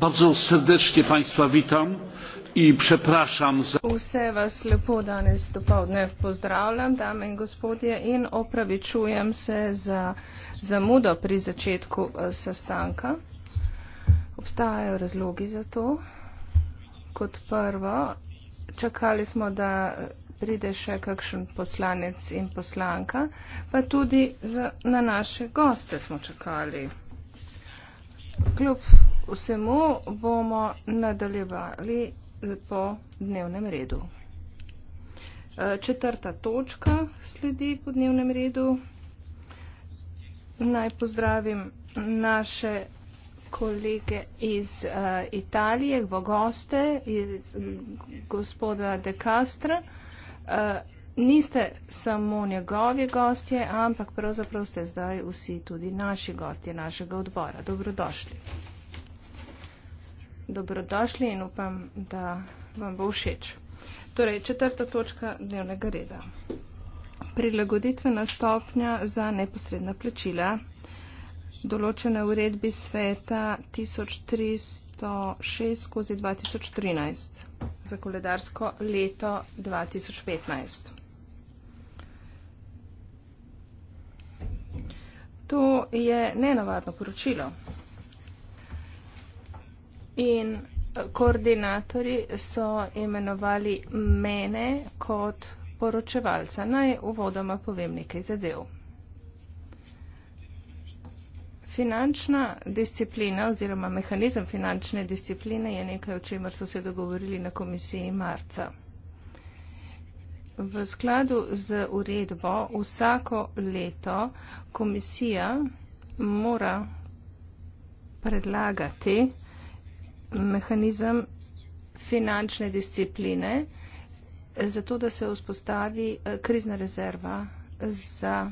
bardzo serdecznie państwa witam i przepraszam za. Vse vas lepo danes dopoledne pozdravljam, dame in gospodje, in opravičujem se za zamudo pri začetku eh, sestanka. Obstajajo razlogi za to. Kot prvo, čakali smo, da pride še kakšen poslanec in poslanka, pa tudi za, na naše goste smo čakali. Kljub vsemu bomo nadaljevali po dnevnem redu. E, četrta točka sledi po dnevnem redu. Naj pozdravim naše kolege iz uh, Italije, v goste, iz, gospoda De Castra. Uh, niste samo njegovi gostje, ampak pravzaprav ste zdaj vsi tudi naši gostje našega odbora. Dobrodošli dobrodošli in upam, da vam bo všeč. Torej, četrta točka dnevnega reda. Prilagoditvena stopnja za neposredna plačila. Določena uredbi sveta 1306-2013 za koledarsko leto 2015. To je nenavadno poročilo. In eh, koordinatorji so imenovali mene kot poročevalca. Naj uvodoma povem nekaj zadev. Finančna disciplina oziroma mehanizem finančne discipline je nekaj, o čemer so se dogovorili na komisiji marca. V skladu z uredbo vsako leto komisija mora predlagati mehanizem finančne discipline, zato da se vzpostavi eh, krizna rezerva za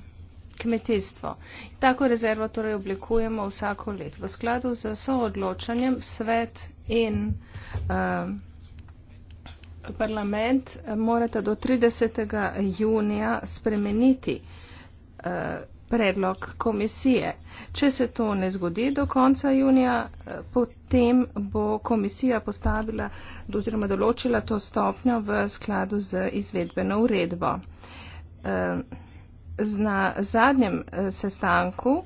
kmetijstvo. Tako rezervo torej oblikujemo vsako let. V skladu z soodločanjem svet in eh, parlament eh, morata do 30. junija spremeniti predlog komisije. Če se to ne zgodi do konca junija, eh, potem bo komisija postavila oziroma določila to stopnjo v skladu z izvedbeno uredbo. Eh, na zadnjem eh, sestanku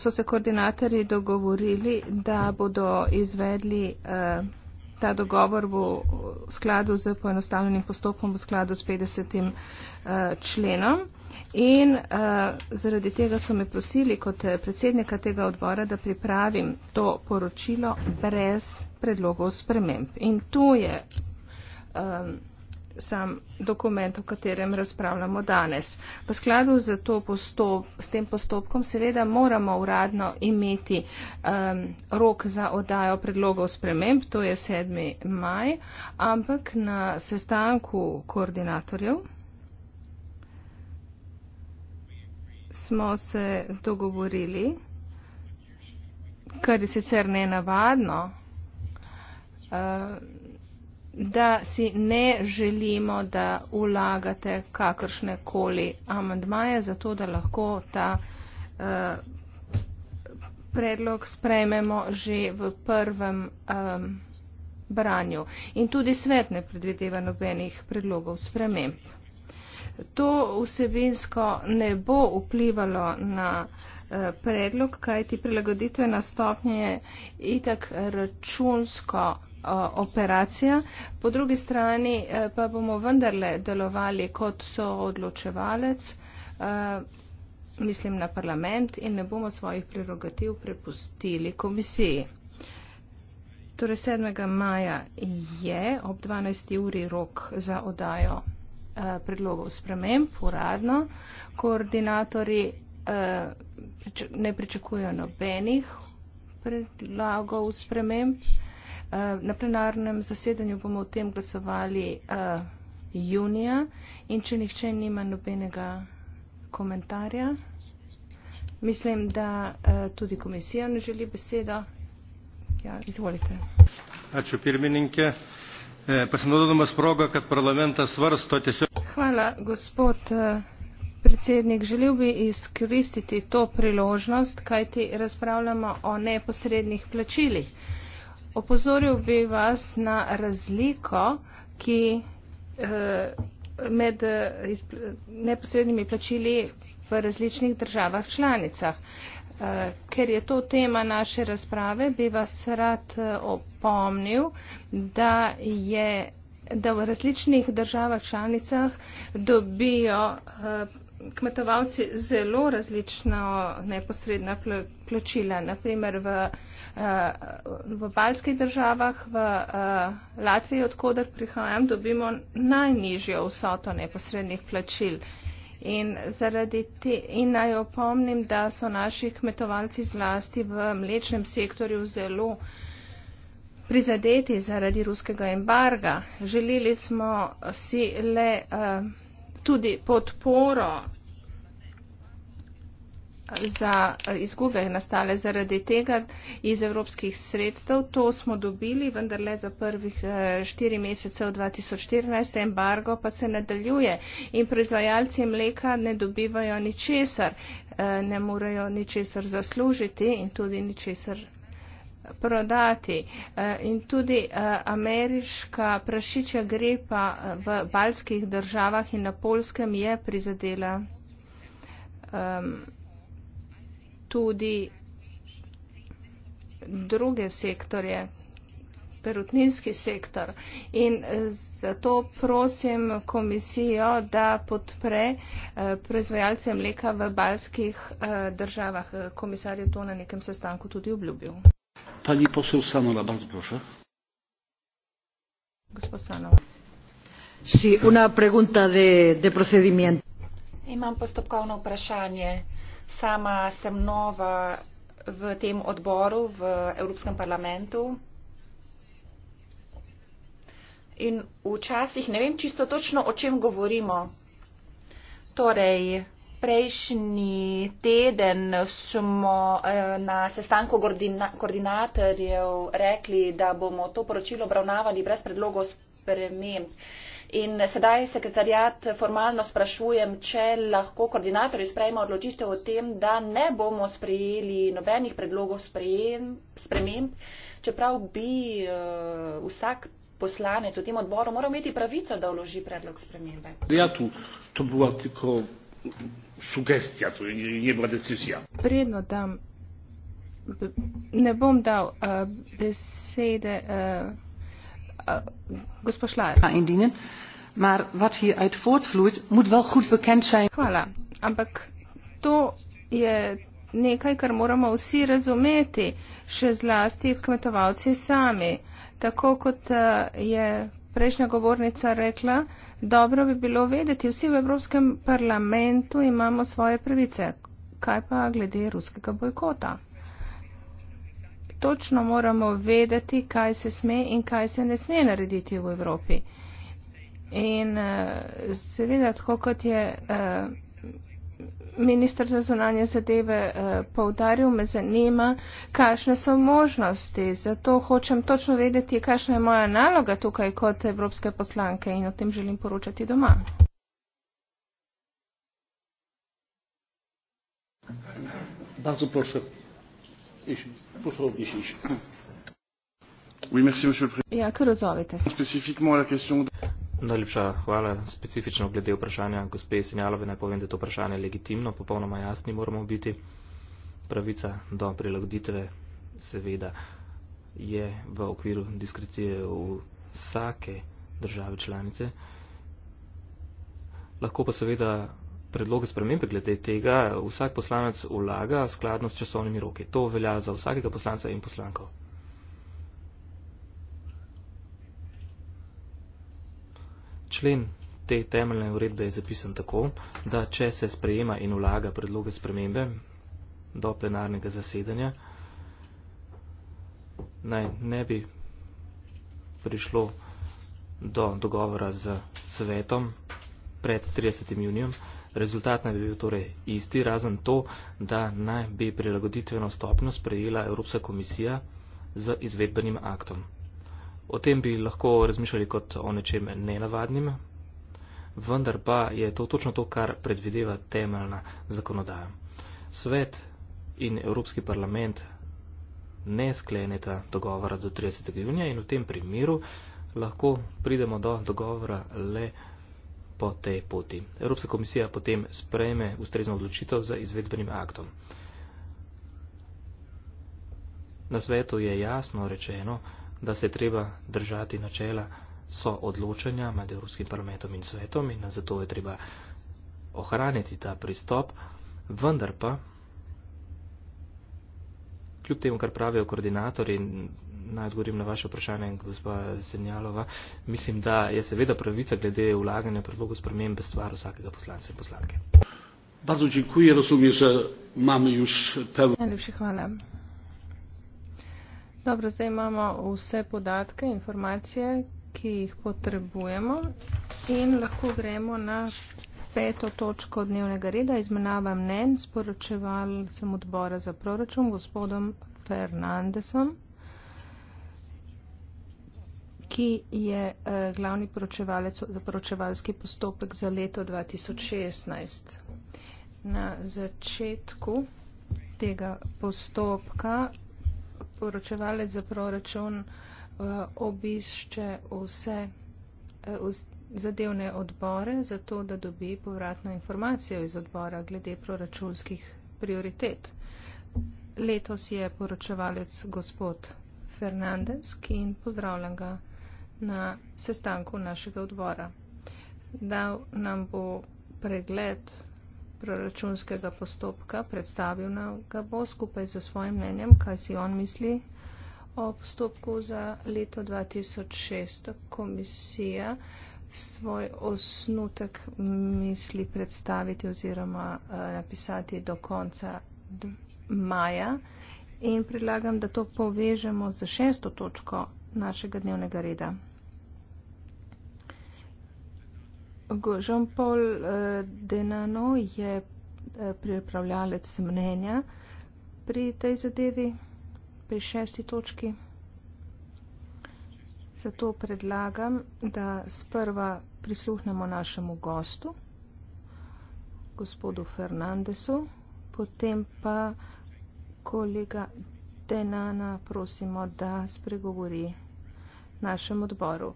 so se koordinatorji dogovorili, da bodo izvedli ta dogovor bo v skladu z poenostavljenim postopkom, v skladu s 50. Eh, členom. In eh, zaradi tega so me prosili kot eh, predsednika tega odbora, da pripravim to poročilo brez predlogov sprememb. In tu je sam dokument, o katerem razpravljamo danes. V skladu z, postop, z tem postopkom seveda moramo uradno imeti um, rok za odajo predlogov sprememb, to je 7. maj, ampak na sestanku koordinatorjev smo se dogovorili, kar je sicer nenavadno, um, da si ne želimo, da vlagate kakršne koli amandmaje, zato da lahko ta uh, predlog sprejmemo že v prvem um, branju. In tudi svet ne predvideva nobenih predlogov sprememb. To vsebinsko ne bo vplivalo na eh, predlog, kajti prilagoditvena stopnja je itak računsko operacija. Po drugi strani eh, pa bomo vendarle delovali kot soodločevalec, eh, mislim na parlament in ne bomo svojih prerogativ prepustili komisiji. Torej 7. maja je ob 12. uri rok za odajo eh, predlogov sprememb uradno. Koordinatori ne pričakujejo nobenih predlogov sprememb. Eh, na plenarnem zasedanju bomo o tem glasovali eh, junija in če nihče nima nobenega komentarja, mislim, da eh, tudi komisija ne želi besedo. Ja, izvolite. Ačiū pirmininkė. Pasinaudodamas progą, kad parlamentas svarsto tiesiog. Hvala, gospod predsednik. Želel bi izkoristiti to priložnost, kajti razpravljamo o neposrednih plačilih opozoril bi vas na razliko ki eh, med eh, neposrednimi plačili v različnih državah članicah. Eh, ker je to tema naše razprave, bi vas rad opomnil, da je da v različnih državah članicah dobijo kmetovalci zelo različna neposredna plačila. Naprimer, v v balskih državah, v eh, Latviji, odkuder prihajam, dobimo najnižjo vsoto neposrednih plačil. In, te, in naj opomnim, da so naši kmetovalci zlasti v mlečnem sektorju zelo prizadeti zaradi ruskega embarga. Želeli smo si le uh, tudi podporo za eh, izgube nastale zaradi tega iz evropskih sredstev. To smo dobili, vendar le za prvih eh, štiri mesece v 2014, embargo pa se nadaljuje in proizvajalci mleka ne dobivajo ničesar, eh, ne morejo ničesar zaslužiti in tudi ničesar prodati. In tudi ameriška prašičja gripa v baljskih državah in na polskem je prizadela. Um, tudi druge sektorje, perutninski sektor. In eh, zato prosim komisijo, da podpre eh, proizvajalce mleka v balskih eh, državah. Komisar je to na nekem sestanku tudi obljubil. Pani posel Sanola, vas proša. Gospod Sanola. Si, una pregunta de, de procedimiento. Imam postopkovno vprašanje. Sama sem nova v tem odboru v Evropskem parlamentu. In včasih ne vem čisto točno, o čem govorimo. Torej, prejšnji teden smo eh, na sestanku koordinatorjev rekli, da bomo to poročilo obravnavali brez predlogov sprememb. In sedaj sekretarjat formalno sprašujem, če lahko koordinatorji sprejme odločitev o tem, da ne bomo sprejeli nobenih predlogov sprejem, sprememb, čeprav bi uh, vsak poslanec v tem odboru moral imeti pravico, da vloži predlog spremembe. Ja, tu, to bi bila tako sugestija, to je bila decizija. Predno dam, ne bom dal uh, besede. Uh, Eh, ja, maar wat hieruit voortvloeit moet wel goed bekend zijn. Hvala. Ampak to je nekaj, kar moramo vsi razumeti, še zlasti kmetovalci sami. Tako kot eh, je prejšnja govornica rekla, dobro bi bilo vedeti, vsi v Evropskem parlamentu imamo svoje pravice. Kaj pa glede ruskega bojkota? točno moramo vedeti, kaj se sme in kaj se ne sme narediti v Evropi. In eh, seveda, tako kot je eh, ministr za zunanje zadeve eh, povdaril, me zanima, kakšne so možnosti. Zato hočem točno vedeti, kakšna je moja naloga tukaj kot evropske poslanke in o tem želim poročati doma. Bardzo proszę, Ja, Najlepša hvala. Specifično glede vprašanja gospe Sinjalove naj povem, da je to vprašanje legitimno, popolnoma jasni moramo biti. Pravica do prilagoditve seveda je v okviru diskrecije vsake države članice. Lahko pa seveda predloge spremembe glede tega vsak poslanec vlaga skladno s časovnimi roki. To velja za vsakega poslanca in poslankov. Člen te temeljne uredbe je zapisan tako, da če se sprejema in vlaga predloge spremembe do plenarnega zasedanja, naj ne bi prišlo do dogovora z svetom pred 30. junijem, Rezultat naj bi bil torej isti, razen to, da naj bi prilagoditveno stopnjo sprejela Evropska komisija z izvedbenim aktom. O tem bi lahko razmišljali kot o nečem nenavadnim, vendar pa je to točno to, kar predvideva temeljna zakonodaja. Svet in Evropski parlament ne skleneta dogovora do 30. junija in v tem primeru lahko pridemo do dogovora le po tej poti. Evropska komisija potem sprejme ustrezno odločitev za izvedbenim aktom. Na svetu je jasno rečeno, da se treba držati načela so odločanja med Evropskim parlamentom in svetom in zato je treba ohraniti ta pristop, vendar pa, kljub temu, kar pravijo koordinatorji, naj odgovorim na vaše vprašanje, gospa Zenjalova. Mislim, da je seveda pravica glede vlaganja predlogov spremembe stvar vsakega poslanca in poslanke. Najlepša hvala. Dobro, zdaj imamo vse podatke, informacije, ki jih potrebujemo in lahko gremo na peto točko dnevnega reda, izmenava mnen, sporočeval sem odbora za proračun gospodom Fernandesom ki je eh, glavni poročevalski postopek za leto 2016. Na začetku tega postopka poročevalec za proračun eh, obišče vse eh, vz, zadevne odbore, zato da dobi povratno informacijo iz odbora glede proračunskih prioritet. Letos je poročevalec gospod Fernandez, ki in pozdravljam ga na sestanku našega odbora. Dal nam bo pregled proračunskega postopka, predstavil nam ga bo skupaj za svojim mnenjem, kaj si on misli o postopku za leto 2006. Komisija svoj osnutek misli predstaviti oziroma uh, napisati do konca maja in predlagam, da to povežemo z šesto točko našega dnevnega reda. Jean-Paul eh, Denano je eh, pripravljalec mnenja pri tej zadevi, pri šesti točki. Zato predlagam, da sprva prisluhnemo našemu gostu, gospodu Fernandesu, potem pa kolega Denana prosimo, da spregovori našem odboru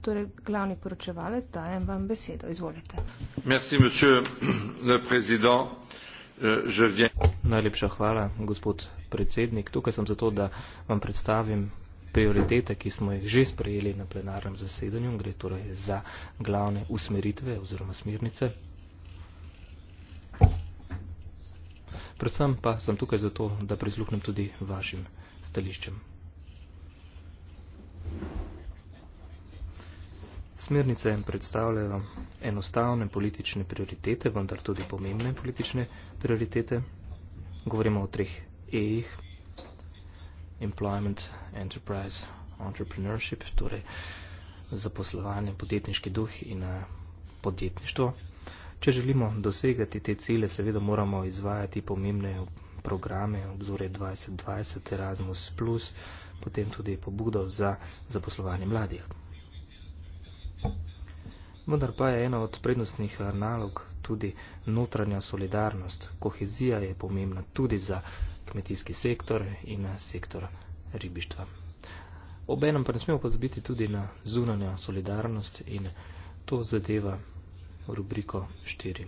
torej glavni poročevalec dajem vam besedo izvolite euh, najlepša hvala gospod predsednik tukaj sem zato da vam predstavim prioritete ki smo jih že sprejeli na plenarnem zasedanju gre torej za glavne usmeritve oziroma smernice predvsem pa sem tukaj zato da prisluhnem tudi vašim stališčem Smernice predstavljajo enostavne politične prioritete, vendar tudi pomembne politične prioritete. Govorimo o treh E-jih. Employment, Enterprise, Entrepreneurship, torej zaposlovanje, podjetniški duh in eh, podjetništvo. Če želimo dosegati te cilje, seveda moramo izvajati pomembne programe, obzore 2020, Erasmus, potem tudi pobudo za zaposlovanje mladih. Vendar pa je ena od prednostnih nalog tudi notranja solidarnost. Kohezija je pomembna tudi za kmetijski sektor in sektor ribištva. Obenem pa ne smemo pozabiti tudi na zunanja solidarnost in to zadeva rubriko 4.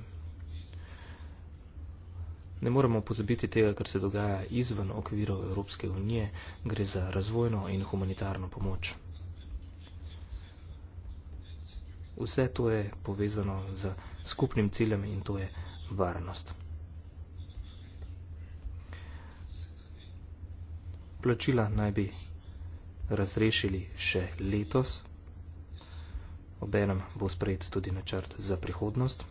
Ne moremo pozabiti tega, kar se dogaja izven okvirov Evropske unije, gre za razvojno in humanitarno pomoč. Vse to je povezano z skupnim ciljem in to je varnost. Plačila naj bi razrešili še letos, obenem bo sprejet tudi načrt za prihodnost.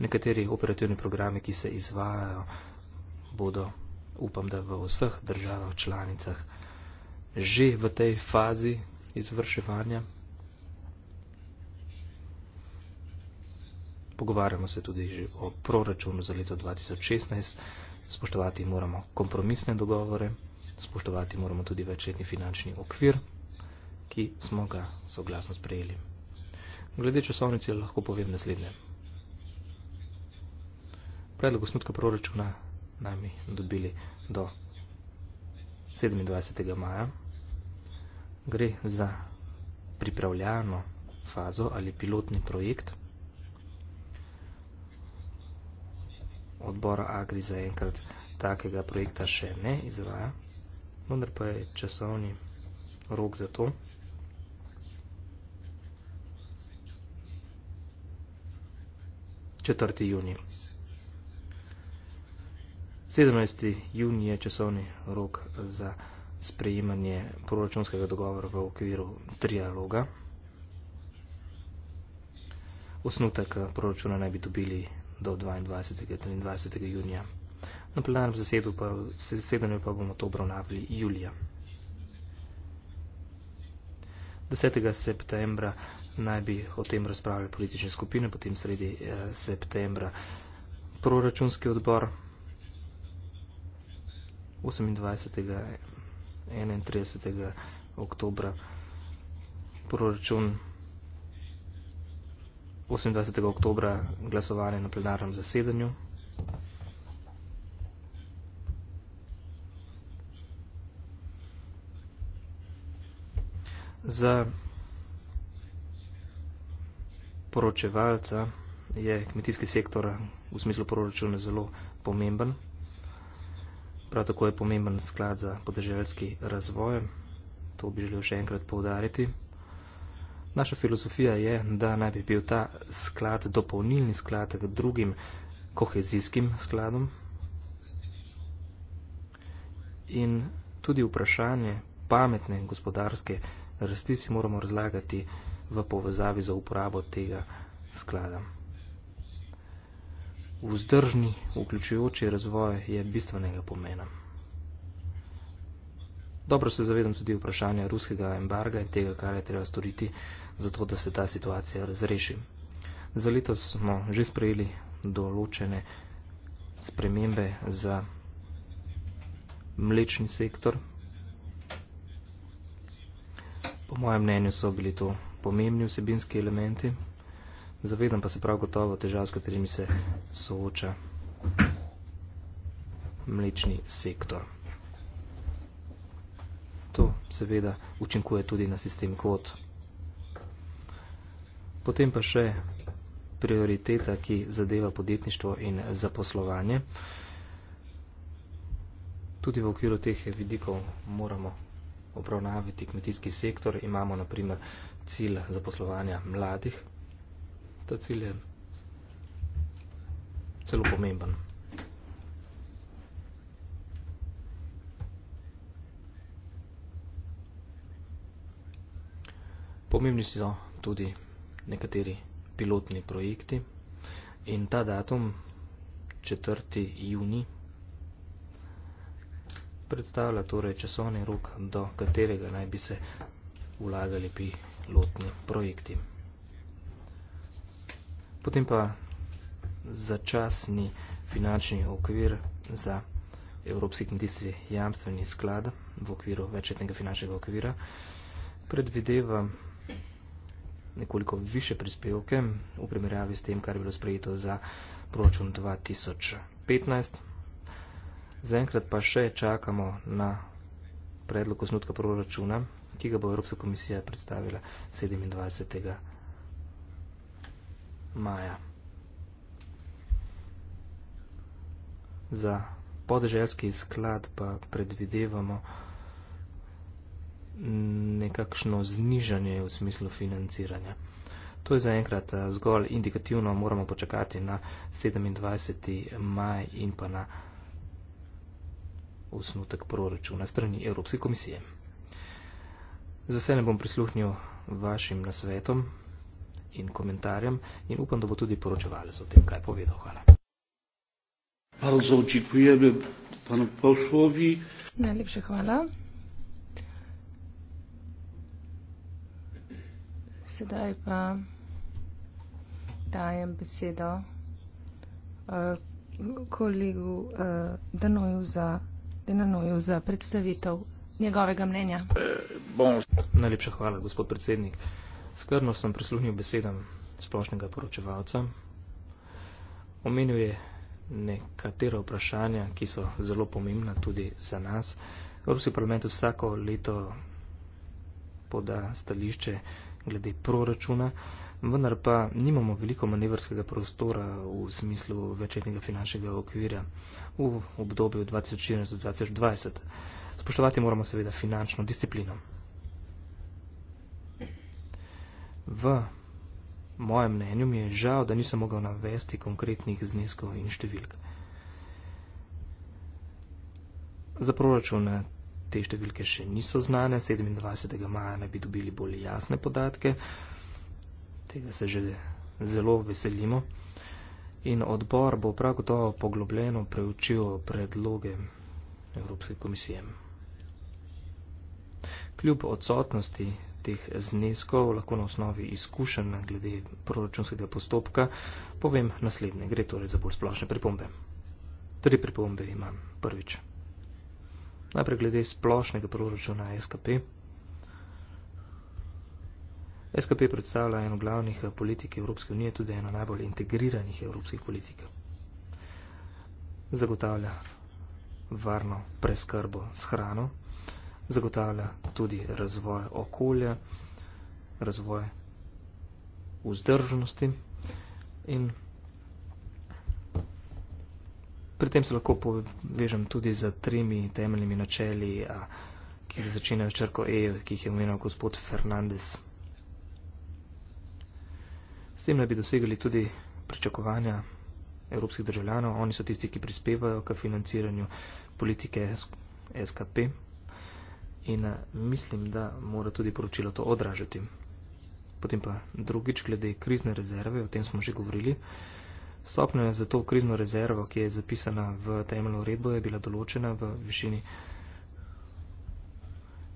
Nekateri operativni programi, ki se izvajajo, bodo, upam, da v vseh državah članicah, že v tej fazi izvrševanja. Pogovarjamo se tudi že o proračunu za leto 2016. Spoštovati moramo kompromisne dogovore, spoštovati moramo tudi večletni finančni okvir, ki smo ga soglasno sprejeli. Glede časovnice lahko povem naslednje. Predlog osnutka proračuna naj bi dobili do 27. maja, gre za pripravljalno fazo ali pilotni projekt odbora Agri za enkrat takega projekta še ne izvaja, vendar pa je časovni rok za to. Četrti junij. 17. junij je časovni rok za sprejemanje proračunskega dogovora v okviru trialoga. Osnutek eh, proračuna naj bi dobili do 22. in 23. junija. Na plenarnem zasedanju pa, pa bomo to obravnavali julija. 10. septembra naj bi o tem razpravljali politične skupine, potem sredi eh, septembra proračunski odbor. 28. in 31. oktober. Proračun 28. oktober glasovanje na plenarnem zasedanju. Za poročevalca je kmetijski sektor v smislu proračuna zelo pomemben. Prav tako je pomemben sklad za podeželjski razvoj, to bi želel še enkrat povdariti. Naša filozofija je, da naj bi bil ta sklad dopolnilni sklad k drugim kohezijskim skladom. In tudi vprašanje pametne gospodarske rasti si moramo razlagati v povezavi za uporabo tega sklada vzdržni, vključujoči razvoj je bistvenega pomena. Dobro se zavedam tudi vprašanja ruskega embarga in tega, kar je treba storiti, zato da se ta situacija razreši. Za leto smo že sprejeli določene spremembe za mlečni sektor. Po mojem mnenju so bili to pomembni vsebinski elementi zavedam pa se prav gotovo težav, s katerimi se sooča mlečni sektor. To seveda učinkuje tudi na sistem kvot. Potem pa še prioriteta, ki zadeva podjetništvo in zaposlovanje. Tudi v okviru teh vidikov moramo obravnaviti kmetijski sektor. Imamo naprimer cilj zaposlovanja mladih ta cilj je celo pomemben. Pomembni so tudi nekateri pilotni projekti in ta datum, 4. juni, predstavlja torej časovni rok, do katerega naj bi se vlagali pilotni projekti. Potem pa začasni finančni okvir za Evropski kmetijski jamstveni sklad v okviru večetnega finančnega okvira predvideva nekoliko više prispevke v primerjavi s tem, kar je bilo sprejeto za proračun 2015. Zaenkrat pa še čakamo na predlog osnutka proračuna, ki ga bo Evropska komisija predstavila 27 maja. Za podeželski sklad pa predvidevamo nekakšno znižanje v smislu financiranja. To je zaenkrat eh, zgolj indikativno, moramo počakati na 27. maj in pa na osnutek proračuna strani Evropske komisije. Z veseljem bom prisluhnil vašim nasvetom in komentarjem in upam, da bo tudi poročevalec o tem, kaj povedal. Hvala. Bardzo dziękujemy panu posłowi. Najlepsze hvala. Sedaj pa dajem besedo uh, kolegu uh, Danoju za, Denanoju za predstavitev njegovega mnenja. Eh, bon. Najlepša hvala, gospod predsednik. Uh, Skrno sem prisluhnil besedam splošnega poročevalca. Omenil je nekatera vprašanja, ki so zelo pomembna tudi za nas. Evropski parlament vsako leto poda stališče glede proračuna, vendar pa nimamo veliko manevrskega prostora v smislu večetnega finančnega okvira v obdobju 2014-2020. Spoštovati moramo seveda finančno disciplino. v mojem mnenju mi je žal, da nisem mogel navesti konkretnih zneskov in številk. Za proračune eh, te številke še niso znane, 27. maja naj bi dobili bolj jasne podatke, tega se že zelo veselimo. In odbor bo prav gotovo poglobljeno preučil predloge Evropske komisije. Kljub odsotnosti teh zneskov, lahko na osnovi izkušenj glede proračunskega postopka, povem naslednje. Gre torej za bolj splošne pripombe. Tri pripombe imam. Prvič. Najprej glede splošnega proračuna SKP. SKP predstavlja eno glavnih politik Evropske unije, tudi eno najbolj integriranih evropskih politik. Zagotavlja varno preskrbo s hrano, zagotavlja tudi razvoj okolja, razvoj vzdržnosti in pri tem se lahko povežem tudi za tremi temeljnimi načeli, ki se začenjajo s črko E, ki jih je omenil gospod Fernandez. S tem naj bi dosegali tudi pričakovanja evropskih državljanov, oni so tisti, ki prispevajo k financiranju politike SKP in eh, mislim, da mora tudi poročilo to odražati. Potem pa drugič, glede krizne rezerve, o tem smo že govorili. Stopnja za to krizno rezervo, ki je zapisana v temeljno uredbo, je bila določena v višini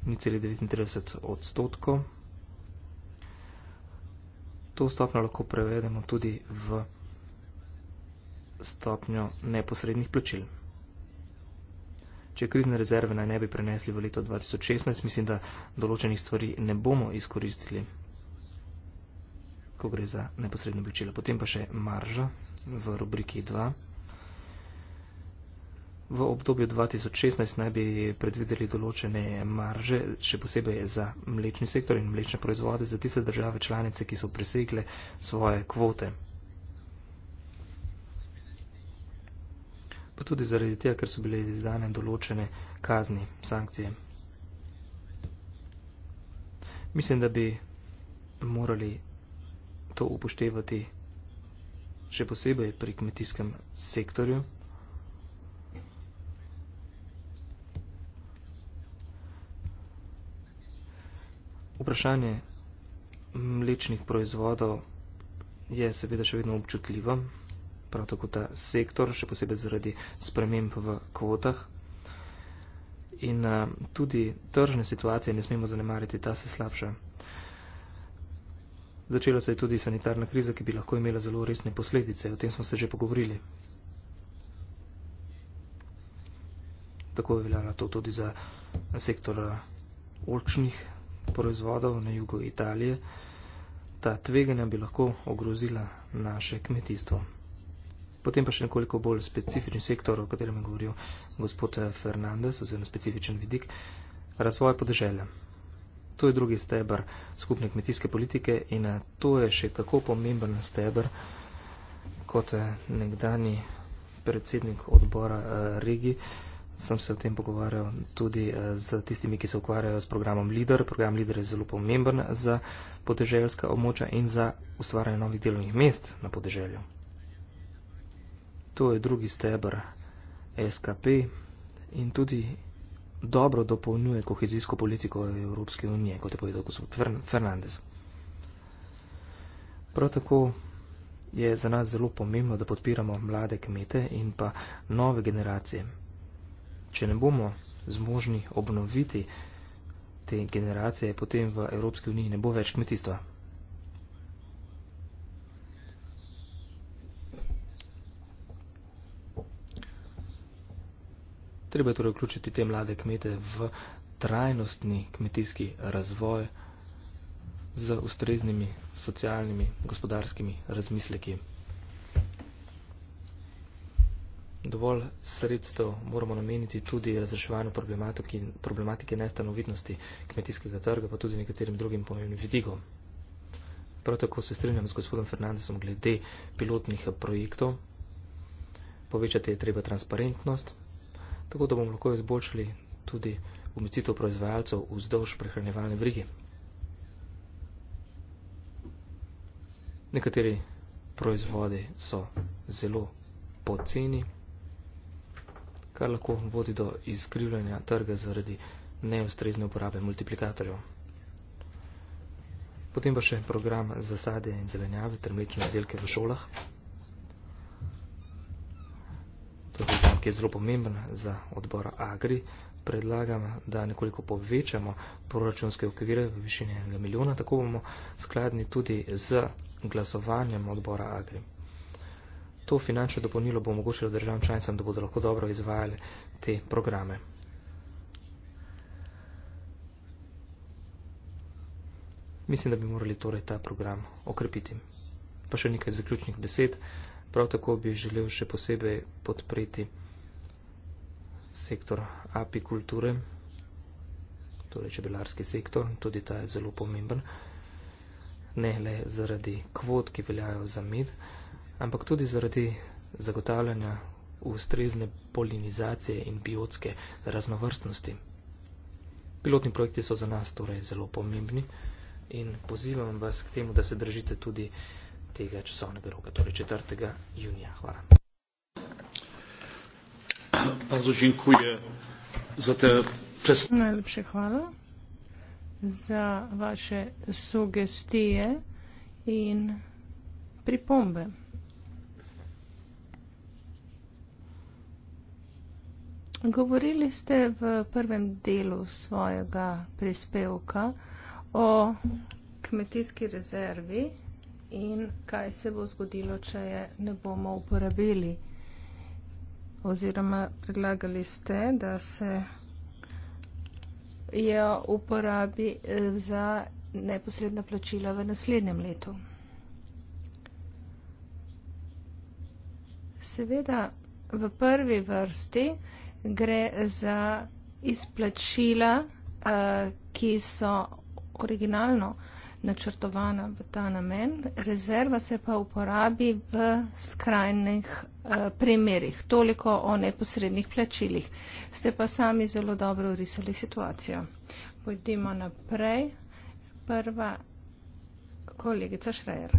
0,39 odstotkov. To stopnjo lahko prevedemo tudi v stopnjo neposrednih plačil če krizne rezerve naj ne bi prenesli v leto 2016, mislim, da določenih stvari ne bomo izkoristili, ko gre za neposredno bičilo. Potem pa še marža v rubriki 2. V obdobju 2016 naj bi predvideli določene marže, še posebej za mlečni sektor in mlečne proizvode, za tiste države članice, ki so presegle svoje kvote. pa tudi zaradi tega, ker so bile izdane določene kazni, sankcije. Mislim, da bi morali to upoštevati še posebej pri kmetijskem sektorju. Vprašanje mlečnih proizvodov je seveda še vedno občutljivo prav tako ta sektor, še posebej zaradi sprememb v kvotah. In uh, tudi tržne situacije ne smemo zanemariti, ta se slabša. Začela se je tudi sanitarna kriza, ki bi lahko imela zelo resne posledice, o tem smo se že pogovorili. Tako je veljala to tudi za sektor eh, olčnih proizvodov na jugu Italije. Ta tveganja bi lahko ogrozila naše kmetijstvo. Potem pa še nekoliko bolj specifičen sektor, o katerem je govoril gospod eh, Fernandez, oziroma specifičen vidik, razvoja podeželja. To je drugi stebr skupne kmetijske politike in eh, to je še kako pomemben stebr kot eh, nekdani predsednik odbora Regi. Sem se o tem pogovarjal tudi z tistimi, ki se ukvarjajo s programom LIDER. Program LIDER je zelo pomemben za podeželjska območja in za ustvarjanje novih delovnih mest na podeželju to je drugi stebr SKP in tudi dobro dopolnjuje kohezijsko politiko Evropske unije, kot je povedal gospod Fernandez. Prav tako je za nas zelo pomembno, da podpiramo mlade kmete in pa nove generacije. Če ne bomo zmožni obnoviti te generacije, potem v Evropski uniji ne bo več kmetijstva. Treba je torej vključiti te mlade kmete v trajnostni kmetijski razvoj z ustreznimi socialnimi, gospodarskimi razmisleki. Dovolj sredstev moramo nameniti tudi razreševanju problematike nestanovitnosti kmetijskega trga, pa tudi nekaterim drugim pomembnim vidikom. Prav tako se strinjam z gospodom Fernandesom glede pilotnih projektov. Povečati je treba transparentnost tako da bomo lahko izboljšali tudi umestitev proizvajalcev vzdolž prehranjevalne vrige. Nekateri proizvodi so zelo poceni, kar lahko vodi do izkrivljanja trga zaradi neustrezne uporabe multiplikatorjev. Potem pa še program za sadje in zelenjave ter mlečne izdelke v šolah. ki je zelo pomembna za odbor Agri, predlagam, da nekoliko povečamo proračunske okvire v višini 1 milijona, tako bomo skladni tudi z glasovanjem odbora Agri. To finančno dopolnilo bo omogočilo državam članicam, da bodo lahko dobro izvajali te programe. Mislim, da bi morali torej ta program okrepiti. Pa še nekaj zaključnih besed. Prav tako bi želel še posebej podpreti program sektor apikulture, torej čebelarski sektor, tudi ta je zelo pomemben, ne le zaradi kvot, ki veljajo za med, ampak tudi zaradi zagotavljanja ustrezne polinizacije in biotske raznovrstnosti. Pilotni projekti so za nas torej zelo pomembni in pozivam vas k temu, da se držite tudi tega časovnega roka, torej 4. junija. Hvala bardzo dziękuję za te Najlepsze chwale za wasze sugestie i przypombę. Govorili ste v prvem delu svojega prispevka o kmetijski rezervi in kaj se bo zgodilo, če je ne bomo uporabili oziroma predlagali ste, da se jo uporabi eh, za neposredna plačila v naslednjem letu. Seveda, v prvi vrsti gre za izplačila, eh, ki so originalno uh, načrtovana v ta namen, rezerva se pa uporabi v skrajnih eh, primerih. Toliko o neposrednih plačilih. Ste pa sami zelo dobro urisali situacijo. Pojdimo naprej. Prva kolegica Šrejer.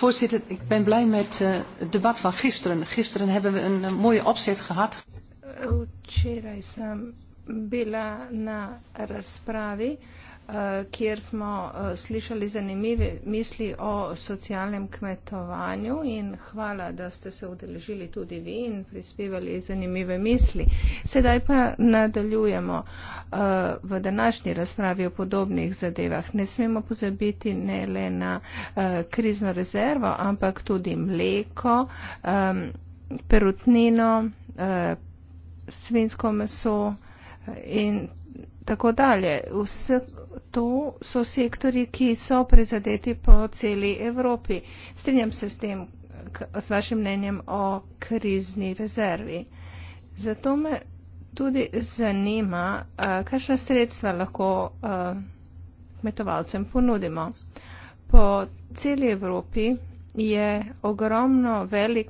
Voorzitter, ik ben blij met eh, het uh, debat van gisteren. Gisteren hebben we een uh, mooie opzet gehad. Včeraj sem bila na razpravi. Uh, Eh, kjer smo eh, slišali zanimive misli o socialnem kmetovanju in hvala, da ste se udeležili tudi vi in prispevali zanimive misli. Sedaj pa nadaljujemo eh, v današnji razpravi o podobnih zadevah. Ne smemo pozabiti ne le na krizno rezervo, ampak tudi mleko, perutnino, svinsko meso in tako dalje. Vse to so sektori, ki so prizadeti po celi Evropi. Strinjam se s tem, k, s vašim mnenjem o krizni rezervi. Zato me tudi zanima, uh, kakšna sredstva lahko uh, kmetovalcem ponudimo. Po celi Evropi je ogromno, velik,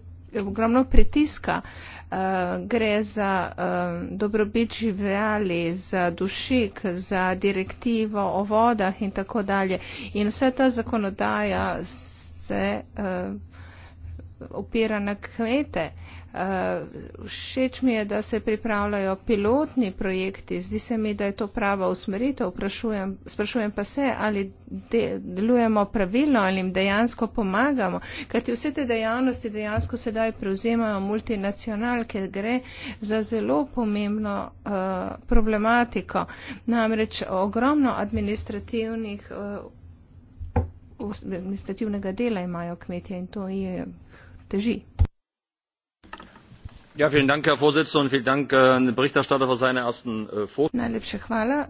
ogromno pritiska uh, Eh, gre za uh, dobrobit živali, za dušik, za direktivo o vodah in tako dalje. In vsa ta zakonodaja se uh, opira na kmete. Eh, všeč mi je, da se pripravljajo pilotni projekti, zdi se mi, da je to prava usmeritev. Sprašujem, sprašujem pa se, ali delujemo pravilno, ali jim dejansko pomagamo, kajti vse te dejavnosti dejansko sedaj prevzemajo multinacionalke, gre za zelo pomembno uh, problematiko. Namreč ogromno administrativnih, uh, administrativnega dela imajo kmetje in to je teži. Ja, vielen Dank, Herr Vorsitzender, und vielen Dank, äh, den Berichterstatter, für seine ersten äh, Vorschläge. Najlepše hvala,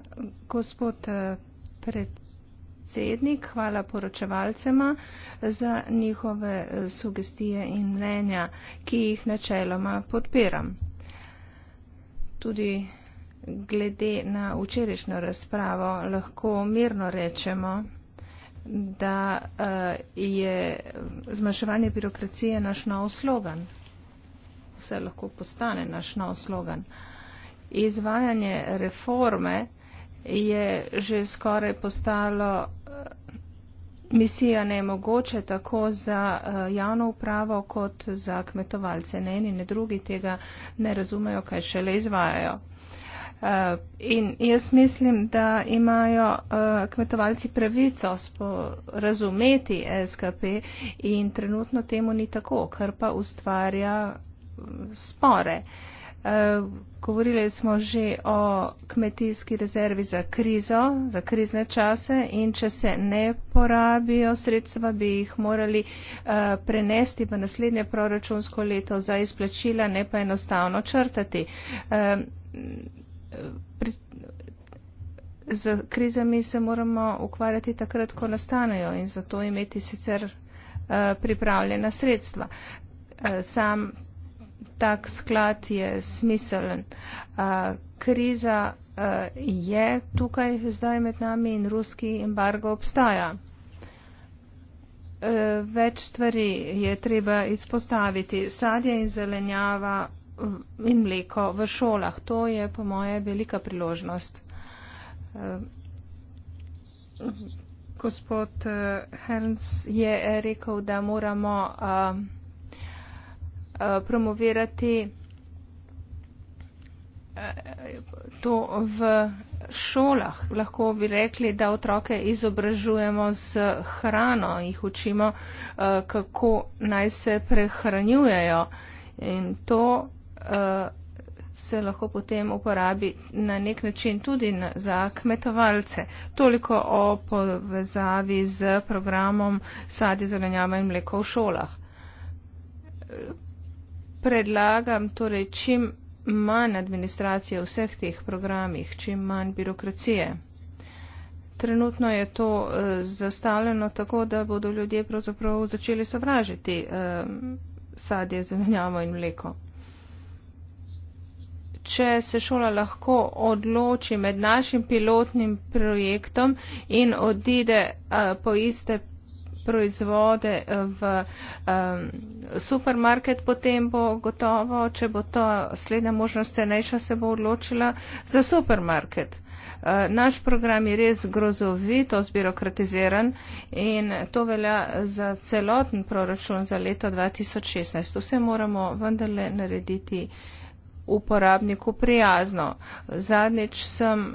gospod äh, predsednik, hvala poročevalcema za njihove äh, sugestije in mnenja, ki jih načeloma podpiram. Tudi glede na včerajšnjo razpravo lahko mirno rečemo, da uh, je zmanjševanje birokracije naš nov slogan. Vse lahko postane naš nov slogan. Izvajanje reforme je že skoraj postalo eh, misija nemogoče tako za eh, javno upravo kot za kmetovalce. Ne eni, ne drugi tega ne razumejo, kaj šele izvajajo. Eh, in jaz mislim, da imajo eh, kmetovalci pravico razumeti SKP in trenutno temu ni tako, kar pa ustvarja mm, spore. Eh, govorili smo že o kmetijski rezervi za krizo, za krizne čase in če se ne porabijo sredstva, bi jih morali prenesti v naslednje proračunsko leto za izplačila, ne pa enostavno črtati pri, z krizami se moramo ukvarjati takrat, ko nastanejo in zato imeti sicer eh, pripravljena sredstva. Eh, sam tak sklad je smiseln. Eh, kriza je tukaj zdaj med nami in ruski embargo obstaja. Več stvari je treba izpostaviti. Sadje in zelenjava in mleko v šolah. To je po moje velika priložnost. Eh, gospod eh, Helms je eh, rekel, da moramo promovirati to v šolah. Lahko bi rekli, da otroke izobražujemo z hrano, jih učimo, kako naj se prehranjujejo. In to uh, se lahko potem uporabi na nek način tudi na, za kmetovalce. Toliko o povezavi z programom sadi zelenjava in mleko v šolah. Predlagam torej čim manj administracije v vseh teh programih, čim manj birokracije. Trenutno je to uh, zastavljeno tako, da bodo ljudje pravzaprav začeli sovražiti uh, sadje, zamenjavo in mleko če se šola lahko odloči med našim pilotnim projektom in odide uh, po iste proizvode eh, v um, supermarket, potem bo gotovo, če bo to slednja možnost cenejša, se bo odločila za supermarket. Naš program je res grozovito zbirokratiziran in to velja za celoten proračun za leto 2016. Vse moramo vendarle narediti uh, uporabniku prijazno. Zadnjič sem eh,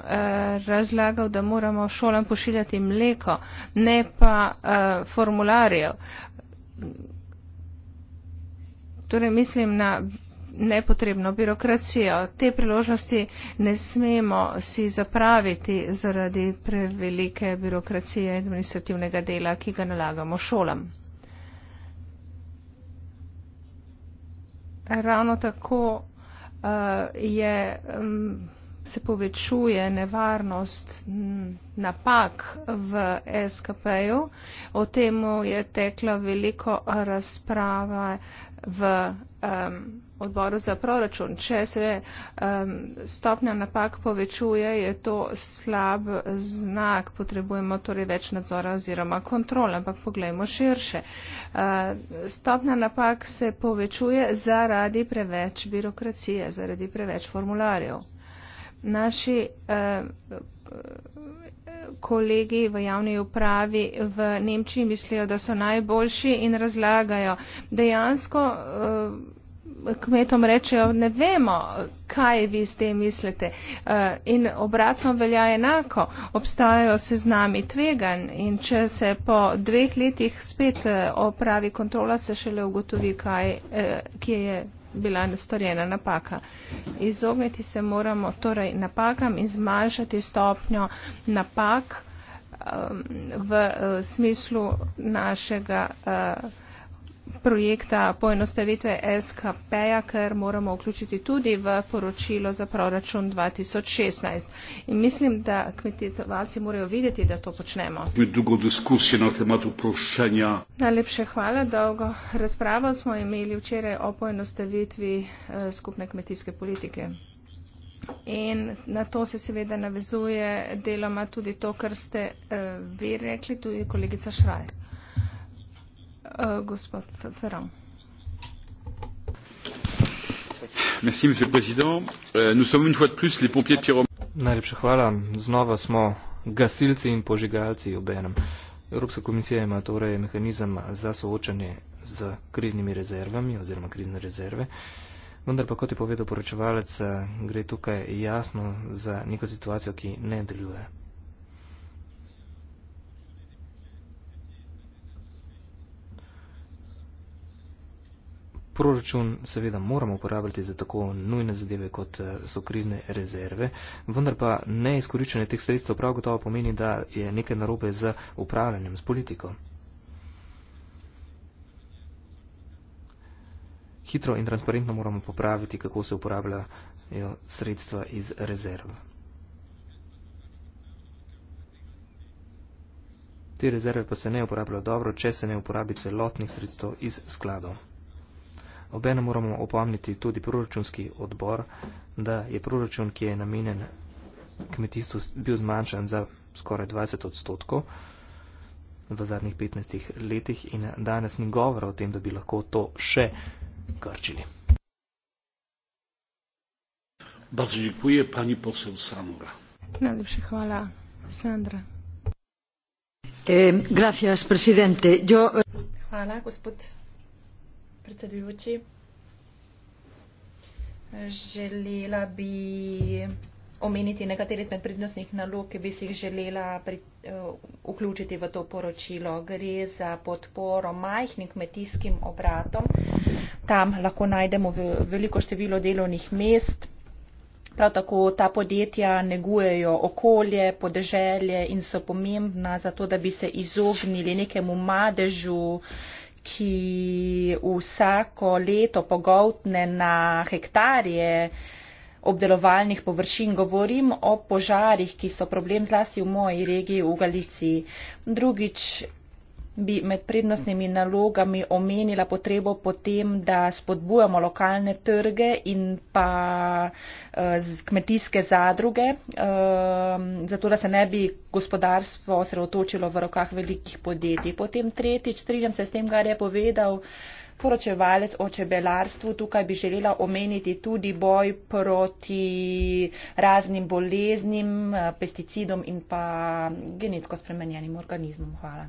razlagal, da moramo šolam pošiljati mleko, ne pa eh, formularjev. Torej mislim na nepotrebno birokracijo. Te priložnosti ne smemo si zapraviti zaradi prevelike birokracije administrativnega dela, ki ga nalagamo šolam. Ravno tako Eh, je um, se povečuje nevarnost napak v SKP-ju. O tem je tekla veliko razprava v um, odboru za proračun. Če se um, stopnja napak povečuje, je to slab znak. Potrebujemo torej več nadzora oziroma kontrol, ampak pogledajmo širše. Uh, stopnja napak se povečuje zaradi preveč birokracije, zaradi preveč formularjev naši eh, kolegi v javni upravi v Nemčiji mislijo, da so najboljši in razlagajo. Dejansko eh, kmetom rečejo, ne vemo, kaj vi s tem mislite. Eh, in obratno velja enako, obstajajo seznami tvegan in če se po dveh letih spet opravi kontrola, se šele ugotovi, kaj, kje je bila storjena napaka. Izogniti se moramo torej napakam in zmanjšati stopnjo napak um, v uh, smislu našega. Uh, projekta poenostavitve SKP-ja, ker moramo vključiti tudi v poročilo za proračun 2016. In mislim, da kmetitovalci morajo videti, da to počnemo. Najlepše hvala. Dolgo razpravo smo imeli včeraj o poenostavitvi eh, skupne kmetijske politike. In na to se seveda navezuje deloma tudi to, kar ste eh, vi rekli, tudi kolegica Šrajer. Eh, gospod Ferrand. Merci, monsieur le président. Euh, nous sommes une fois de plus les pompiers pyromanes. Najlepša hvala. Znova smo gasilci in požigalci ob enem. Evropska komisija ima torej mehanizem za soočanje z kriznimi rezervami oziroma krizne rezerve. Vendar pa, kot je povedal poročevalec, eh, gre tukaj jasno za neko situacijo, ki ne deluje. proračun seveda moramo uporabljati za tako nujne zadeve, kot eh, so krizne rezerve, vendar pa neizkoriščanje teh sredstev prav gotovo pomeni, da je nekaj narobe z upravljanjem, z politiko. Hitro in transparentno moramo popraviti, kako se uporabljajo sredstva iz rezerv. Te rezerve pa se ne uporabljajo dobro, če se ne uporabi celotnih sredstev iz skladov. Obene moramo opomniti tudi proračunski odbor, da je proračun, ki je namenjen kmetijstvu, bil zmanjšan za skoraj 20 odstotkov v zadnjih 15 letih in danes ni govora o tem, da bi lahko to še krčili. Bazilikuje pani posel Sandra. Najlepša hvala, Sandra. Eh, gracias, presidente. Yo... Hvala, eh, gospod predsedujoči. Želela bi omeniti nekatere izmed prednostnih nalog, ki bi si jih želela pri, uh, vključiti v to poročilo. Gre za podporo majhnim kmetijskim obratom. Tam lahko najdemo veliko število delovnih mest. Prav tako ta podjetja negujejo okolje, podeželje in so pomembna za to, da bi se izognili nekemu madežu uh, ki vsako leto pogoltne na hektarje obdelovalnih površin. Govorim o požarih, ki so problem zlasti v moji regiji, v Galiciji. Drugič, bi med prednostnimi nalogami omenila potrebo potem, da spodbujamo lokalne trge in pa eh, kmetijske zadruge, ehm, zato da se ne bi gospodarstvo osredotočilo v rokah velikih podjetij. Potem tretjič, strinjam se s tem, kar je povedal poročevalec o čebelarstvu. Tukaj bi želela omeniti tudi boj proti raznim boleznim, eh, pesticidom in pa genetsko spremenjenim organizmom. Hvala.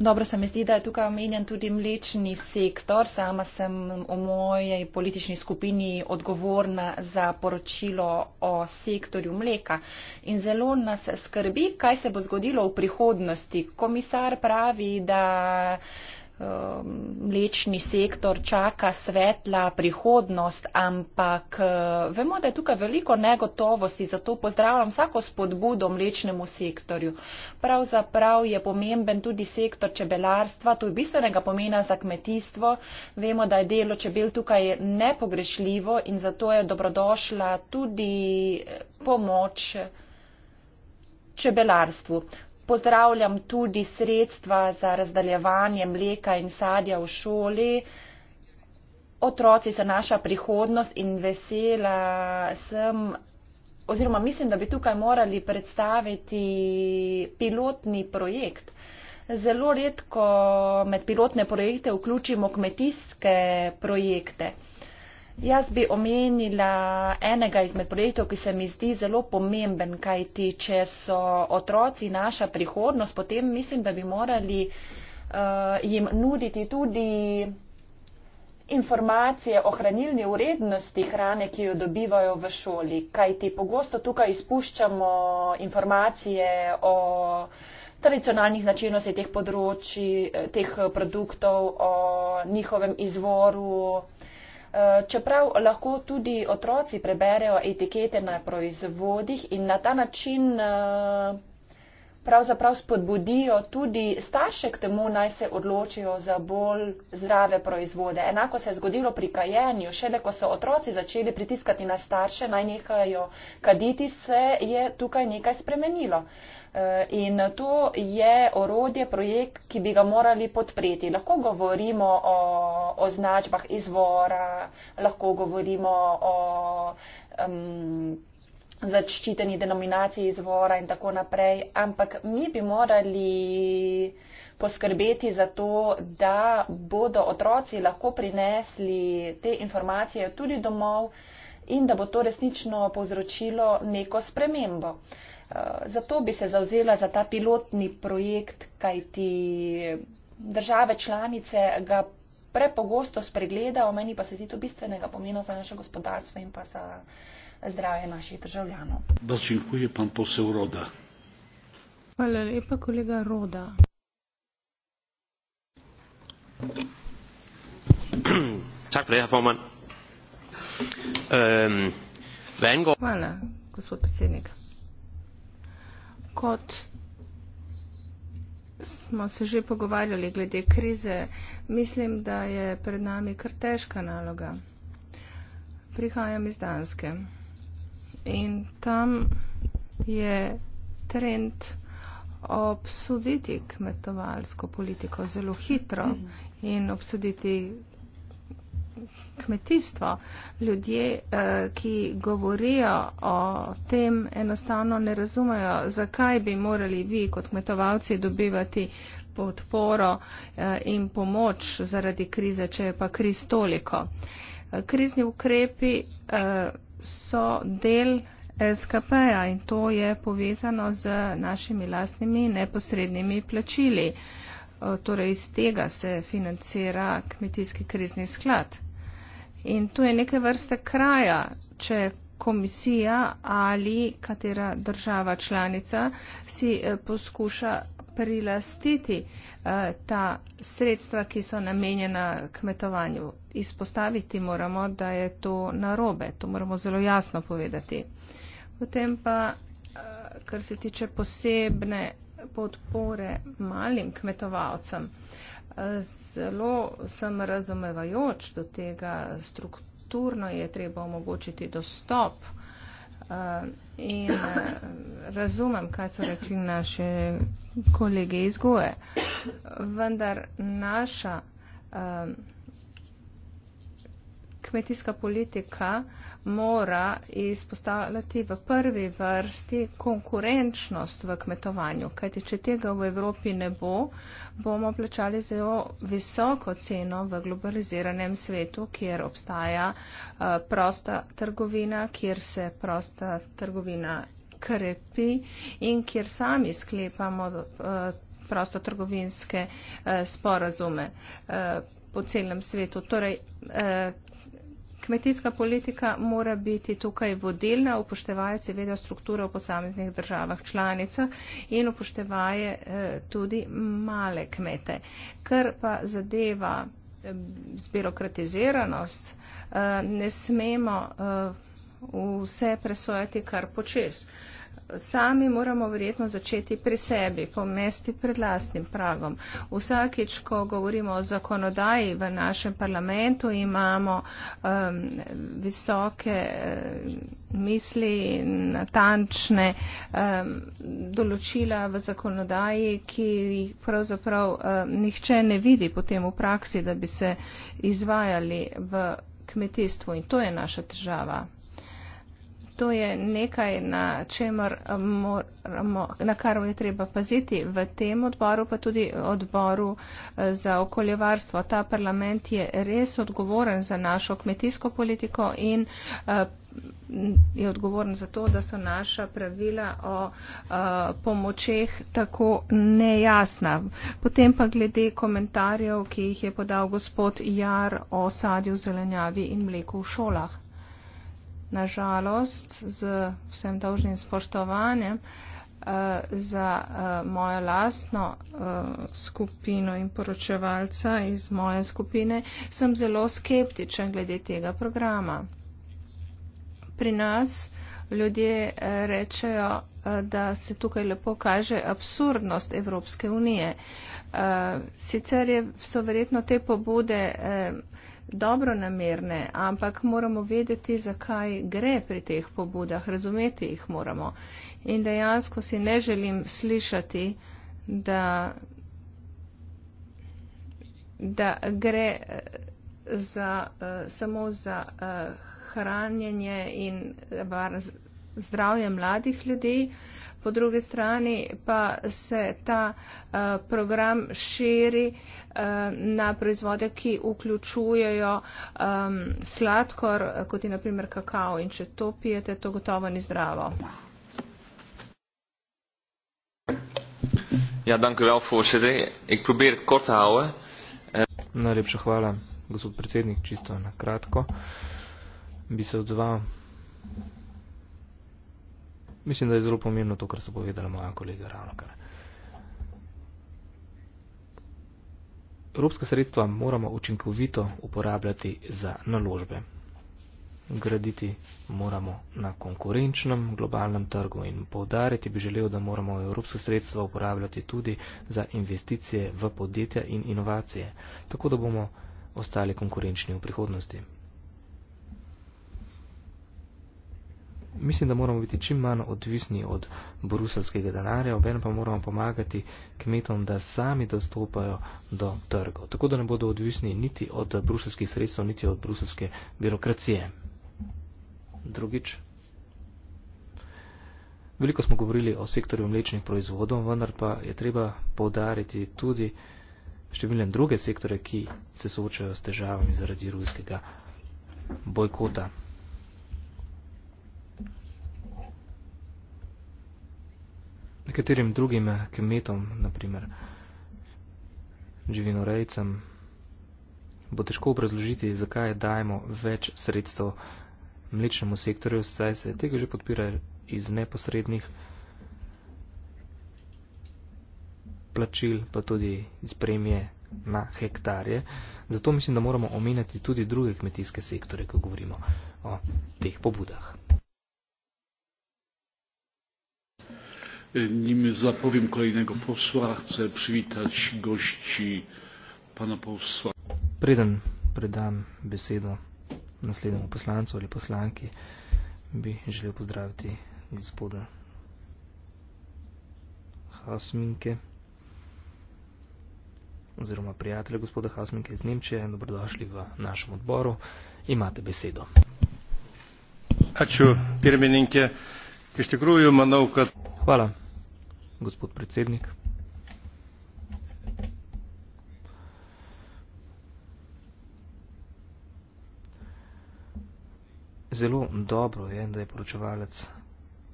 Dobro se mi zdi, da je tukaj omenjen tudi mlečni sektor. Sama sem v mojej politični skupini odgovorna za poročilo o sektorju mleka. In zelo nas skrbi, kaj se bo zgodilo v prihodnosti. Komisar pravi, da Um, mlečni sektor čaka svetla prihodnost, ampak uh, vemo, da je tukaj veliko negotovosti, zato pozdravljam vsako spodbudo mlečnemu sektorju. Pravzaprav je pomemben tudi sektor čebelarstva, to je bistvenega pomena za kmetijstvo. Vemo, da je delo čebel tukaj nepogrešljivo in zato je dobrodošla tudi eh, pomoč eh, čebelarstvu pozdravljam tudi sredstva za razdaljevanje mleka in sadja v šoli. Otroci so naša prihodnost in vesela sem, oziroma mislim, da bi tukaj morali predstaviti pilotni projekt. Zelo redko med pilotne projekte vključimo kmetijske projekte. Jaz bi omenila enega izmed projektov, ki se mi zdi zelo pomemben, kaj ti, če so otroci naša prihodnost, potem mislim, da bi morali uh, jim nuditi tudi informacije o hranilni urednosti hrane, ki jo dobivajo v šoli. Kaj ti pogosto tukaj izpuščamo informacije o tradicionalnih značilnosti teh področji, eh, teh produktov, o njihovem izvoru. Eh, čeprav lahko tudi otroci preberejo etikete na proizvodih in na ta način eh, pravzaprav spodbudijo tudi starše k temu, naj se odločijo za bolj zdrave proizvode. Enako se je zgodilo pri kajenju, šele ko so otroci začeli pritiskati na starše, naj nehajo kaditi, se je tukaj nekaj spremenilo. Uh, Eh, in to je orodje, projekt, ki bi ga morali podpreti. Lahko govorimo o označbah izvora, lahko govorimo o um, začiteni denominaciji izvora in tako naprej, ampak mi bi morali poskrbeti za to, da bodo otroci lahko prinesli te informacije tudi domov in da bo to resnično povzročilo neko spremembo. Uh, zato bi se zauzela za ta pilotni projekt, kajti države članice ga prepogosto spregledajo, meni pa se zdi to bistvenega pomena za naše gospodarstvo in pa za zdravje naših državljanov. Hvala lepa, kolega Roda. Tak for det, herr formand. Øhm, hvad angår... Hvala, gospod predsednik kot smo se že pogovarjali glede krize, mislim, da je pred nami kar težka naloga. Prihajam iz Danske in tam je trend obsuditi kmetovalsko politiko zelo hitro mhm. in obsuditi kmetijstvo. Ljudje, eh, ki govorijo o tem, enostavno ne razumejo, zakaj bi morali vi kot kmetovalci dobivati podporo eh, in pomoč zaradi krize, če je pa kriz toliko. Eh, krizni ukrepi so del SKP-ja in to je povezano z našimi lastnimi neposrednimi plačili. Torej iz tega se financira kmetijski krizni sklad. In tu je neke vrste kraja, če komisija ali katera država članica si eh, poskuša prilastiti eh, ta sredstva, ki so namenjena kmetovanju. Izpostaviti moramo, da je to narobe, to moramo zelo jasno povedati. Potem pa, eh, kar se tiče posebne podpore malim kmetovalcem. Uh, Zelo sem razumevajoč do tega, strukturno je treba omogočiti dostop eh, in eh, razumem, kaj so rekli naše kolege iz Goje. Vendar naša eh, kmetijska politika uh, mora izpostavljati v prvi vrsti konkurenčnost v kmetovanju, kajti če tega v Evropi ne bo, bomo plačali zelo visoko ceno v globaliziranem svetu, kjer obstaja uh, prosta trgovina, kjer se prosta trgovina krepi in kjer sami sklepamo uh, eh, prosto trgovinske uh, eh, sporazume uh, po celem svetu. Torej, uh, kmetijska politika mora biti tukaj vodilna, upoštevaje seveda strukturo v posameznih državah članica in upoštevaje eh, tudi male kmete. Kar pa zadeva eh, zbirokratiziranost, eh, ne smemo vse presojati kar počes. Sami moramo verjetno začeti pri sebi, pomesti pred lastnim pragom. Vsakič, ko govorimo o zakonodaji v našem parlamentu, imamo um, visoke um, misli, natančne um, določila v zakonodaji, ki jih pravzaprav um, nihče ne vidi potem v praksi, da bi se izvajali v kmetijstvu. In to je naša težava to je nekaj, na, čemer, moramo, na kar je treba paziti v tem odboru, pa tudi odboru eh, za okoljevarstvo. Ta parlament je res odgovoren za našo kmetijsko politiko in eh, je odgovoren za to, da so naša pravila o a, eh, pomočeh tako nejasna. Potem pa glede komentarjev, ki jih je podal gospod Jar o sadju, zelenjavi in mleku v šolah nažalost, z vsem dolžnim spoštovanjem eh, za eh, mojo lastno eh, skupino in poročevalca iz moje skupine, sem zelo skeptičen glede tega programa. Pri nas ljudje rečejo, da se tukaj lepo kaže absurdnost Evropske unije. Sicer je, so verjetno te pobude dobronamerne, ampak moramo vedeti, zakaj gre pri teh pobudah, razumeti jih moramo. In dejansko si ne želim slišati, da, da gre eh, za, uh, samo za uh, hranjenje in zdravje mladih ljudi, uh, po drugi strani pa se ta uh, program širi uh, na proizvode, ki vključujejo um, sladkor, eh, kot je naprimer kakao in če to pijete, to gotovo ni zdravo. Ja, dank u wel, voorzitter. Ik probeer het kort te houden. Najlepša hvala, gospod predsednik, čisto na kratko. Bi se odzval. Mislim, da je zelo pomembno to, kar so povedala moja kolega ravno kar. Evropska sredstva moramo učinkovito uporabljati za naložbe. Graditi moramo na konkurenčnem globalnem trgu in povdariti bi želel, da moramo evropske sredstva uporabljati tudi za investicije v podjetja in inovacije, tako da bomo ostali konkurenčni v prihodnosti. mislim, da moramo biti čim manj odvisni od bruselskega denarja, obenem pa moramo pomagati kmetom, da sami dostopajo do trgov, tako da ne bodo odvisni niti od bruselskih sredstev, niti od bruselske birokracije. Drugič. Veliko smo govorili o sektorju mlečnih proizvodov, vendar pa je treba povdariti tudi številne druge sektore, ki se soočajo s težavami zaradi ruskega bojkota. nekaterim drugim eh, kmetom, naprimer živinorejcem, bo težko obrazložiti, zakaj dajemo več sredstev mlečnemu sektorju, saj se tega že podpira iz neposrednih plačil, pa tudi iz premije na hektarje. Zato mislim, da moramo omenjati tudi druge kmetijske sektore, ko govorimo o teh pobudah. E, nim zapowiem kolejnego posła chcę przywitać gości pana posła Preden predam besedo naslednjemu poslancu ali poslanki bi želel pozdraviti gospoda Hasminke oziroma prijatelja gospoda Hasminke iz Nemčije dobrodošli v našem odboru imate besedo Aču, pirmeninke, uh, iz tikrųjų manau kad hvala gospod predsednik zelo dobro je da je poročevalec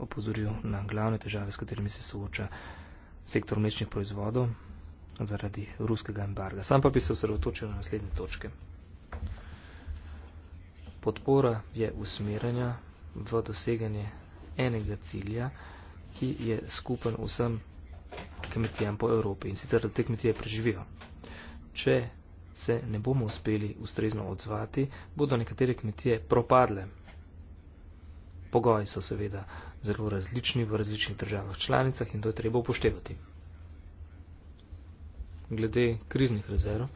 opozoril na glavne težave s katerimi se sooča sektor mlečnih proizvodov zaradi ruskega embarga sam pa bi se osredotočil na naslednje točke podpora je usmerjena v doseganje enega cilja, ki je skupen vsem kmetijam po Evropi in sicer, da te kmetije preživijo. Če se ne bomo uspeli ustrezno odzvati, bodo nekatere kmetije propadle. Pogoji so seveda zelo različni v različnih državah članicah in to je treba upoštevati. Glede kriznih rezerv,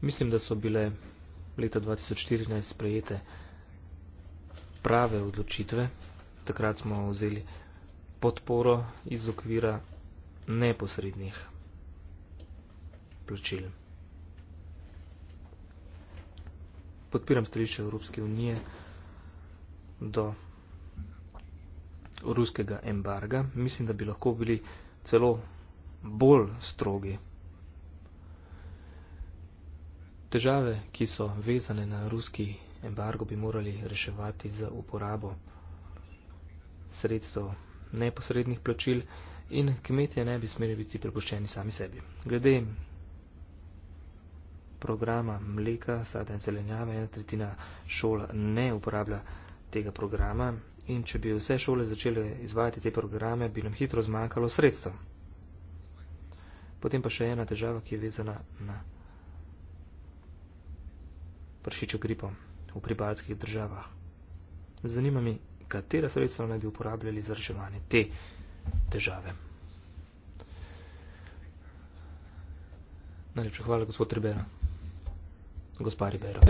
mislim, da so bile leta 2014 sprejete prave odločitve. Takrat smo vzeli podporo iz okvira neposrednih plačil. Podpiram stališče Evropske unije do ruskega embarga. Mislim, da bi lahko bili celo bolj strogi. Težave, ki so vezane na ruski embargo bi morali reševati z uporabo sredstev neposrednih plačil in kmetje ne bi smeli biti prepuščeni sami sebi. Glede programa mleka, sada in zelenjave, ena tretjina šola ne uporablja tega programa in če bi vse šole začele izvajati te programe, bi nam hitro zmanjkalo sredstev. Potem pa še ena težava, ki je vezana na pršičjo gripo v pribalskih državah. Zanima mi, katera sredstva naj bi uporabljali za reševanje te težave. Najlepša hvala, gospod Ribera. Gospa Ribera.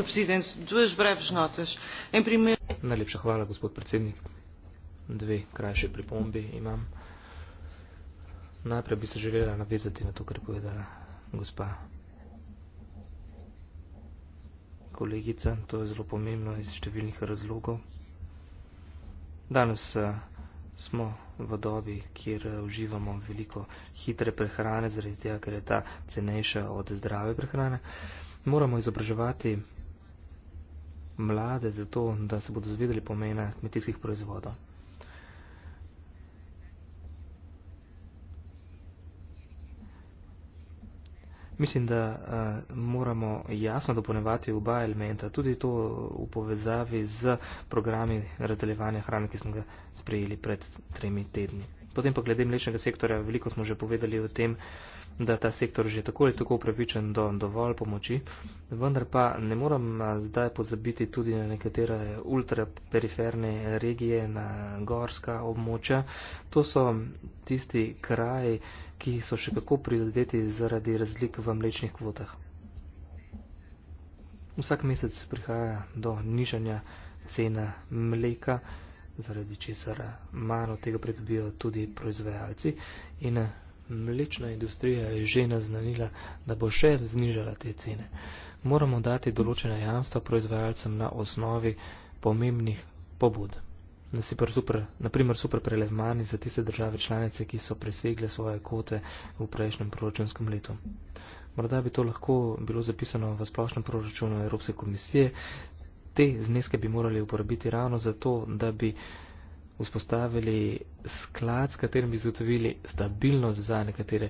Najlepša hvala, gospod predsednik. Dve krajše pripombe imam. Najprej bi se želela navezati na to, kar je povedala gospa kolegica, to je zelo pomembno iz številnih razlogov. Danes eh, smo v dobi, kjer eh, uživamo veliko hitre prehrane, zaradi tega, ker je ta cenejša od zdrave prehrane. Moramo izobraževati mlade zato, da se bodo zvedeli pomena kmetijskih proizvodov. Mislim, da uh, moramo jasno dopolnevati oba elementa, tudi to v povezavi z programi razdeljevanja hrane, ki smo ga sprejeli pred tremi tedni. Potem pa glede mlečnega sektorja, veliko smo že povedali o tem, da ta sektor že tako ali tako upravičen do dovolj pomoči, vendar pa ne moram zdaj pozabiti tudi na nekatere ultraperiferne regije, na gorska območja. To so tisti kraji, ki so še kako prizadeti zaradi razlik v mlečnih kvotah. Vsak mesec prihaja do nižanja cena mleka zaradi česar manj od tega pridobijo tudi proizvajalci. In eh, mlečna industrija je že naznanila, da bo še znižala te cene. Moramo dati določena jamstva proizvajalcem na osnovi pomembnih pobud. Super, naprimer super prelev manj za tiste države članice, ki so presegle svoje kote v prejšnjem proračunskem letu. Morda bi to lahko bilo zapisano v splošnem proračunu Evropske komisije, te zneske bi morali uporabiti ravno zato, da bi vzpostavili sklad, s katerim bi zagotovili stabilnost za nekatere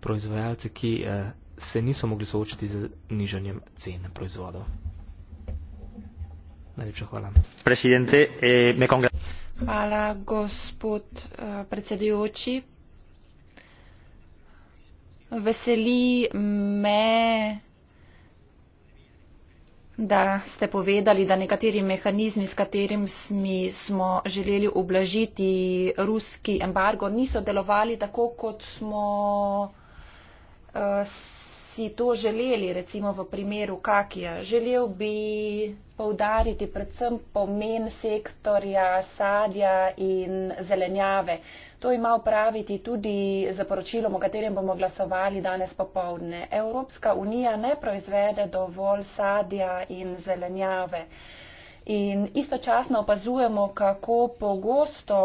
proizvajalce, ki eh, se niso mogli soočiti z nižanjem cene proizvodov. Najlepša hvala. Eh, hvala, gospod eh, predsedujoči. Veseli me da ste povedali, da nekateri mehanizmi, s katerimi smo želeli ublažiti ruski embargo, niso delovali tako, kot smo uh, si to želeli, recimo v primeru Kakija. Želel bi poudariti predvsem pomen sektorja sadja in zelenjave. To ima upraviti tudi za poročilom, o katerem bomo glasovali danes popovdne. Evropska unija ne proizvede dovolj sadja in zelenjave. In istočasno opazujemo, kako pogosto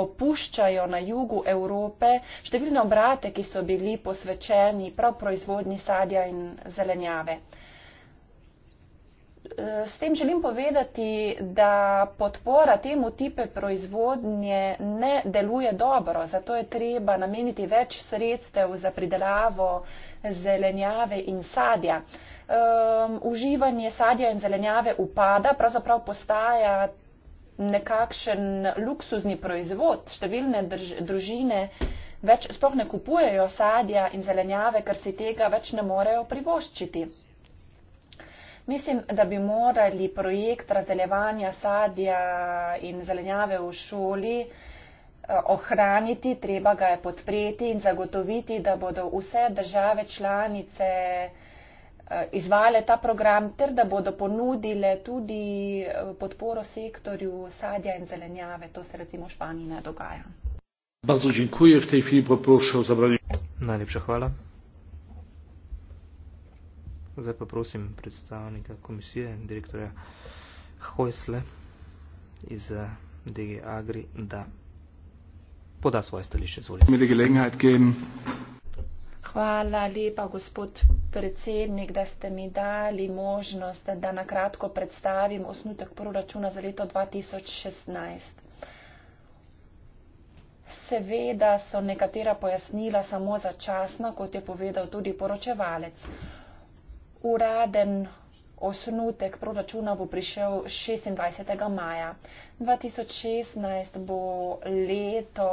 opuščajo na jugu Evrope številne obrate, ki so bili posvečeni prav proizvodni sadja in zelenjave. Eh, s tem želim povedati, da podpora temu tipu proizvodnje ne deluje dobro, zato je treba nameniti več sredstev za pridelavo zelenjave in sadja. Um, uživanje sadja in zelenjave upada, pravzaprav postaja nekakšen luksuzni proizvod. Številne drž, družine več sploh ne kupujejo sadja in zelenjave, ker si tega več ne morejo privoščiti. Mislim, da bi morali projekt razdeljevanja sadja in zelenjave v šoli eh, ohraniti, treba ga je podpreti in zagotoviti, da bodo vse države članice eh, izvale ta program ter da bodo ponudile tudi eh, podporo sektorju sadja in zelenjave. To se recimo v Španiji ne dogaja. Bardzo dziękuję. W tej chwili poproszę o zabranie. Najlepsza chwała. Zdaj pa prosim predstavnika komisije, direktorja Hojsle iz eh, DG Agri, da poda svoje stališče. Hvala lepa, gospod predsednik, da ste mi dali možnost, da nakratko predstavim osnutek proračuna za leto 2016. Seveda so nekatera pojasnila samo začasna, kot je povedal tudi poročevalec uraden osnutek proračuna bo prišel 26. maja. 2016 bo leto,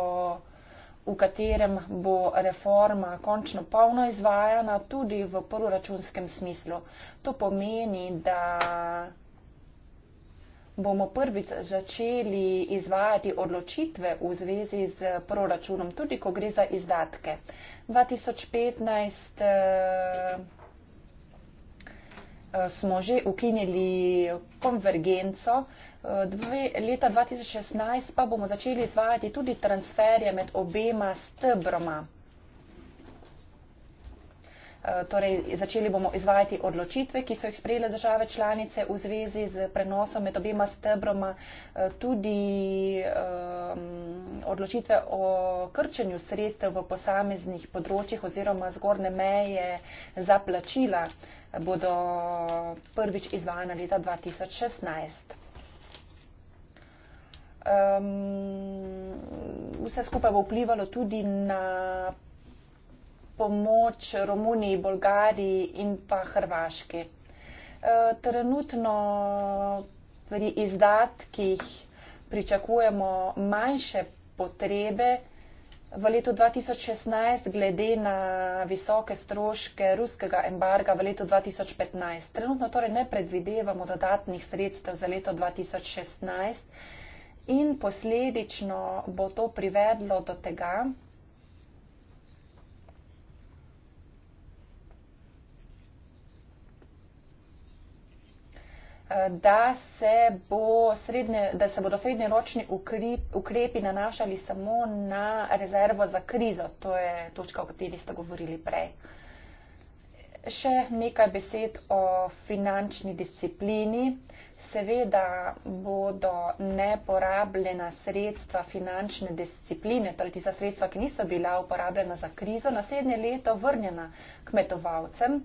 v katerem bo reforma končno polno izvajana tudi v proračunskem smislu. To pomeni, da bomo prvič začeli izvajati odločitve v zvezi z proračunom, tudi ko gre za izdatke. 2015 Eh, smo že ukinjali konvergenco. Eh, dve, leta 2016 pa bomo začeli izvajati tudi transferje med obema stebroma. Eh, torej, začeli bomo izvajati odločitve, ki so jih sprejele države članice v zvezi z prenosom med obima stebroma, eh, tudi um, odločitve o krčenju sredstev v posameznih področjih oziroma zgornje meje za plačila eh, bodo prvič izvajane leta 2016. Um, ehm, vse skupaj bo vplivalo tudi na pomoč Romuniji, Bolgariji in pa Hrvaški. Eh, trenutno pri izdatkih pričakujemo manjše potrebe. V letu 2016, glede na visoke stroške ruskega embarga v letu 2015, trenutno torej ne predvidevamo dodatnih sredstev za leto 2016 in posledično bo to privedlo do tega, da se, bo srednje, da se bodo srednjeročni ukrepi nanašali samo na rezervo za krizo. To je točka, o kateri ste govorili prej. Še nekaj besed o finančni disciplini. Seveda bodo neporabljena sredstva finančne discipline, torej tista sredstva, ki niso bila uporabljena za krizo, naslednje leto vrnjena kmetovalcem,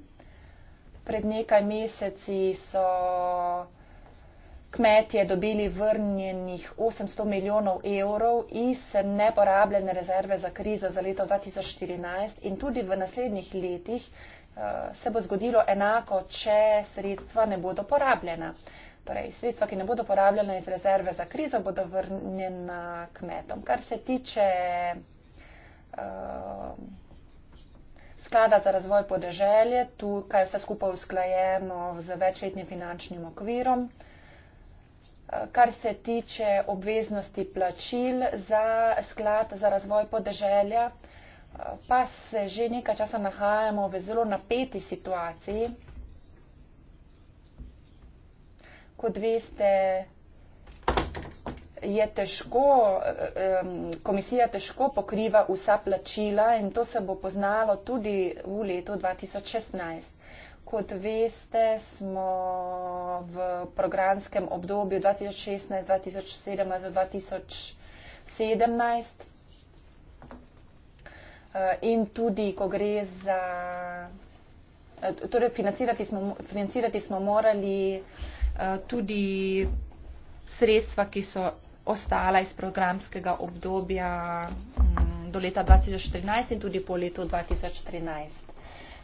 pred nekaj meseci so kmetje dobili vrnjenih 800 milijonov evrov iz neporabljene rezerve za krizo za leto 2014 in tudi v naslednjih letih eh, se bo zgodilo enako, če sredstva ne bodo porabljena. Torej, sredstva, ki ne bodo porabljena iz rezerve za krizo, bodo vrnjena kmetom. Kar se tiče. Uh, sklada za razvoj podeželje, tukaj vse skupaj usklajeno z večletnim finančnim okvirom. Eh, kar se tiče obveznosti plačil za sklad za razvoj podeželja, eh, pa se že nekaj časa nahajamo v zelo napeti situaciji. Kot veste, je težko, eh, komisija težko pokriva vsa plačila in to se bo poznalo tudi v letu 2016. Kot veste, smo v programskem obdobju 2016, 2017, 2017 in tudi, ko gre za. Eh, torej, financirati smo, financirati smo morali eh, tudi sredstva, ki so ostala iz programskega obdobja mm, do leta 2014 in tudi po letu 2013.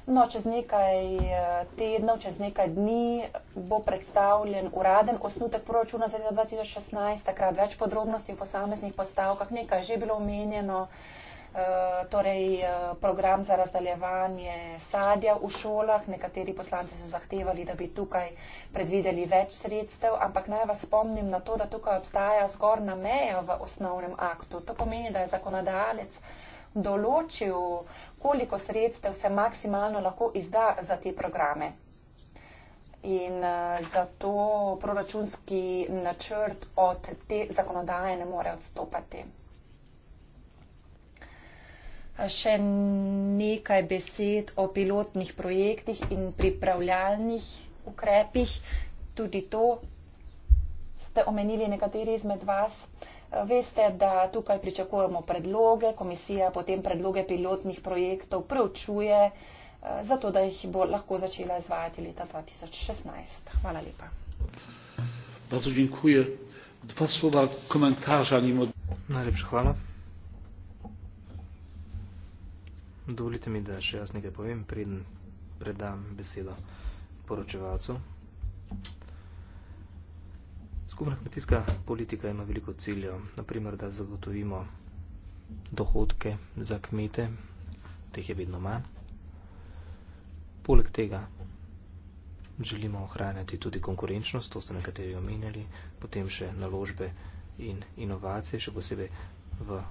No, čez nekaj eh, tednov, čez nekaj dni bo predstavljen uraden osnutek proračuna za leto 2016, takrat več podrobnosti v posameznih postavkah, nekaj je že bilo omenjeno. Eh, torej, eh, program za razdaljevanje sadja v šolah. Nekateri poslanci so zahtevali, da bi tukaj predvideli več sredstev, ampak naj vas spomnim na to, da tukaj obstaja zgorna meja v osnovnem aktu. To pomeni, da je zakonodajalec določil, koliko sredstev se maksimalno lahko izda za te programe. In eh, zato proračunski načrt od te zakonodaje ne more odstopati še nekaj besed o pilotnih projektih in pripravljalnih ukrepih. Tudi to ste omenili nekateri izmed vas. Veste, da tukaj pričakujemo predloge, komisija potem predloge pilotnih projektov preučuje, zato da jih bo lahko začela izvajati leta 2016. Hvala lepa. Bardzo dziękuję. Dwa słowa komentarza, mimo. Najlepsze chwała. Dovolite mi, da še jaz nekaj povem, preden predam besedo poročevalcu. Skupna kmetijska politika ima veliko ciljev, naprimer, da zagotovimo dohodke za kmete, teh je vedno manj. Poleg tega želimo ohranjati tudi konkurenčnost, to ste nekateri omenjali, potem še naložbe in inovacije, še posebej v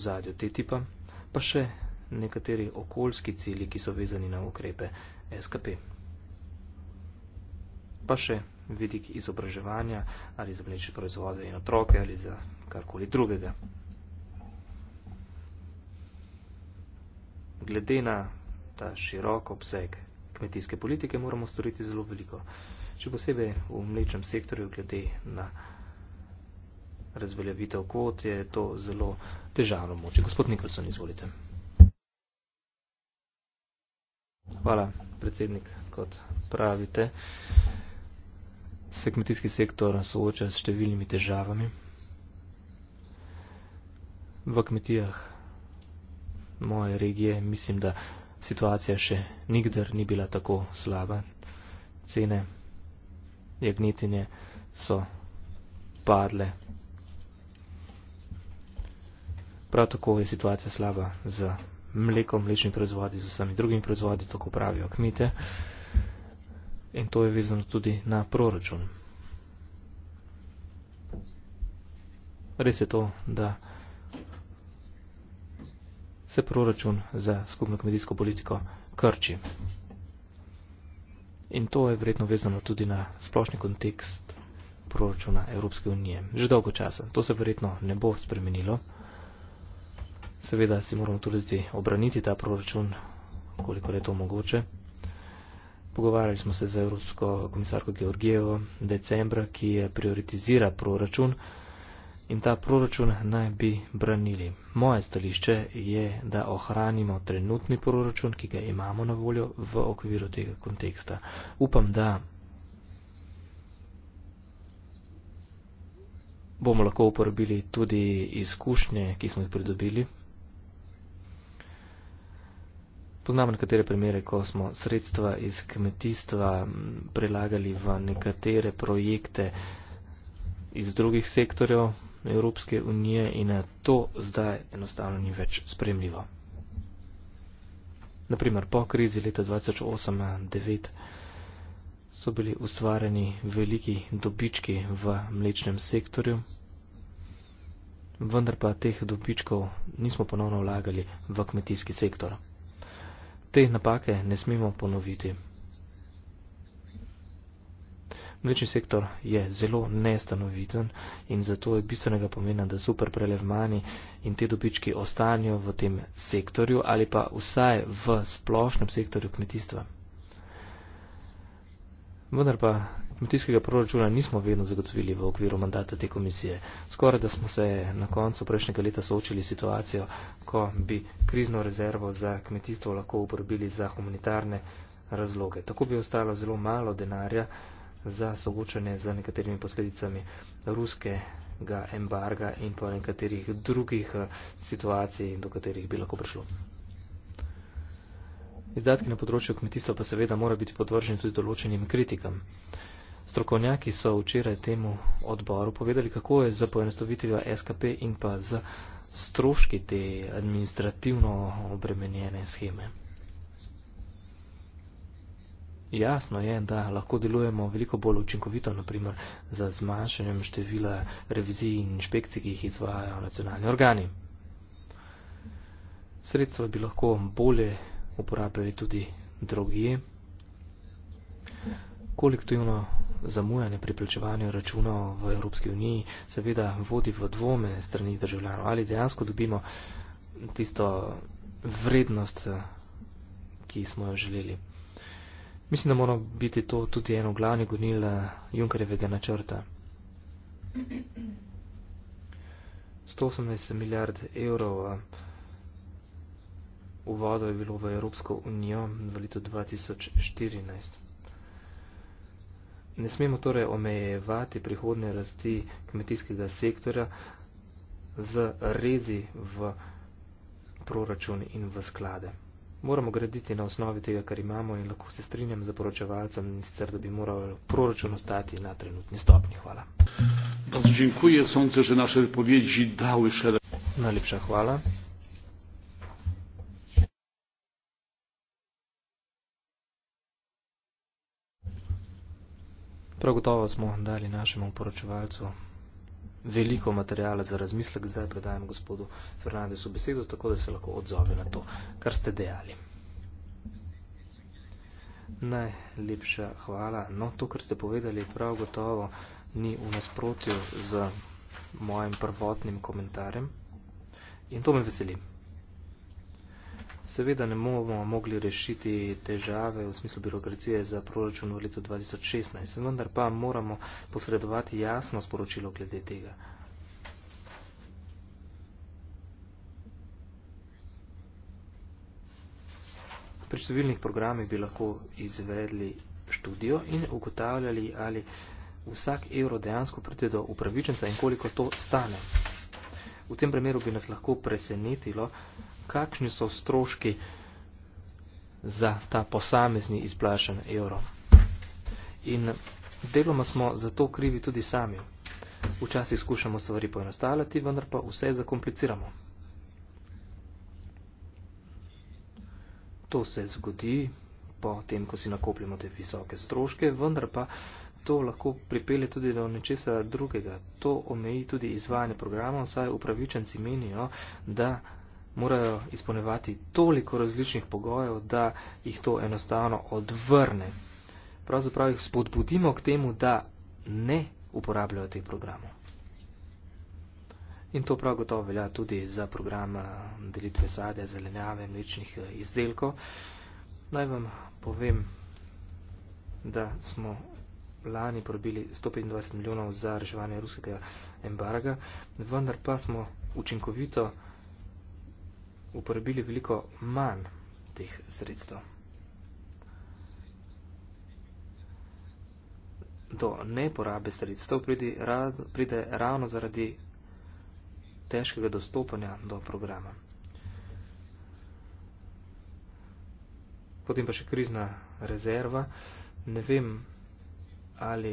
ozadju te tipa pa še nekateri okoljski cilji, ki so vezani na ukrepe SKP. Pa še vidik izobraževanja ali za mlečne proizvode in otroke ali za karkoli drugega. Glede na ta širok obseg kmetijske politike moramo storiti zelo veliko, če posebej v mlečnem sektorju glede na razveljavitev kvot, je to zelo težavno moče. Gospod Nikolson, izvolite. Hvala, predsednik, kot pravite. Se kmetijski sektor sooča s številnimi težavami. V kmetijah moje regije mislim, da situacija še nikdar ni bila tako slaba. Cene jagnetine so padle Prav tako je situacija slaba z mlekom, mlečnimi proizvodi, z vsemi drugimi proizvodi, tako pravijo kmete. In to je vezano tudi na proračun. Res je to, da se proračun za skupno kmetijsko politiko krči. In to je vredno vezano tudi na splošni kontekst proračuna Evropske unije. Že dolgo časa. To se verjetno ne bo spremenilo. Seveda si moramo tudi obraniti ta proračun, koliko je to mogoče. Pogovarjali smo se z Evropsko komisarko Georgijevo decembra, ki je prioritizira proračun in ta proračun naj bi branili. Moje stališče je, da ohranimo trenutni proračun, ki ga imamo na voljo v okviru tega konteksta. Upam, da bomo lahko uporabili tudi izkušnje, ki smo jih pridobili Poznam nekatere primere, ko smo sredstva iz kmetijstva prelagali v nekatere projekte iz drugih sektorjev Evropske unije in eh, to zdaj enostavno ni več spremljivo. Naprimer, po krizi leta 2008-2009 so bili ustvarjeni veliki dobički v mlečnem sektorju, vendar pa teh dobičkov nismo ponovno vlagali v kmetijski sektor te napake ne smemo ponoviti. Mlečni sektor je zelo nestanoviten in zato je bistvenega pomena, da super prelevmani in te dobički ostanjo v tem sektorju ali pa vsaj v splošnem sektorju kmetijstva. Vendar pa kmetijskega proračuna nismo vedno zagotovili v okviru mandata te komisije. Skoraj da smo se na koncu prejšnjega leta soočili situacijo, ko bi krizno rezervo za kmetijstvo lahko uporabili za humanitarne razloge. Tako bi ostalo zelo malo denarja za soočanje z nekaterimi posledicami ruske embarga in pa nekaterih drugih eh, situacij, do katerih bi lahko prišlo. Izdatki na področju kmetijstva pa seveda mora biti podvrženi tudi določenim kritikam. Strokovnjaki so včeraj temu odboru povedali, kako je za poenostavitvijo SKP in pa za stroški te administrativno obremenjene scheme. Jasno je, da lahko delujemo veliko bolj učinkovito, naprimer za zmanjšanjem števila revizij in inšpekcij, ki jih izvajajo nacionalni organi. Sredstvo bi lahko bolje uporabljali tudi drugi. Kolektivno zamujanje pri plačevanju računov v Evropski uniji seveda vodi v dvome strani državljanov, ali dejansko dobimo tisto vrednost, ki smo jo želeli. Mislim, da mora biti to tudi eno glavni gonil eh, Junkerjevega načrta. 118 milijard evrov eh, uvoza je bilo v Evropsko unijo v letu 2014. Ne smemo torej omejevati prihodne rasti kmetijskega sektora z rezi v proračun in v sklade. Moramo graditi na osnovi tega, kar imamo in lahko se strinjam za poročevalcem, sicer da bi moral proračun ostati na trenutni stopni. Hvala. Bardzo dziękuję. Sądzę, że nasze wypowiedzi dały szereg. Najlepsza chwała. Prav gotovo smo dali našemu poročevalcu veliko materijala za razmislek, zdaj predajam gospodu Fernandesu besedo, tako da se lahko odzove na to, kar ste dejali. Najlepša hvala. No, to, kar ste povedali, prav gotovo ni v nasprotju z mojim prvotnim komentarjem in to me veselim. Seveda ne bomo mogli rešiti težave v smislu birokracije za proračun v letu 2016, vendar pa moramo posredovati jasno sporočilo glede tega. Pri številnih programih bi lahko izvedli študijo in ugotavljali, ali vsak evro dejansko pride do upravičenca in koliko to stane. V tem primeru bi nas lahko presenetilo, kakšni so stroški za ta posamezni izplašen evro. In deloma smo za to krivi tudi sami. Včasih skušamo stvari poenostavljati, vendar pa vse zakompliciramo. To se zgodi po tem, ko si nakopljamo te visoke stroške, vendar pa to lahko pripelje tudi do nečesa drugega. To omeji tudi izvajanje programov, saj upravičenci menijo, da morajo izpolnevati toliko različnih pogojev, da jih to enostavno odvrne. Pravzaprav jih spodbudimo k temu, da ne uporabljajo te programe. In to prav gotovo velja tudi za program eh, delitve sadja, zelenjave, mlečnih eh, izdelkov. Naj vam povem, da smo lani porabili 125 milijonov za reševanje ruskega embarga, vendar pa smo učinkovito uporabili veliko manj teh sredstev. Do neporabe sredstev pride ravno zaradi težkega dostopanja do programa. Potem pa še krizna rezerva. Ne vem, ali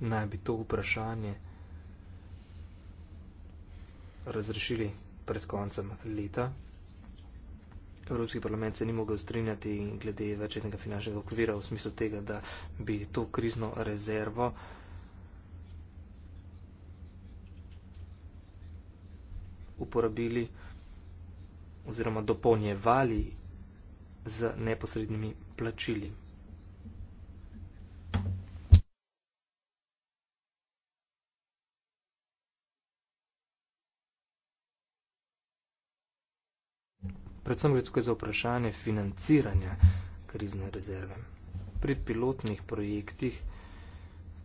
naj bi to vprašanje razrešili pred koncem leta. Evropski parlament se ni mogel strinjati glede večetnega finančnega okvira v smislu tega, da bi to krizno rezervo uporabili oziroma dopolnjevali z neposrednimi plačili. Predvsem gre tukaj za vprašanje financiranja krizne rezerve. Pri pilotnih projektih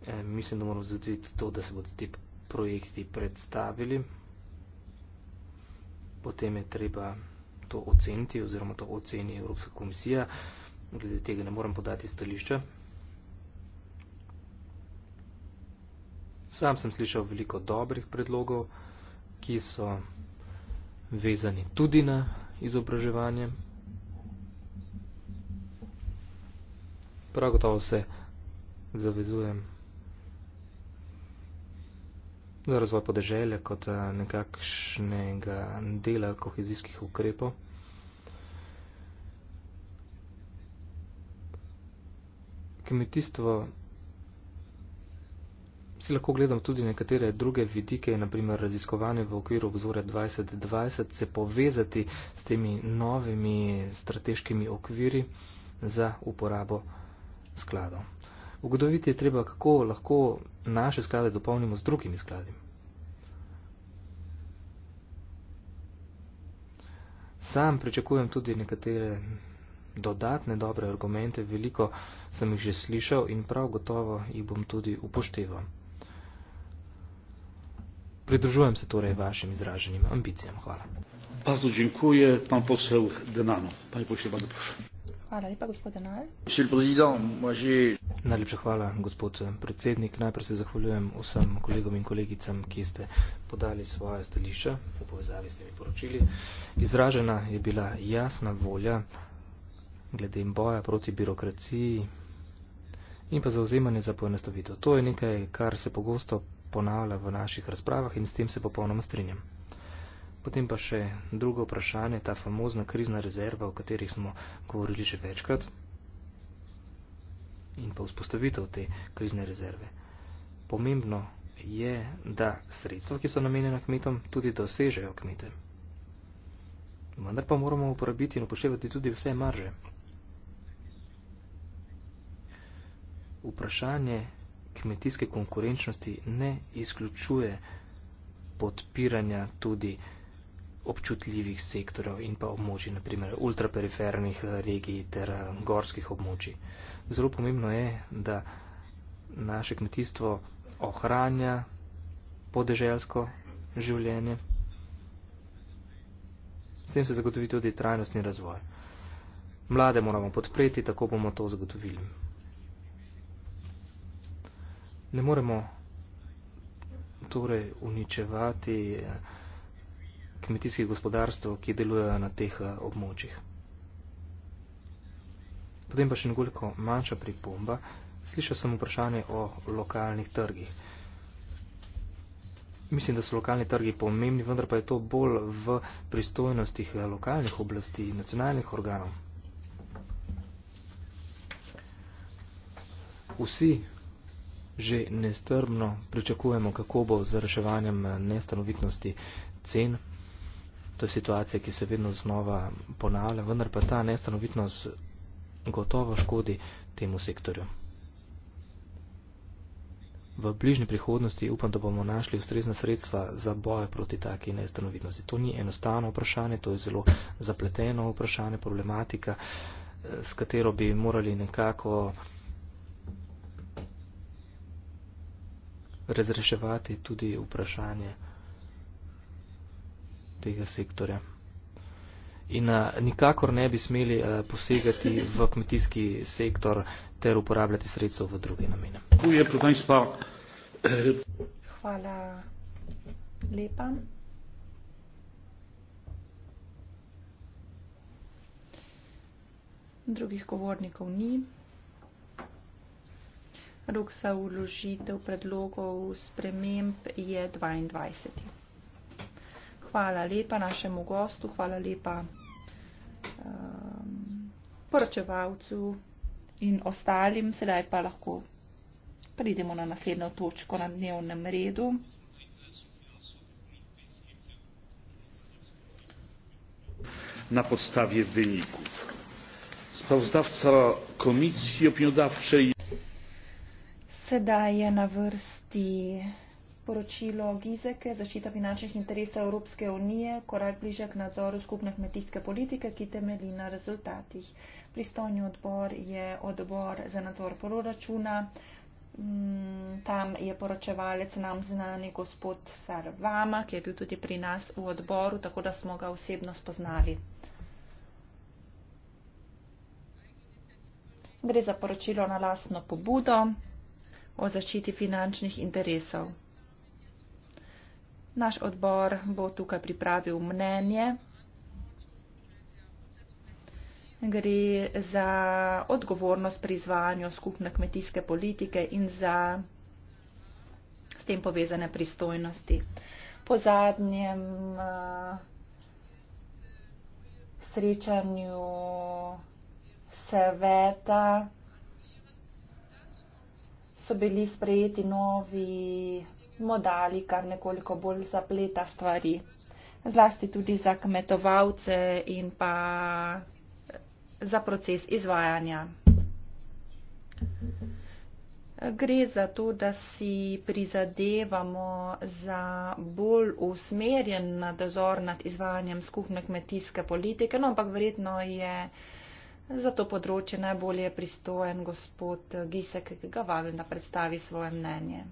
eh, mislim, da moramo zvediti to, da se bodo ti projekti predstavili. Potem je treba to oceniti oziroma to oceni Evropska komisija. Glede tega ne moram podati stališča. Sam sem slišal veliko dobrih predlogov, ki so vezani tudi na izobraževanjem. Prav gotovo se zavezujem za razvoj podeželja kot eh, nekakšnega dela kohezijskih ukrepov. Kmetijstvo si lahko gledam tudi nekatere druge vidike, naprimer raziskovanje v okviru obzore 2020, se povezati s temi novimi strateškimi okviri za uporabo skladov. Ugodoviti je treba, kako lahko naše sklade dopolnimo z drugimi skladi. Sam pričakujem tudi nekatere dodatne dobre argumente, veliko sem jih že slišal in prav gotovo jih bom tudi upošteval. Pridružujem se torej vašim izraženim ambicijam. Hvala. Bardzo dziękuję pan poseł Denano. Panie pośle, bardzo proszę. Najlepša hvala, gospod eh, predsednik. Najprej se zahvaljujem vsem kolegom in kolegicam, ki ste podali svoje stališče v povezavi s temi poročili. Izražena je bila jasna volja glede boja proti birokraciji in pa zauzemanje za poenostavitev. To je nekaj, kar se pogosto ponavlja v naših razpravah in s tem se popolnoma strinjam. Potem pa še drugo vprašanje, ta famozna krizna rezerva, o katerih smo govorili že večkrat in pa vzpostavitev te krizne rezerve. Pomembno je, da sredstva, ki so namenjena kmetom, tudi dosežejo kmete. Vendar pa moramo uporabiti in upoštevati tudi vse marže. Vprašanje kmetijske konkurenčnosti ne izključuje podpiranja tudi občutljivih sektorov in pa območij, naprimer ultraperifernih eh, regij ter eh, gorskih območij. Zelo pomembno je, da naše kmetijstvo ohranja podeželsko življenje, s tem se zagotovi tudi trajnostni razvoj. Mlade moramo podpreti, tako bomo to zagotovili ne moremo torej uničevati eh, kmetijskih gospodarstv, ki delujejo na teh eh, območjih. Potem pa še nekoliko manjša pripomba. Slišal sem vprašanje o lokalnih trgih. Mislim, da so lokalni trgi pomembni, vendar pa je to bolj v pristojnostih eh, lokalnih oblasti in nacionalnih organov. Vsi že nestrmno pričakujemo, kako bo z reševanjem eh, nestanovitnosti cen. To je situacija, ki se vedno znova ponavlja, vendar pa ta nestanovitnost gotovo škodi temu sektorju. V bližnji prihodnosti upam, da bomo našli ustrezna sredstva za boje proti taki nestanovitnosti. To ni enostavno vprašanje, to je zelo zapleteno vprašanje, problematika, eh, s katero bi morali nekako razreševati tudi vprašanje tega sektorja. In a, nikakor ne bi smeli a, posegati v kmetijski sektor ter uporabljati sredstvo v druge namene. Hvala lepa. Drugih govornikov ni. Rok za uložitev predlogov sprememb je 22. Hvala lepa našemu gostu, hvala lepa um, poročevalcu in ostalim. Sedaj pa lahko pridemo na naslednjo točko na dnevnem redu. Na podstawie wyników. Sprawozdawca Komisji Opiniodawczej. Sedaj je na vrsti poročilo Gizeke, zaščita finančnih interesov Evropske unije, korak bliže k nadzoru skupne kmetijske politike, ki temelji na rezultatih. Pristojni odbor je odbor za nadzor proračuna. Mm, tam je poročevalec nam znani gospod Sarvama, ki je bil tudi pri nas v odboru, tako da smo ga osebno spoznali. Gre za poročilo na lastno pobudo o zaščiti finančnih interesov. Naš odbor bo tukaj pripravil mnenje. Gre za odgovornost pri izvajanju skupne kmetijske politike in za s tem povezane pristojnosti. Po zadnjem eh, srečanju sveta so bili sprejeti novi modali, kar nekoliko bolj zapleta stvari. Zlasti tudi za kmetovalce in pa eh, za proces izvajanja. Gre za to, da si prizadevamo za bolj usmerjen nadzor nad izvajanjem skupne kmetijske politike, no, ampak verjetno je za to področje najbolje pristojen gospod Gisek, ki ga vabim, da predstavi svoje mnenje.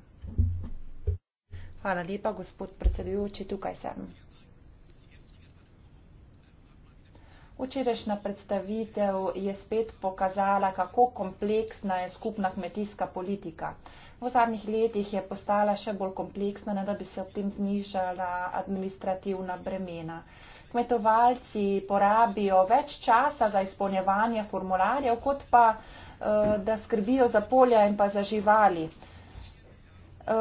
Hvala lepa, gospod predsedujoči, tukaj sem. Včerajšnja predstavitev je spet pokazala, kako kompleksna je skupna kmetijska politika. V zadnjih letih je postala še bolj kompleksna, ne da bi se ob tem znižala administrativna bremena kmetovalci porabijo več časa za izpolnjevanje formularjev, kot pa eh, da skrbijo za polja in pa za živali. 4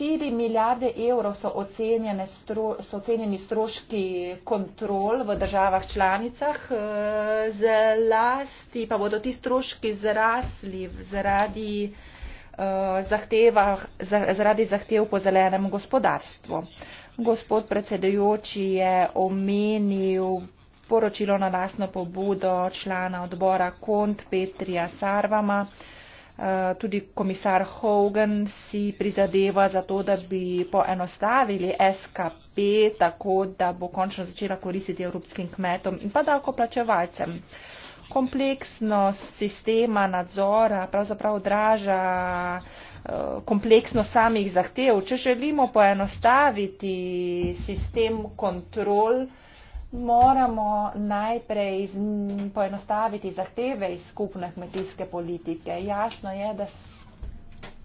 ehm, milijarde evrov so, ocenjene, so ocenjeni stroški kontrol v državah članicah, eh, zlasti pa bodo ti stroški zrasli zaradi, eh, zaradi zahtev po zelenem gospodarstvu. Gospod predsedujoči je omenil poročilo na lasno pobudo člana odbora Kont Petrija Sarvama. Eh, tudi komisar Hogan si prizadeva za to, da bi poenostavili SKP tako, da bo končno začela koristiti evropskim kmetom in pa davkoplačevalcem. Kompleksnost sistema nadzora pravzaprav odraža kompleksno samih zahtev. Če želimo poenostaviti sistem kontrol, moramo najprej poenostaviti zahteve iz skupne kmetijske politike. Jasno je, da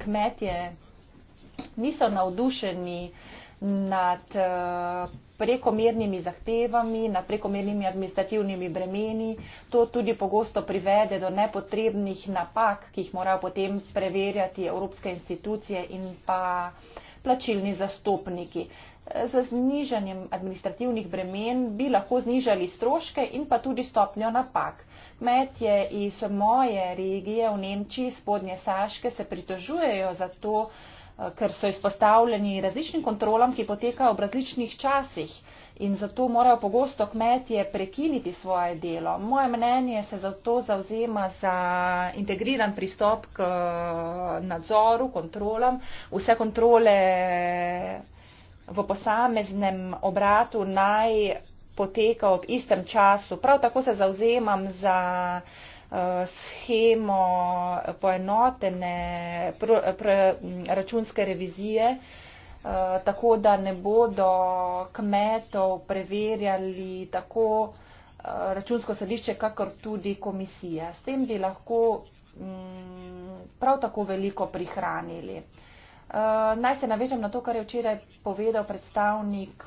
kmetje niso navdušeni nad uh, prekomernimi zahtevami, nad prekomernimi administrativnimi bremeni. To tudi pogosto privede do nepotrebnih napak, ki jih morajo potem preverjati evropske institucije in pa plačilni zastopniki. Z znižanjem administrativnih bremen bi lahko znižali stroške in pa tudi stopnjo napak. Kmetje iz moje regije v Nemčiji, spodnje Saške, se pritožujejo za to, Eh, ker so izpostavljeni različnim kontrolam, ki potekajo v različnih časih in zato morajo pogosto kmetje prekiniti svoje delo. Moje mnenje se zato zauzema za integriran pristop k eh, nadzoru, kontrolam. Vse kontrole v posameznem obratu naj poteka ob istem času. Prav tako se zauzemam za Eh, schemo poenotene pr pr računske revizije, eh, tako da ne bodo kmetov preverjali tako eh, računsko sodišče, kakor tudi komisija. S tem bi lahko mm, prav tako veliko prihranili. Naj se navežem na to, kar je včeraj povedal predstavnik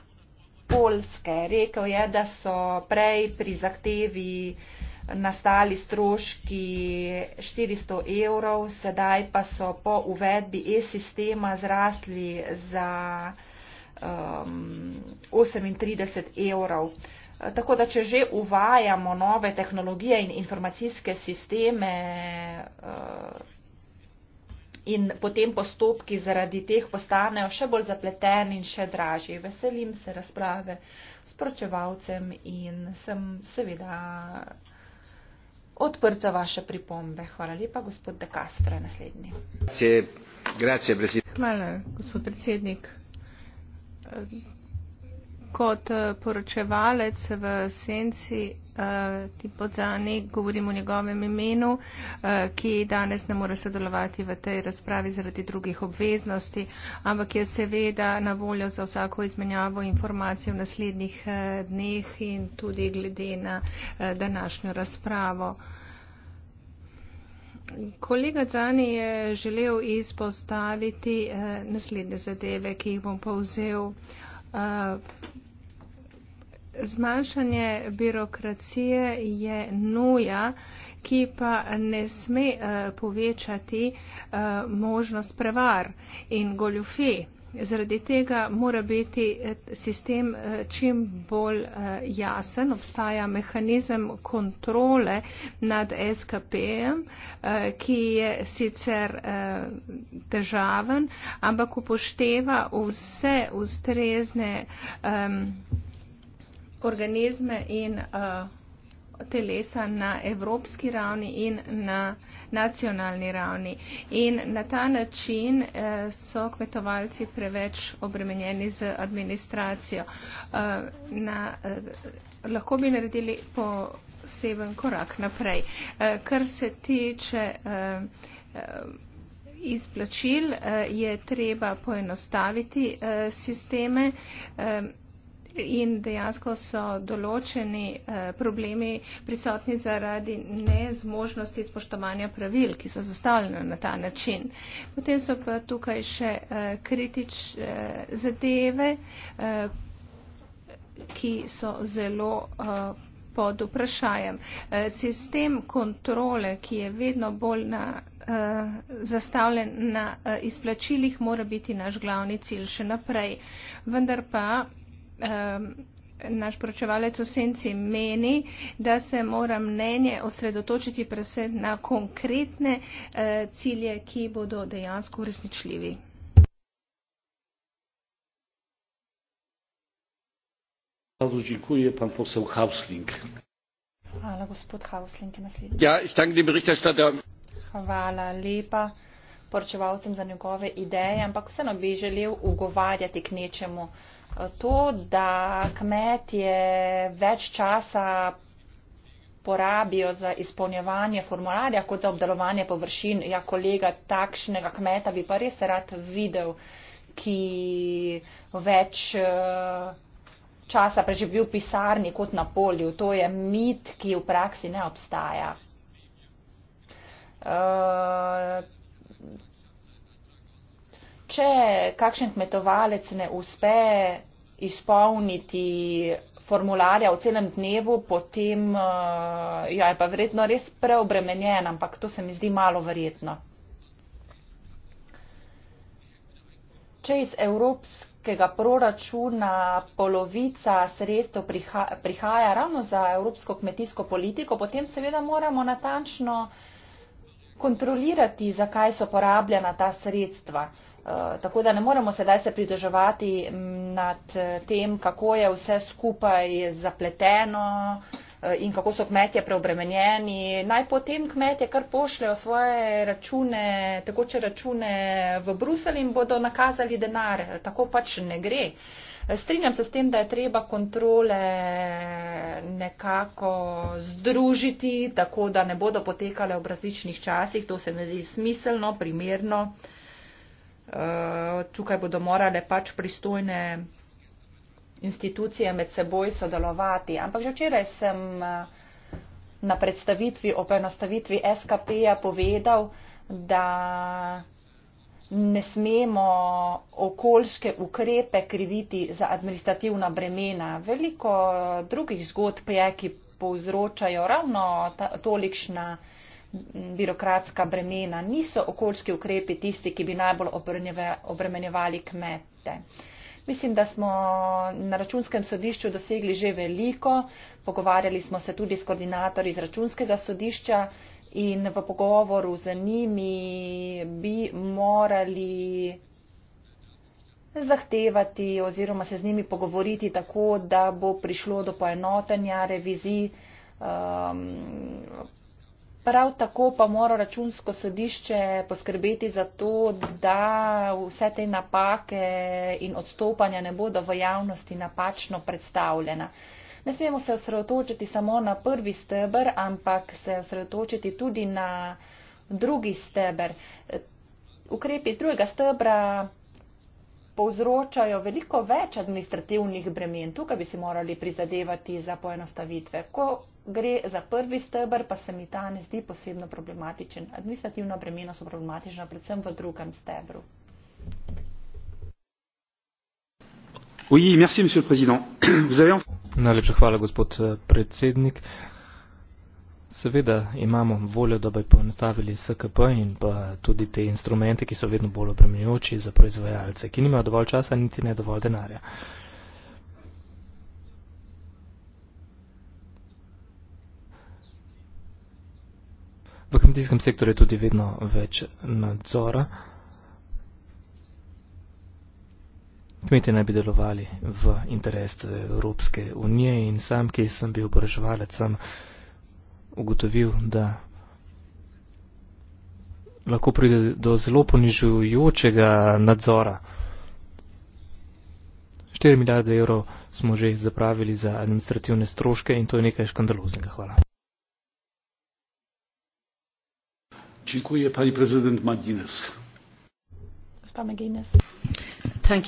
Polske. Rekel je, da so prej pri zahtevi uh, nastali stroški 400 evrov, sedaj pa so po uvedbi e-sistema zrasli za um, 38 evrov. Tako da, če že uvajamo nove tehnologije in informacijske sisteme uh, in potem postopki zaradi teh postanejo še bolj zapleteni in še dražji, veselim se razprave s pročevalcem in sem seveda odprt za vaše pripombe. Hvala lepa, gospod De Castro, naslednji. Hvala, gospod predsednik kot eh, poročevalec v senci uh, eh, Tipozani, govorim o njegovem imenu, uh, ki danes ne more sodelovati v tej razpravi zaradi drugih obveznosti, ampak je seveda na voljo za vsako izmenjavo informacij v naslednjih uh, dneh in tudi glede na uh, današnjo razpravo. Kolega Cani je želel izpostaviti eh, naslednje zadeve, ki jih bom povzel. Eh, Zmanjšanje birokracije je nuja, ki pa ne sme eh, povečati eh, možnost prevar in goljufi. Zaradi tega mora biti eh, sistem čim bolj jasen, obstaja mehanizem kontrole nad SKP-jem, ki je sicer težaven, ampak upošteva vse ustrezne. Um, organizme in uh, telesa na evropski ravni in na nacionalni ravni. In na ta način uh, so kmetovalci preveč obremenjeni z administracijo. Uh, na, uh, lahko bi naredili poseben korak naprej. Uh, kar se tiče. Uh, uh, Izplačil uh, je treba poenostaviti uh, sisteme. Um, in dejansko so določeni eh, problemi prisotni zaradi nezmožnosti spoštovanja pravil, ki so zastavljene na ta način. Potem so pa tukaj še eh, kritič eh, zadeve, ki so zelo pod vprašajem. Sistem kontrole, ki je vedno bolj na, zastavljen na izplačilih, mora biti naš glavni cilj še naprej. Vendar pa naš poročevalec v senci meni, da se mora mnenje osredotočiti predvsem na konkretne eh, cilje, ki bodo dejansko uresničljivi. Hvala, gospod Hausling. Ja, Hvala lepa poročevalcem za njegove ideje, ampak vseeno bi želel ugovarjati k nečemu. To, da kmet je več časa porabijo za izpolnjevanje formularja, kot za obdelovanje površin. Ja, kolega, takšnega kmeta bi pa res rad videl, ki več eh, časa preživi v pisarni kot na polju. To je mit, ki v praksi ne obstaja. Uh, Če kakšen kmetovalec ne uspe izpolniti formularja v celem dnevu, potem eh, ja, je pa verjetno res preobremenjen, ampak to se mi zdi malo verjetno. Če iz evropskega proračuna polovica sredstev priha, prihaja ravno za evropsko kmetijsko politiko, potem seveda moramo natančno uh, kontrolirati, zakaj so porabljena ta sredstva. Eh, tako da ne moremo sedaj se pridoževati nad eh, tem, kako je vse skupaj zapleteno eh, in kako so kmetje preobremenjeni. Naj potem kmetje kar pošljajo svoje račune, tekoče račune v Bruselj in bodo nakazali denar. Tako pač ne gre. Strinjam se s tem, da je treba kontrole nekako združiti, tako da ne bodo potekale ob različnih časih. To se mi zdi smiselno, primerno. Eh, tukaj bodo morale pač pristojne institucije med seboj sodelovati. Ampak že včeraj sem eh, na predstavitvi o poenostavitvi SKP-ja povedal, da ne smemo okoljske ukrepe kriviti za administrativna bremena. Veliko eh, drugih zgodb je, ki povzročajo ravno ta, tolikšna mm, birokratska bremena. Niso okoljski ukrepi tisti, ki bi najbolj obremenjevali kmete. Mislim, da smo na računskem sodišču dosegli že veliko. Pogovarjali smo se tudi s koordinatorji iz računskega sodišča, in v pogovoru z njimi bi morali zahtevati oziroma se z njimi pogovoriti tako, da bo prišlo do poenotenja revizij. Um, prav tako pa mora računsko sodišče poskrbeti za to, da vse te napake in odstopanja ne bodo v javnosti napačno predstavljena. Ne smemo se osredotočiti samo na prvi steber, ampak se osredotočiti tudi na drugi steber. Ukrepi iz drugega stebra povzročajo veliko več administrativnih bremen. Tukaj bi si morali prizadevati za poenostavitve. Ko gre za prvi steber, pa se mi ta ne zdi posebno problematičen. Administrativna bremena so problematična predvsem v drugem stebru. Najlepša hvala, gospod eh, predsednik. Seveda imamo voljo, da bi poenostavili SKP in pa tudi te instrumente, ki so vedno bolj obremenjujoči za proizvajalce, ki nimajo dovolj časa, niti ne dovolj denarja. V kmetijskem sektorju je tudi vedno več nadzora. Kmetje naj bi delovali v interesu Evropske unije in sam, ki sem bil obraževalec, sem ugotovil, da lahko pride do zelo ponižujočega nadzora. 4 milijarde evrov smo že zapravili za administrativne stroške in to je nekaj škandaloznega. Hvala. Dziękuję pani prezydent McGuinness. Pan McGuinness. Uh,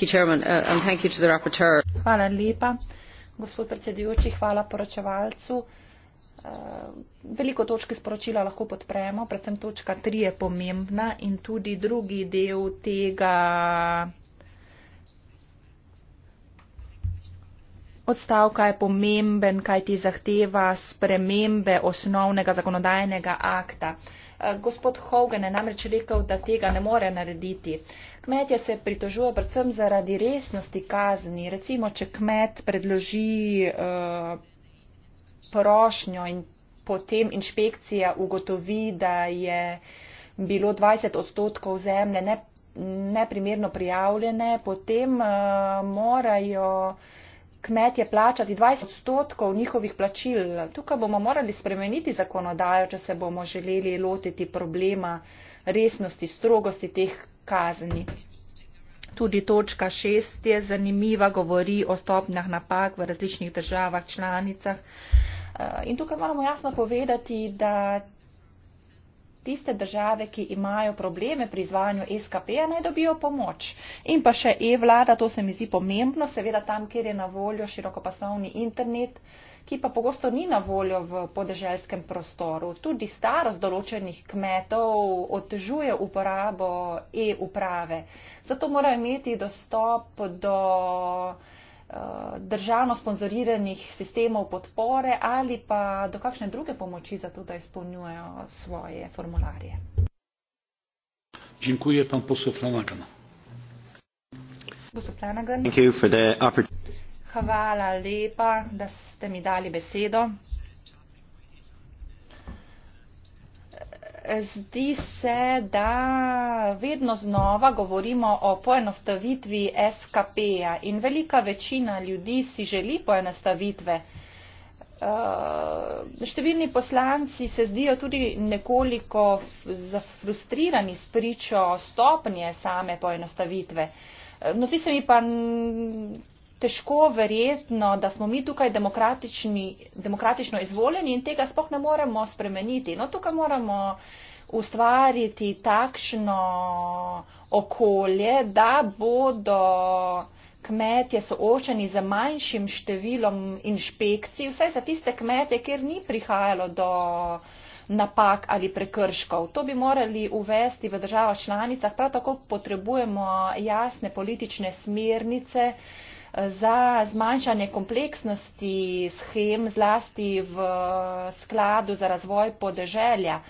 hvala lepa, gospod predsedujoči, hvala poročevalcu. Uh, veliko točke sporočila lahko podpremo, predvsem točka 3 je pomembna in tudi drugi del tega odstavka je pomemben, kaj ti zahteva spremembe osnovnega zakonodajnega akta. Eh, gospod Hogan je namreč rekel, da tega ne more narediti. Kmetje se pritožujejo predvsem zaradi resnosti kazni. Recimo, če kmet predloži uh, prošnjo in potem inšpekcija ugotovi, da je bilo 20 odstotkov zemlje ne, neprimerno prijavljene, potem uh, morajo uh, kmetje plačati 20 odstotkov njihovih plačil. Tukaj bomo morali spremeniti zakonodajo, če se bomo želeli lotiti problema resnosti, strogosti teh kazni. Tudi točka šest je zanimiva, govori o stopnjah napak v različnih državah, članicah. Eh, in tukaj moramo jasno povedati, da tiste države, ki imajo probleme pri izvajanju SKP-ja, naj dobijo pomoč. In pa še e-vlada, to se mi zdi pomembno, seveda tam, kjer je na voljo širokopasovni internet, ki pa pogosto ni na voljo v podeželskem prostoru. Tudi starost določenih kmetov otežuje uporabo e-uprave. Zato morajo imeti dostop do Eh, državno sponzoriranih sistemov podpore ali pa do kakšne druge pomoči za to, da izpolnjujejo svoje formularje. Dziękuję pan poseł Flanagan. Gospod Flanagan. Hvala lepa, da ste mi dali besedo. zdi se, da vedno znova govorimo o poenostavitvi SKP-ja in velika večina ljudi si želi poenostavitve. Eh, številni poslanci se zdijo tudi nekoliko zafrustrirani s pričo stopnje same poenostavitve. Eh, no, ti se mi pa težko verjetno, da smo mi tukaj demokratično izvoljeni in tega spoh ne moremo spremeniti. No, tukaj moramo ustvariti takšno okolje, da bodo kmetje soočeni z manjšim številom inšpekcij, vsaj za tiste kmete, kjer ni prihajalo do napak ali prekrškov. To bi morali uvesti v državah članicah. Prav tako potrebujemo jasne politične smernice, za zmanjšanje kompleksnosti schem zlasti v skladu za razvoj podeželja.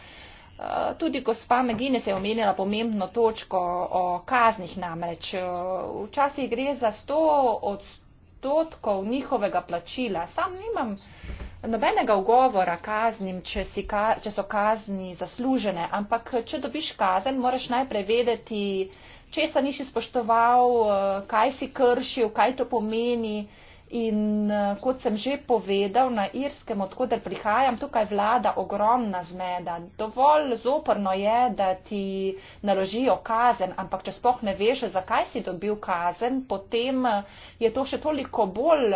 Eh, tudi gospa Megine se je omenila pomembno točko o kaznih namreč. Eh, včasih gre za 100 odstotkov njihovega plačila. Sam nimam nobenega ugovora kaznim, če, si, če so kazni zaslužene, ampak če dobiš kazen, moraš najprej vedeti, česa nisi spoštoval, eh, kaj si kršil, kaj to pomeni. In eh, kot sem že povedal, na Irskem, odkuder prihajam, tukaj vlada ogromna zmeda. Dovolj zoprno je, da ti naložijo kazen, ampak če spoh ne veš, zakaj si dobil kazen, potem eh, je to še toliko bolj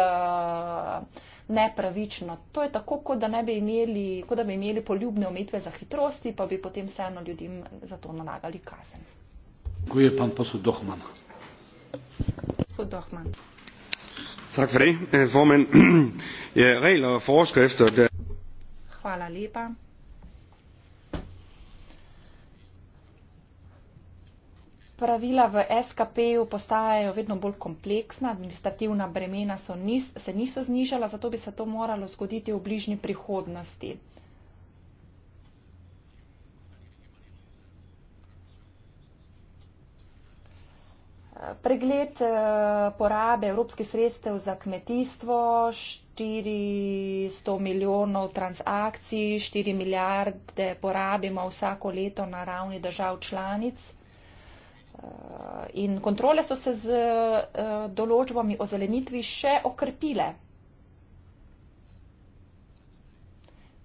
nepravično. To je tako, kot da, ne bi, imeli, kot da bi imeli poljubne omitve za hitrosti, pa bi potem vseeno ljudem za to nalagali kazen. Eh, ja, Hvala lepa. Pravila v SKP-ju postajajo vedno bolj kompleksna, administrativna bremena so nis, se niso znižala, zato bi se to moralo zgoditi v bližnji prihodnosti. pregled eh, porabe evropskih sredstev za kmetijstvo, 400 milijonov transakcij, 4 milijarde porabimo vsako leto na ravni držav članic. Eh, in kontrole so se z eh, določbami o zelenitvi še okrepile.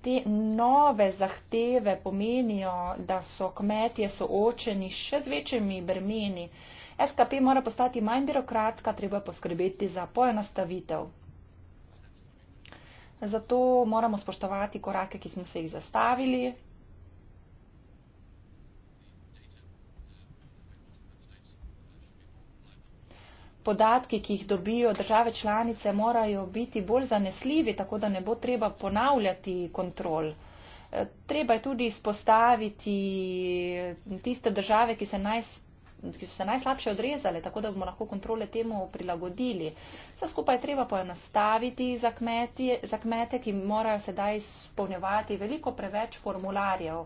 Te nove zahteve pomenijo, da so kmetje soočeni še z večjimi bremeni, SKP mora postati manj birokratska, treba poskrbeti za poenostavitev. Zato moramo spoštovati korake, ki smo se jih zastavili. Podatki, ki jih dobijo države članice, morajo biti bolj zanesljivi, tako da ne bo treba ponavljati kontrol. Treba je tudi izpostaviti tiste države, ki se najsprejemajo ki so se najslabše odrezale, tako da bomo lahko kontrole temu prilagodili. Vse skupaj je treba poenostaviti za, za kmete, ki morajo sedaj spolnjevati veliko preveč formularjev.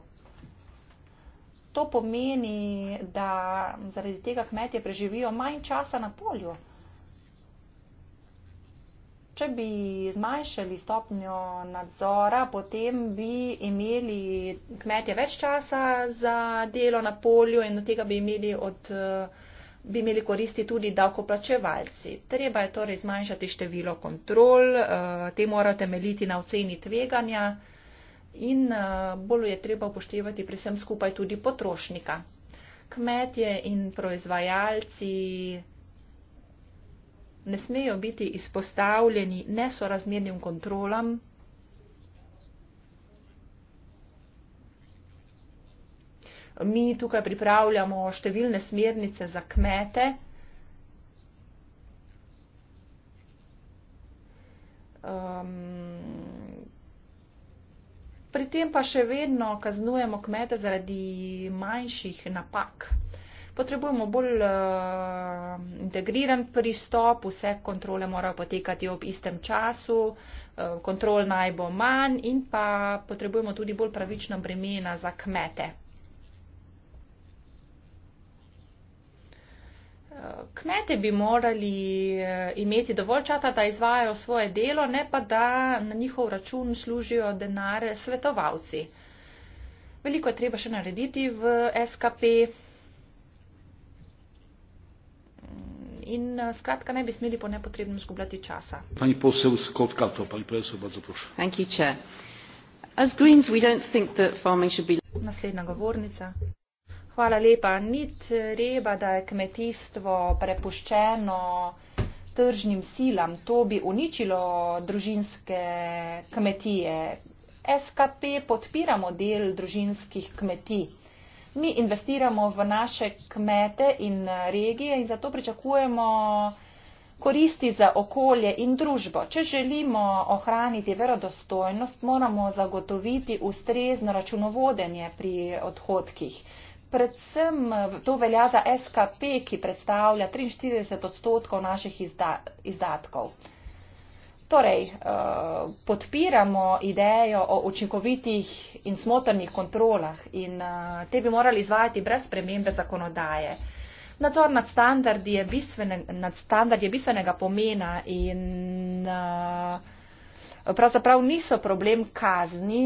To pomeni, da zaradi tega kmetje preživijo manj časa na polju če bi zmanjšali stopnjo nadzora, potem bi imeli kmetje več časa za delo na polju in od tega bi imeli, od, bi imeli koristi tudi davkoplačevalci. Treba je torej zmanjšati število kontrol, eh, te morajo temeljiti na oceni tveganja in eh, bolj je treba upoštevati pri vsem skupaj tudi potrošnika. Kmetje in proizvajalci ne smejo biti izpostavljeni nesorazmernim kontrolam, Mi tukaj pripravljamo številne smernice za kmete, um, pri tem pa še vedno kaznujemo kmete zaradi manjših napak. Potrebujemo bolj uh, integriran pristop, vse kontrole morajo potekati ob istem času, uh, kontrol naj bo manj in pa potrebujemo tudi bolj pravična bremena za kmete. Eh, kmete bi morali imeti dovolj čata, da izvajajo svoje delo, ne pa da na njihov račun služijo denare svetovalci. Veliko je treba še narediti v SKP. in eh, skratka ne bi smeli po nepotrebnem zgubljati časa. Naslednja govornica. Hvala lepa. Ni treba, da je kmetijstvo prepuščeno tržnim silam. To bi uničilo družinske kmetije. SKP podpira model družinskih kmetij mi investiramo v naše kmete in eh, regije in zato pričakujemo koristi za okolje in družbo. Če želimo ohraniti verodostojnost, moramo zagotoviti ustrezno računovodenje pri odhodkih. Predvsem eh, to velja za SKP, ki predstavlja 43 odstotkov naših izdatkov. Torej, eh, podpiramo idejo o učinkovitih in smotrnih kontrolah in eh, te bi morali izvajati brez spremembe zakonodaje. Nadzor nad standardi je, bistvene, nad standard je bistvenega pomena in eh, pravzaprav niso problem kazni,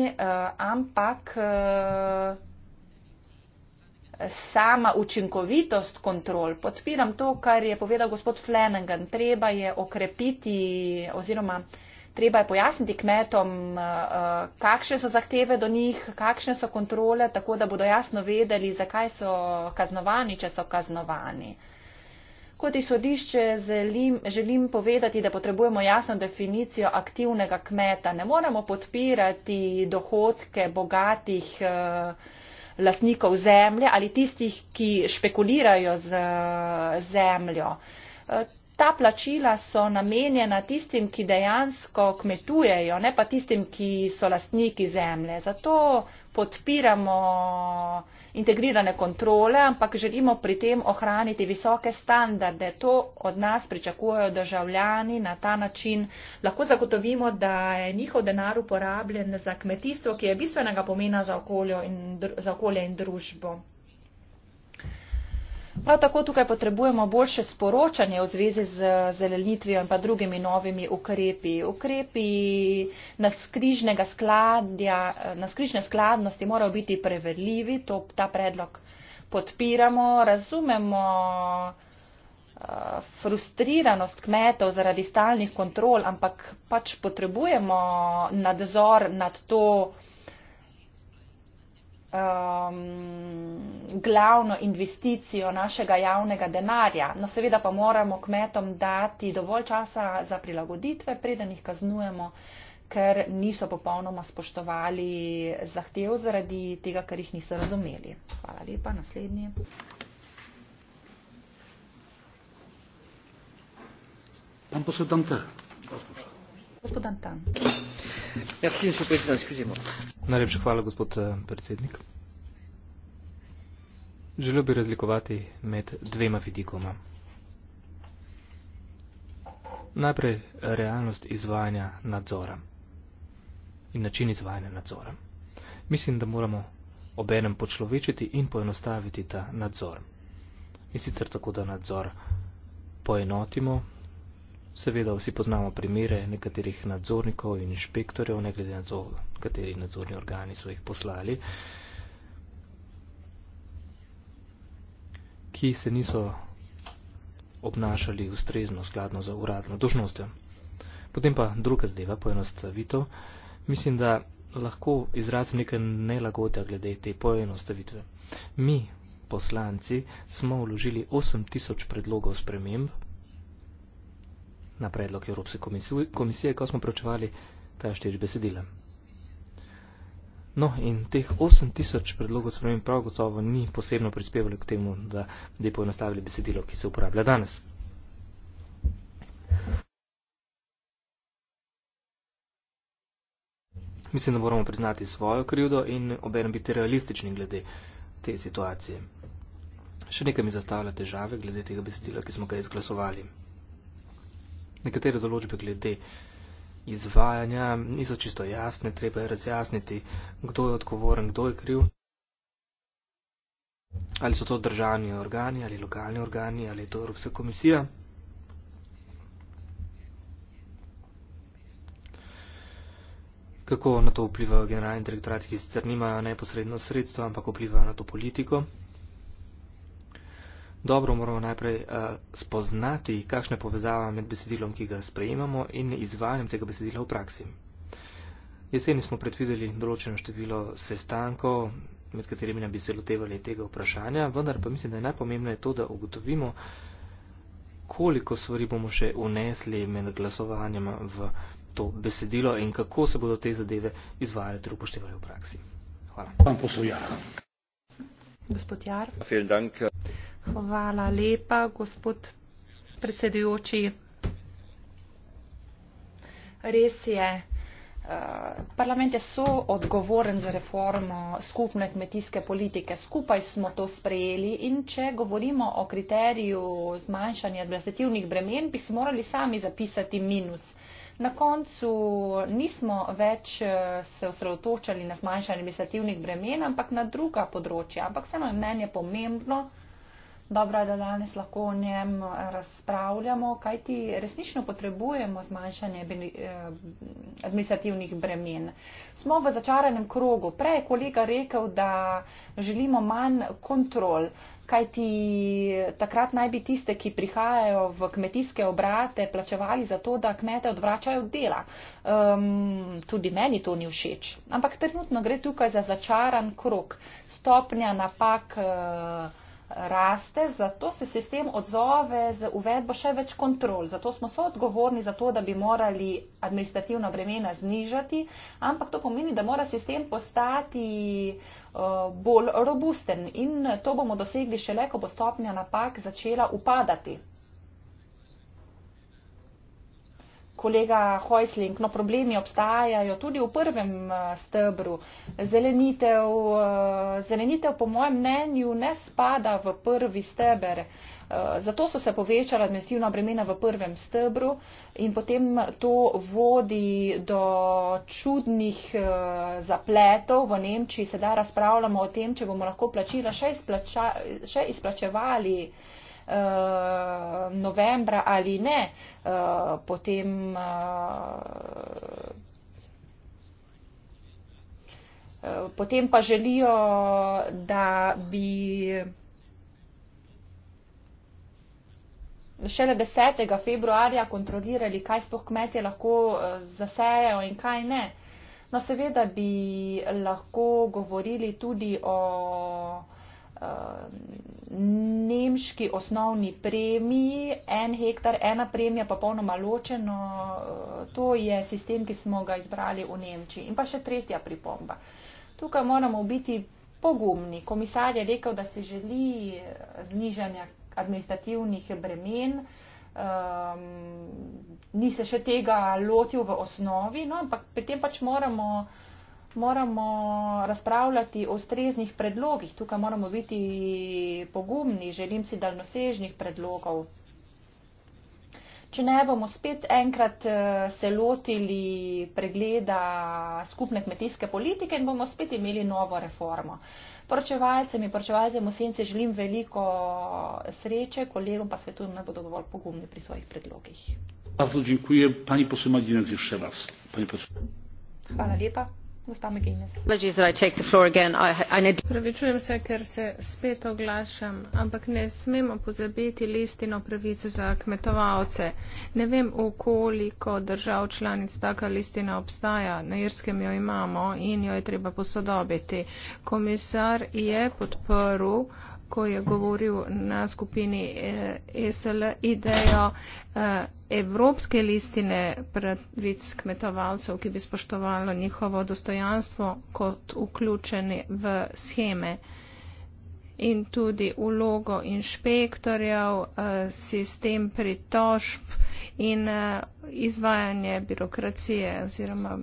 ampak sama učinkovitost kontrol. Podpiram to, kar je povedal gospod Flanagan. Treba je okrepiti oziroma treba je pojasniti kmetom, eh, eh, kakšne so zahteve do njih, kakšne so kontrole, tako da bodo jasno vedeli, zakaj so kaznovani, če so kaznovani. Kot izhodišče želim, želim povedati, da potrebujemo jasno definicijo aktivnega kmeta. Ne moremo podpirati dohodke bogatih uh, lastnikov zemlje ali tistih ki špekulirajo z zemljo. Eh, Ta plačila so namenjena tistim, ki dejansko kmetujejo, ne pa tistim, ki so lastniki zemlje. Zato podpiramo integrirane kontrole, ampak želimo pri tem ohraniti visoke standarde. To od nas pričakujejo državljani. Na ta način lahko zagotovimo, da je njihov denar uporabljen za kmetijstvo, ki je bistvenega pomena za okolje in, dru za okolje in družbo. Prav tako tukaj potrebujemo boljše sporočanje v zvezi z zelenitvijo in pa drugimi novimi ukrepi. Ukrepi na skrižne skladnosti morajo biti preverljivi, to, ta predlog podpiramo, razumemo eh, frustriranost kmetov zaradi stalnih kontrol, ampak pač potrebujemo nadzor nad to, um, glavno investicijo našega javnega denarja. No, seveda pa moramo kmetom dati dovolj časa za prilagoditve, preden jih kaznujemo, ker niso popolnoma spoštovali zahtev zaradi tega, ker jih niso razumeli. Hvala lepa. Naslednji. Pan posodam te. Gospod. Najlepša hvala, gospod eh, predsednik. Želel bi razlikovati med dvema vidikoma. Najprej realnost izvajanja nadzora in način izvajanja nadzora. Mislim, da moramo obenem počlovečiti in poenostaviti ta nadzor. In sicer tako, da nadzor poenotimo, Seveda vsi poznamo primere nekaterih nadzornikov in inšpektorjev, ne glede na to, kateri nadzorni organi so jih poslali, ki se niso obnašali ustrezno skladno za uradno dožnostjo. Potem pa druga zdeva, poenostavitev. Mislim, da lahko izrazim nekaj nelagotja glede te poenostavitve. Mi, poslanci, smo vložili 8000 predlogov sprememb na predlog Evropske komisije, ko smo pročevali ta štiri besedile. No, in teh 8000 predlogov sprememb prav gotovo ni posebno prispevali k temu, da bi poenostavili besedilo, ki se uporablja danes. Mislim, da moramo priznati svojo krivdo in obenem biti realistični glede te situacije. Še nekaj mi zastavlja težave glede tega besedila, ki smo ga izglasovali nekatere določbe glede izvajanja niso čisto jasne, treba je razjasniti, kdo je odgovoren, kdo je kriv. Ali so to državni organi ali lokalni organi ali je to Evropska komisija. Kako na to vpliva generalni direktorat, ki sicer nimajo neposredno sredstvo, ampak vplivajo na to politiko. Dobro moramo najprej uh, spoznati, kakšna povezava med besedilom, ki ga sprejemamo in izvajanjem tega besedila v praksi. Jeseni smo predvideli določeno število sestankov, med katerimi nam bi se lotevali tega vprašanja, vendar pa mislim, da je najpomembneje to, da ugotovimo, koliko stvari bomo še unesli med glasovanjem v to besedilo in kako se bodo te zadeve izvajale ter upoštevali v praksi. Hvala. Gospod Jar. Hvala lepa, gospod predsedujoči. Res je, eh, parlament je so odgovoren za reformo skupne kmetijske politike. Skupaj smo to sprejeli in če govorimo o kriteriju zmanjšanja administrativnih bremen, bi si morali sami zapisati minus. Na koncu nismo več eh, se osredotočali na zmanjšanje administrativnih bremen, ampak na druga področja. Ampak samo je mnenje pomembno, Dobro je, da danes lahko o njem eh, razpravljamo, kajti resnično potrebujemo zmanjšanje eh, administrativnih bremen. Smo v začaranem krogu. Prej je kolega rekel, da želimo manj kontrol, kajti eh, takrat naj bi tiste, ki prihajajo v kmetijske obrate, plačevali za to, da kmete odvračajo dela. Um, tudi meni to ni všeč. Ampak trenutno gre tukaj za začaran krog. Stopnja napak. Uh, raste, zato se sistem odzove z uvedbo še več kontrol. Zato smo soodgovorni za to, da bi morali administrativna bremena znižati, ampak to pomeni, da mora sistem postati eh, bolj robusten in to bomo dosegli šele, ko bo stopnja napak začela upadati. kolega Hojsling. No, problemi obstajajo tudi v prvem eh, stebru. Zelenitev, eh, zelenitev, po mojem mnenju, ne spada v prvi steber. Eh, zato so se povečala administrativna bremena v prvem stebru in potem to vodi do čudnih zapletov v Nemčiji. Sedaj razpravljamo o tem, če bomo lahko plačila še, izplača, še izplačevali Eh, novembra ali ne, uh, potem uh, Potem pa želijo, da bi šele 10. februarja kontrolirali, kaj spoh kmetje lahko zasejejo in kaj ne. No, seveda bi lahko govorili tudi o Eh, nemški osnovni premiji, en hektar, ena premija, pa polnoma ločeno. Eh, to je sistem, ki smo ga izbrali v Nemčiji. In pa še tretja pripomba. Tukaj moramo biti pogumni. Komisar je rekel, da si želi znižanja administrativnih bremen. Um, ni se še tega lotil v osnovi, no, ampak pri tem pač moramo uh, moramo razpravljati o ustreznih predlogih. Tukaj moramo biti pogumni, želim si daljnosežnih predlogov. Če ne bomo spet enkrat eh, se lotili pregleda skupne kmetijske politike in bomo spet imeli novo reformo. Poročevalcem in poročevalcem v senci želim veliko sreče, kolegom pa svetujem, da bodo dovolj pogumni pri svojih predlogih. Hvala lepa opravičujem se ker se spet oglašam ampak ne smemo pozabiti listino pravic za kmetovalce ne vem v koliko držav članic taka listina obstaja na irskem jo imamo in jo je treba posodobiti komisar je podprl ko je govoril na skupini ESL eh, idejo eh, evropske listine pravic kmetovalcev, ki bi spoštovalo njihovo dostojanstvo kot vključeni v scheme in tudi ulogo inšpektorjev, eh, sistem pritožb in izvajanje birokracije oziroma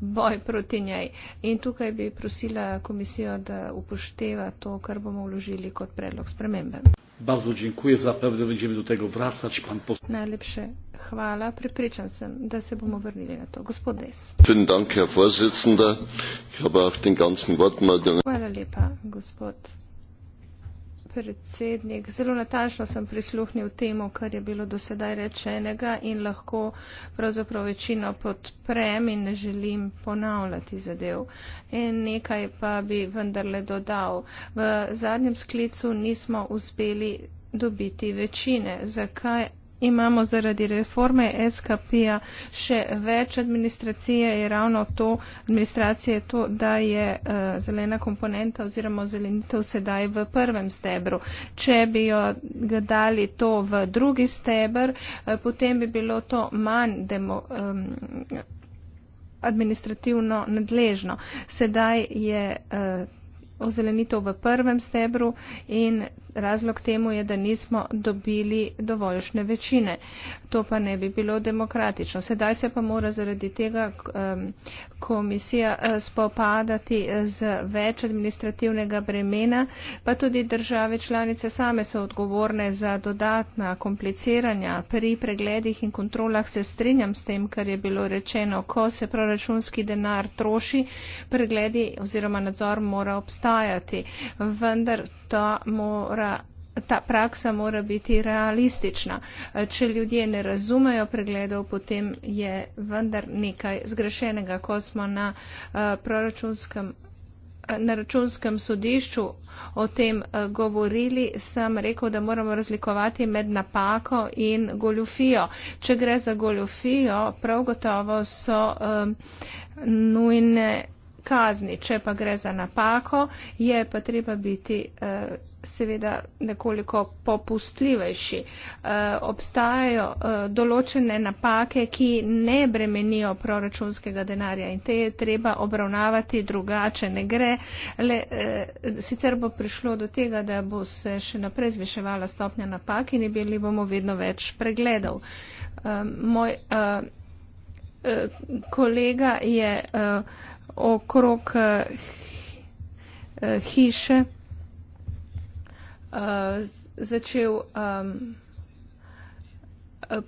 boj proti njej. In tukaj bi prosila komisijo, da upošteva to, kar bomo vložili kot predlog spremembe. Bardzo dziękuję, zapewne będziemy do tego wracać. Pan pos... Najlepsze chwala, przypryczam się, że się będziemy wrócili na to. Gospodys. Vielen Dank, Herr Vorsitzender. Ich habe auf den ganzen Wortmeldungen... Chwala lepa, gospod predsednik, zelo natančno sem prisluhnil temu, kar je bilo do sedaj rečenega in lahko pravzaprav večino podprem in ne želim ponavljati zadev. In nekaj pa bi vendarle dodal. V zadnjem sklicu nismo uspeli dobiti večine. Zakaj imamo zaradi reforme SKP-ja še več administracije in ravno to administracije je to, da je uh, zelena komponenta oziroma zelenitev sedaj v prvem stebru. Če bi jo dali to v drugi steber, uh, potem bi bilo to manj demo, um, administrativno nadležno. Sedaj je uh, ozelenitev v prvem stebru in Razlog temu je, da nismo dobili dovoljšne večine. To pa ne bi bilo demokratično. Sedaj se pa mora zaradi tega komisija eh, spopadati eh, z več administrativnega bremena, pa tudi države članice same so odgovorne za dodatna kompliciranja pri pregledih in kontrolah. Se strinjam s tem, kar je bilo rečeno, ko se proračunski denar troši, pregledi oziroma nadzor mora obstajati. Vendar ta, mora, ta praksa mora biti realistična. Če ljudje ne razumejo pregledov, potem je vendar nekaj zgrešenega, ko smo na eh, proračunskem. Eh, na računskem sodišču o tem eh, govorili, sem rekel, da moramo razlikovati med napako in goljufijo. Če gre za goljufijo, prav gotovo so um, nujne kazni. Če pa gre za napako, je pa treba biti eh, seveda nekoliko popustljivejši. Eh, obstajajo eh, določene napake, ki ne bremenijo proračunskega denarja in te je treba obravnavati drugače. Ne gre, le, sicer bo prišlo do tega, da bo se še naprej zviševala stopnja napak in imeli bomo vedno več pregledov. Moj kolega je okrog eh, hiše eh, začel eh,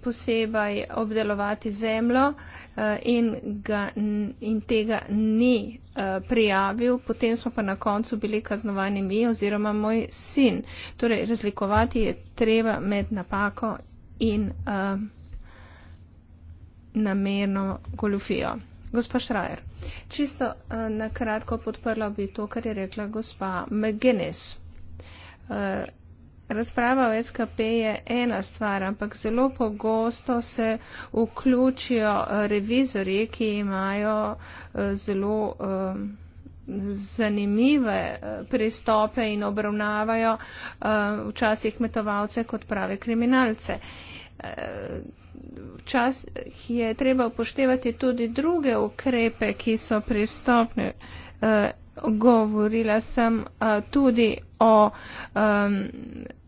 posebej obdelovati zemljo in, ga, in tega ni prijavil. Potem smo pa na koncu bili kaznovani mi oziroma moj sin. Torej, razlikovati je treba med napako in uh, namerno goljufijo. Gospa Šrajer, čisto eh, na kratko podprla bi to, kar je rekla gospa McGuinness. Eh, razprava o SKP je ena stvar, ampak zelo pogosto se vključijo eh, revizori, ki imajo zelo zanimive pristope in obravnavajo včasih metovalce kot prave kriminalce včasih je treba upoštevati tudi druge ukrepe, ki so pristopne. Eh, govorila sem eh, tudi o um,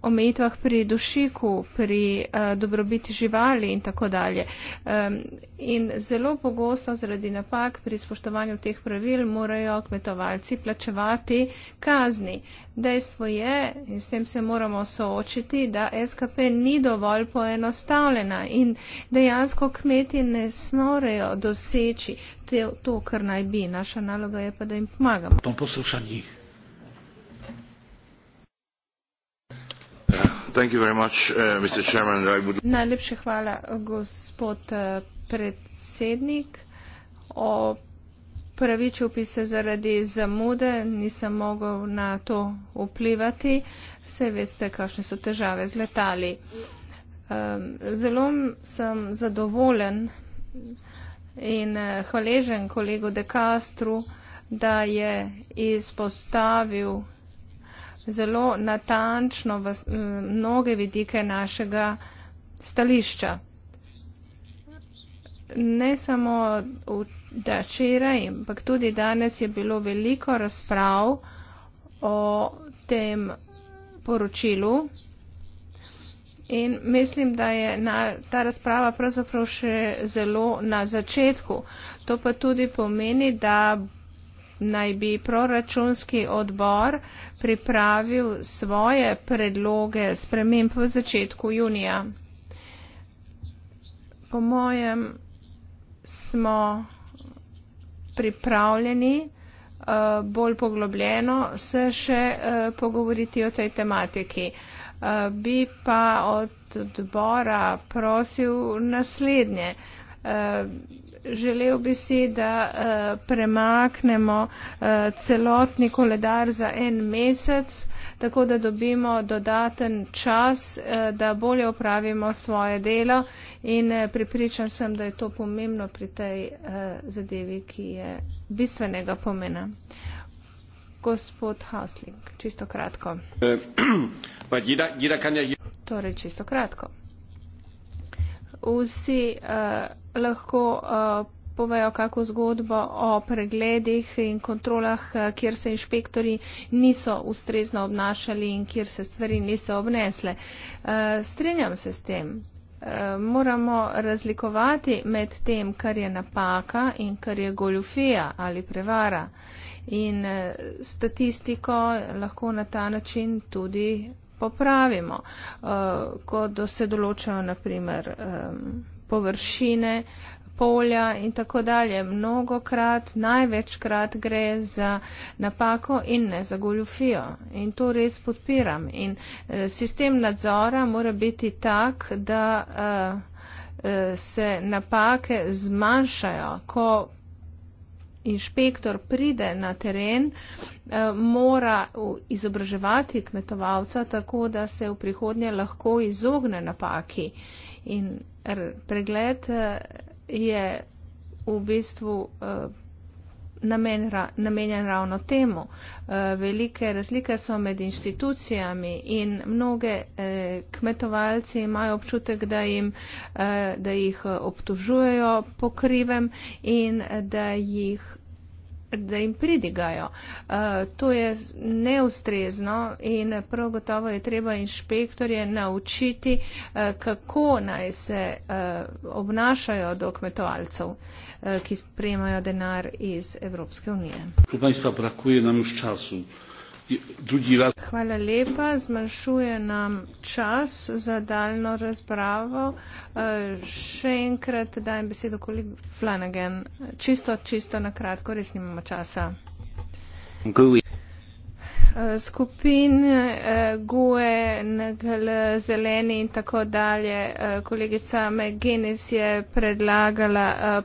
omejitvah pri dušiku, pri uh, dobrobiti živali in tako dalje. Um, in zelo pogosto zaradi napak pri spoštovanju teh pravil morajo kmetovalci plačevati kazni. Dejstvo je, in s tem se moramo soočiti, da SKP ni dovolj poenostavljena in dejansko kmeti ne smorejo doseči te, to, kar naj bi. Naša naloga je pa, da jim pomagamo. Uh, najlepša hvala gospod uh, predsednik opravičil bi se zaradi zamude nisem mogel na to vplivati saj veste kakšne so težave z letali um, zelo sem zadovoljen in uh, hvaležen kolegu de castru da je izpostavil zelo natančno v mnoge vidike našega stališča. Ne samo včeraj, ampak tudi danes je bilo veliko razprav o tem poročilu in mislim, da je na, ta razprava pravzaprav še zelo na začetku. To pa tudi pomeni, da naj bi proračunski odbor pripravil svoje predloge sprememb v začetku junija. Po mojem smo pripravljeni eh, bolj poglobljeno se še eh, pogovoriti o tej tematiki. Eh, bi pa od odbora prosil naslednje. Eh, želel bi si, da eh, premaknemo eh, celotni koledar za en mesec, tako da dobimo dodaten čas, da bolje upravimo svoje delo in pripričan sem, da je to pomembno pri tej zadevi, ki je bistvenega pomena. Gospod Hasling, čisto kratko. Torej, čisto kratko. Vsi uh, lahko uh, povejo kako zgodbo o pregledih in kontrolah, uh, kjer se inšpektori niso ustrezno obnašali in kjer se stvari niso obnesle. Uh, Strenjam se s tem. Moramo razlikovati med tem, kar je napaka in kar je goljufija ali prevara. In statistiko lahko na ta način tudi popravimo, ko se določajo, naprimer, um, površine, polja in tako dalje. Mnogokrat, največkrat gre za napako in ne za goljufijo. In to res podpiram. In eh, sistem nadzora mora biti tak, da eh, eh, se napake zmanjšajo, ko inšpektor pride na teren, mora izobraževati kmetovalca tako, da se v prihodnje lahko izogne napaki. In pregled eh, je v bistvu eh, namen, namenjen ravno temu. Eh, velike razlike so med inštitucijami in mnoge kmetovalci imajo občutek, da, jim, da jih obtožujejo po krivem in da jih da jim pridigajo. Eh, to je neustrezno in prav gotovo je treba inšpektorje naučiti, eh, kako naj se eh, obnašajo do kmetovalcev, ki sprejemajo denar iz Evropske unije. Kaj pa jih sprakuje nam v času? Hvala lepa. Zmanjšuje nam čas za daljno razpravo. Eh, še enkrat dajem besedo kolegu Flanagan. Čisto, čisto na kratko, res nimamo časa. Eh, skupin eh, GUE, NGL, Zeleni in tako dalje. Kolegica McGinnis je predlagala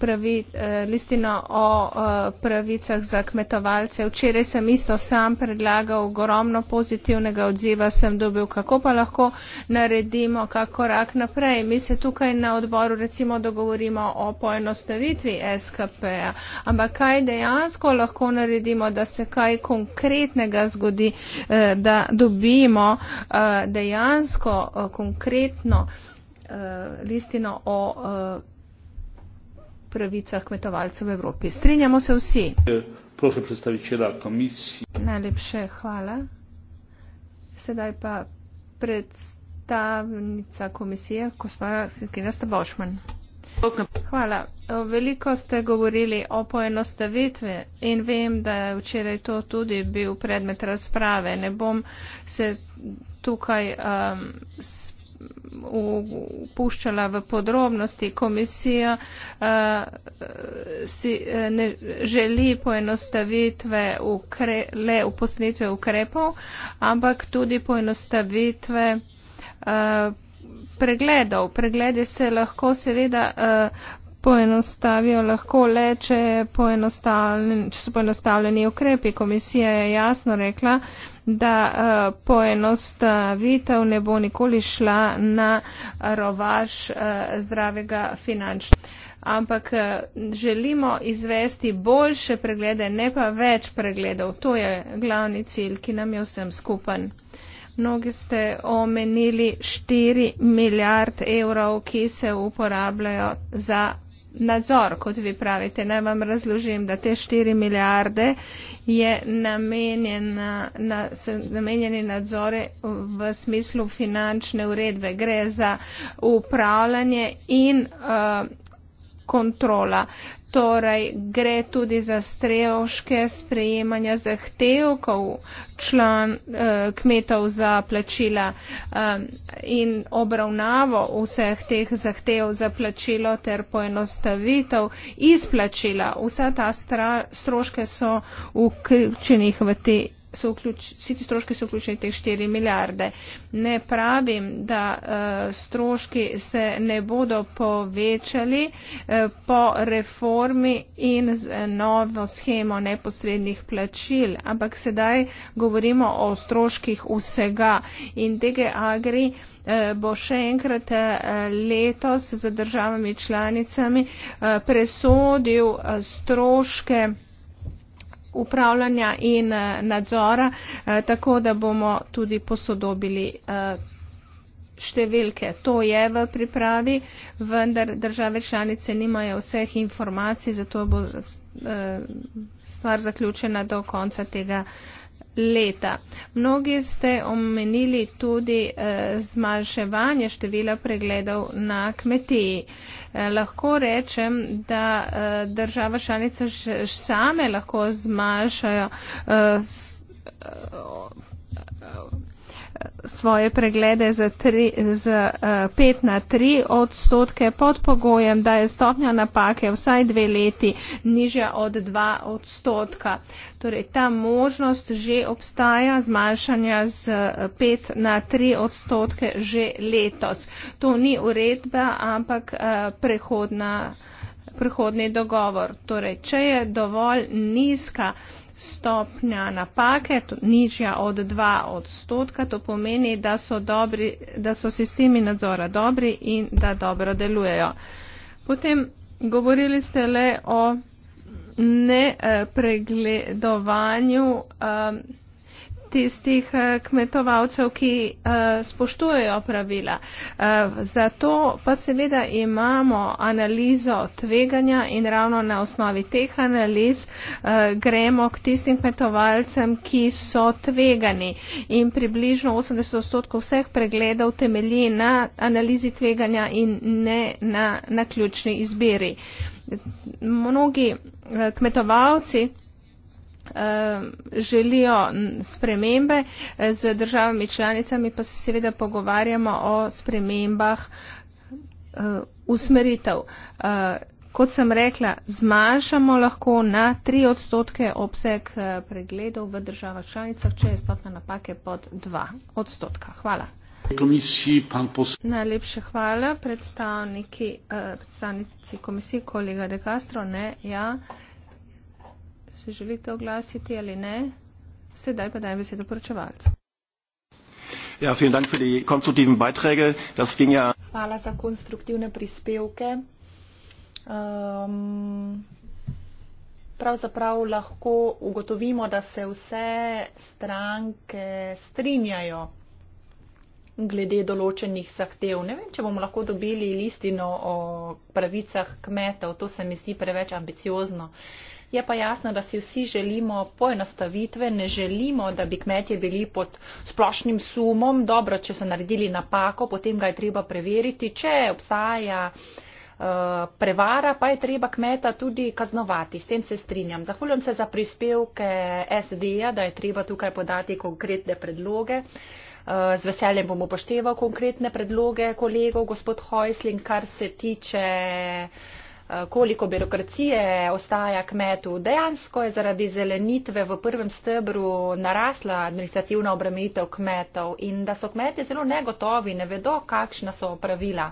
pravi, eh, listino o eh, pravicah za kmetovalce. Včeraj sem isto sam predlagal, ogromno pozitivnega odziva sem dobil. Kako pa lahko naredimo kak korak naprej? Mi se tukaj na odboru recimo dogovorimo o poenostavitvi SKP-a, ampak kaj dejansko lahko naredimo, da se kaj konkretnega zgodi, eh, da dobimo dejansko konkretno listino o pravicah kmetovalcev v Evropi. Strinjamo se vsi. Prosim, predstavičela komisiji. Najlepše hvala. Sedaj pa predstavnica komisije, gospoda Sikinasta Bošman. Hvala. Veliko ste govorili o poenostavitvi in vem, da je včeraj to tudi bil predmet razprave. Ne bom se tukaj um, upuščala v podrobnosti. Komisija uh, si uh, ne želi poenostavitve ukre, le upostavitve ukrepov, ampak tudi poenostavitve uh, pregledov. Preglede se lahko seveda uh, poenostavijo lahko le, če, če so poenostavljeni ukrepi. Komisija je jasno rekla, da uh, poenostavitev ne bo nikoli šla na eh, rovaž uh, eh, zdravega finančnega. Ampak želimo izvesti boljše preglede, ne pa več pregledov. To je glavni cilj, ki nam je vsem skupen. Mnogi ste omenili 4 milijard evrov, ki se uporabljajo za nadzor, kot vi pravite. Naj vam razložim, da te 4 milijarde je namenjena, na, so namenjeni nadzore v smislu finančne uredbe. Gre za upravljanje in uh, kontrola. Torej, gre tudi za strevške sprejemanja zahtevkov član eh, kmetov za plačila eh, in obravnavo vseh teh zahtev za plačilo ter poenostavitev izplačila. Vsa ta stroške so vključenih v te so vključ, vsi ti stroški so vključeni teh 4 milijarde. Ne pravim, da uh, stroški se ne bodo povečali uh, po reformi in z novo schemo neposrednih plačil, ampak sedaj govorimo o stroških vsega in tega agri eh, bo še enkrat letos z državami članicami presodil stroške upravljanja in eh, nadzora, eh, tako da bomo tudi posodobili eh, številke. To je v pripravi, vendar države članice nimajo vseh informacij, zato bo stvar zaključena do konca tega leta. Mnogi ste omenili tudi e, zmanjševanje števila pregledov na kmetiji. E, lahko rečem, da e, eh, država šalica same lahko zmanjšajo. E, s, e, svoje preglede za, tri, za uh, eh, 5 na 3 odstotke pod pogojem, da je stopnja napake vsaj dve leti nižja od 2 odstotka. Torej, ta možnost že obstaja zmanjšanja z 5 eh, na 3 odstotke že letos. To ni uredba, ampak uh, prehodna, prehodni dogovor. Torej, če je dovolj nizka stopnja napake, nižja od 2 odstotka, to pomeni, da so, dobri, da so sistemi nadzora dobri in da dobro delujejo. Potem govorili ste le o nepregledovanju. Eh, tistih eh, kmetovalcev, ki eh, spoštujejo pravila. Eh, zato pa seveda imamo analizo tveganja in ravno na osnovi teh analiz gremo k tistim kmetovalcem, ki so tvegani. In približno 80 odstotkov vseh pregledov temelji na analizi tveganja in ne na, na ključni izbiri. Mnogi kmetovalci Eh, želijo spremembe, eh, z državami članicami pa se seveda pogovarjamo o spremembah eh, usmeritev. Kot sem rekla, zmanjšamo lahko na 3 odstotke obseg pregledov v državah članicah, če je stopna napake pod 2 odstotka. Hvala. Najlepše hvala predstavniki, predstavnici komisije, kolega De Castro. Ne, ja se želite oglasiti ali ne. Sedaj pa dajem besedo poročevalcu. Ja, vielen Dank für die konstruktiven Beiträge. Das ging ja. Hvala za konstruktivne prispevke. Um, pravzaprav lahko ugotovimo, da se vse stranke strinjajo glede določenih zahtev. Ne vem, če bomo lahko dobili listino o pravicah kmetov. To se mi zdi preveč ambiciozno. Uh, Je pa jasno, da si vsi želimo poenostavitve, ne želimo, da bi kmetje bili pod splošnim sumom. Dobro, če so naredili napako, potem ga je treba preveriti. Če obstaja uh, prevara, pa je treba kmeta tudi kaznovati. S tem se strinjam. Zahvaljujem se za prispevke SD-ja, da je treba tukaj podati konkretne predloge. Eh, z veseljem bom upošteval konkretne predloge kolegov, gospod Hojsling, kar se tiče uh, Eh, koliko birokracije ostaja kmetu. Dejansko je zaradi zelenitve v prvem stebru narasla administrativna obremenitev kmetov in da so kmete zelo negotovi, ne vedo, kakšna so pravila.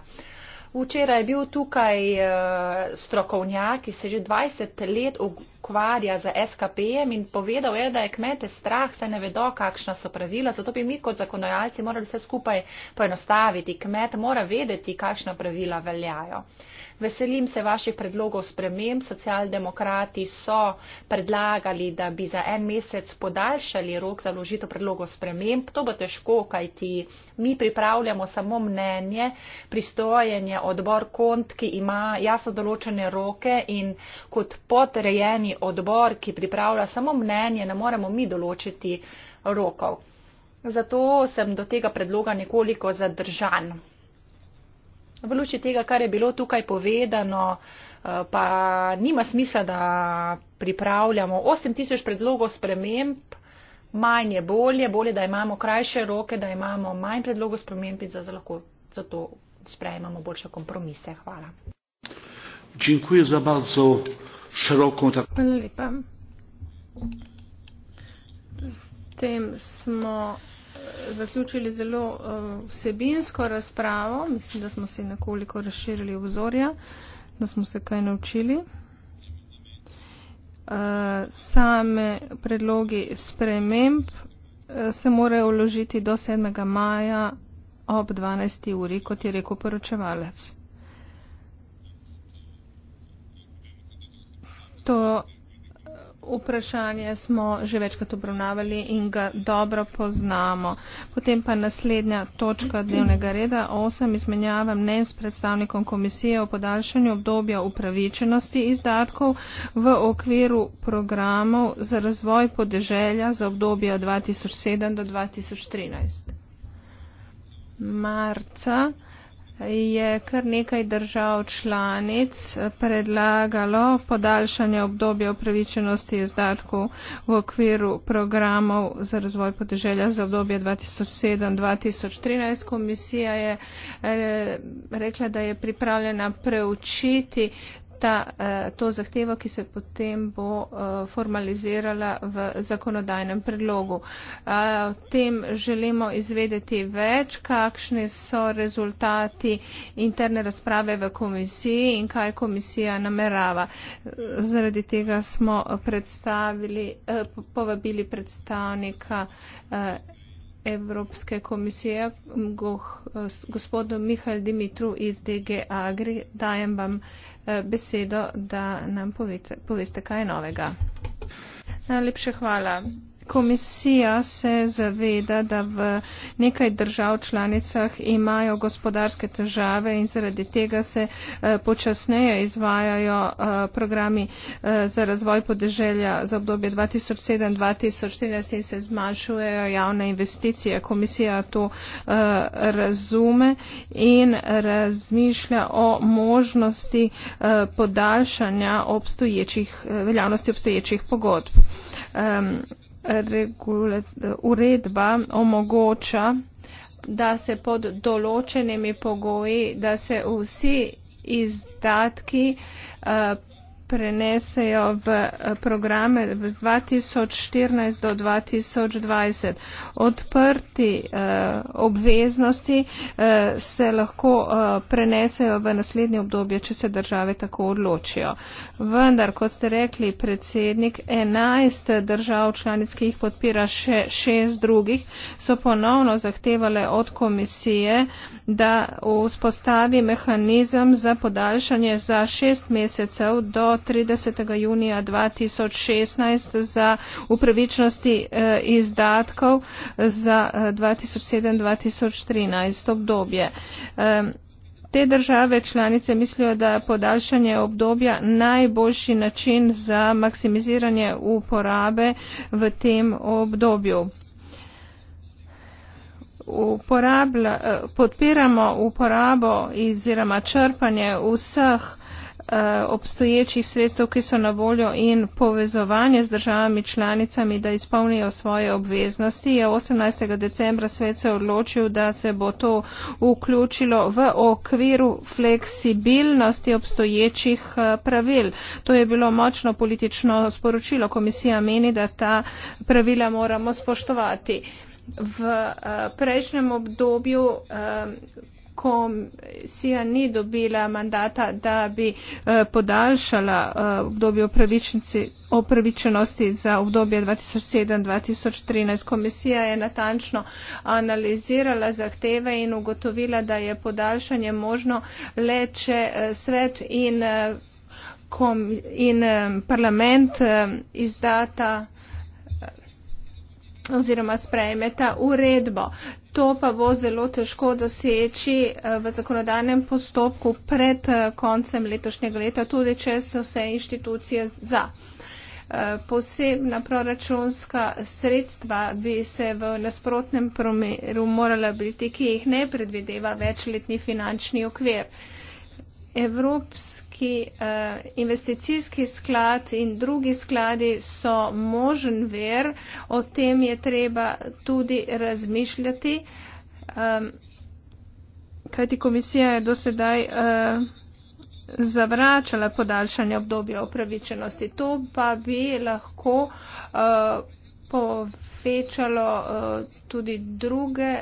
Včeraj je bil tukaj eh, strokovnjak, ki se že 20 let ukvarja z SKP-jem in povedal je, da je kmete strah, saj ne vedo, kakšna so pravila, zato bi mi kot zakonodajalci morali vse skupaj poenostaviti. Kmet mora vedeti, kakšna pravila veljajo. Veselim se vaših predlogov sprememb. Socialdemokrati so predlagali, da bi za en mesec podaljšali rok za ložitev predlogov sprememb. To bo težko, kajti mi pripravljamo samo mnenje, pristojenje odbor kont, ki ima jasno določene roke in kot podrejeni odbor, ki pripravlja samo mnenje, ne moremo mi določiti rokov. Zato sem do tega predloga nekoliko zadržan v luči tega, kar je bilo tukaj povedano, eh, pa nima smisla, da pripravljamo 8000 predlogov sprememb, manj je bolje, bolje, da imamo krajše roke, da imamo manj predlogov sprememb in zato, zato sprejemamo boljše kompromise. Hvala. Dziękuję za bardzo szeroką taką. Z tym smo zaključili zelo uh, vsebinsko razpravo. Mislim, da smo si nekoliko razširili obzorja, da smo se kaj naučili. Uh, same predlogi sprememb uh, se morajo vložiti do 7. maja ob 12. uri, kot je rekel poročevalec. To vprašanje smo že večkrat obravnavali in ga dobro poznamo. Potem pa naslednja točka dnevnega reda, osem izmenjava mnen s predstavnikom komisije o podaljšanju obdobja upravičenosti izdatkov v okviru programov za razvoj podeželja za obdobje od 2007 do 2013. Marca je kar nekaj držav članic predlagalo podaljšanje obdobja upravičenosti izdatkov v okviru programov za razvoj podeželja za obdobje 2007-2013. Komisija je eh, rekla, da je pripravljena preučiti ta, eh, to zahtevo, ki se potem bo eh, formalizirala v zakonodajnem predlogu. Eh, o tem želimo izvedeti več, kakšni so rezultati interne razprave v komisiji in kaj komisija namerava. Zaradi tega smo predstavili, povabili predstavnika Evropske komisije, goh, gospodu Mihajl Dimitru iz DG Agri, dajem vam Eh, besedo da nam poveste kaj novega. Najlepša hvala komisija se zaveda, da v nekaj držav članicah imajo gospodarske težave in zaradi tega se eh, počasneje izvajajo eh, programi eh, za razvoj podeželja za obdobje 2007-2014 in se zmanjšujejo javne investicije. Komisija to razume in razmišlja o možnosti podaljšanja obstoječih, veljavnosti obstoječih pogodb uredba omogoča, da se pod določenimi pogoji, da se vsi izdatki uh, prenesejo v eh, programe v 2014 do 2020. Odprti eh, obveznosti eh, se lahko prenesejo v naslednje obdobje, če se države tako odločijo. Vendar, kot ste rekli, predsednik 11 držav članic, ki jih podpira še šest drugih, so ponovno zahtevale od komisije, da vzpostavi mehanizem za podaljšanje za šest mesecev do 30. junija 2016 za upravičnosti eh, izdatkov za 2007-2013 eh, obdobje. Te države članice mislijo, da je podaljšanje obdobja najboljši način za maksimiziranje uporabe v tem obdobju. Uporabla, eh, podpiramo uporabo oziroma črpanje vseh Eh, obstoječih sredstev, ki so na voljo in povezovanje z državami članicami, da izpolnijo svoje obveznosti. Je 18. decembra svet se odločil, da se bo to vključilo v okviru fleksibilnosti obstoječih eh, pravil. To je bilo močno politično sporočilo. Komisija meni, da ta pravila moramo spoštovati. V eh, prejšnjem obdobju komisija ni dobila mandata, da bi eh, podaljšala eh, obdobje opravičenosti za obdobje 2007-2013. Komisija je natančno analizirala zahteve in ugotovila, da je podaljšanje možno le, če eh, svet in, in parlament izdata oziroma sprejmeta uredbo. To pa bo zelo težko doseči eh, v zakonodanem postopku pred eh, koncem letošnjega leta, tudi če so vse inštitucije za. Eh, posebna proračunska sredstva bi se v nasprotnem primeru morala biti, ki jih ne predvideva večletni finančni okvir. Evropski neki uh, eh, investicijski sklad in drugi skladi so možen ver, o tem je treba tudi razmišljati, um, kajti komisija je do sedaj uh, zavračala podaljšanje obdobja upravičenosti. To pa bi lahko uh, povečalo uh, tudi druge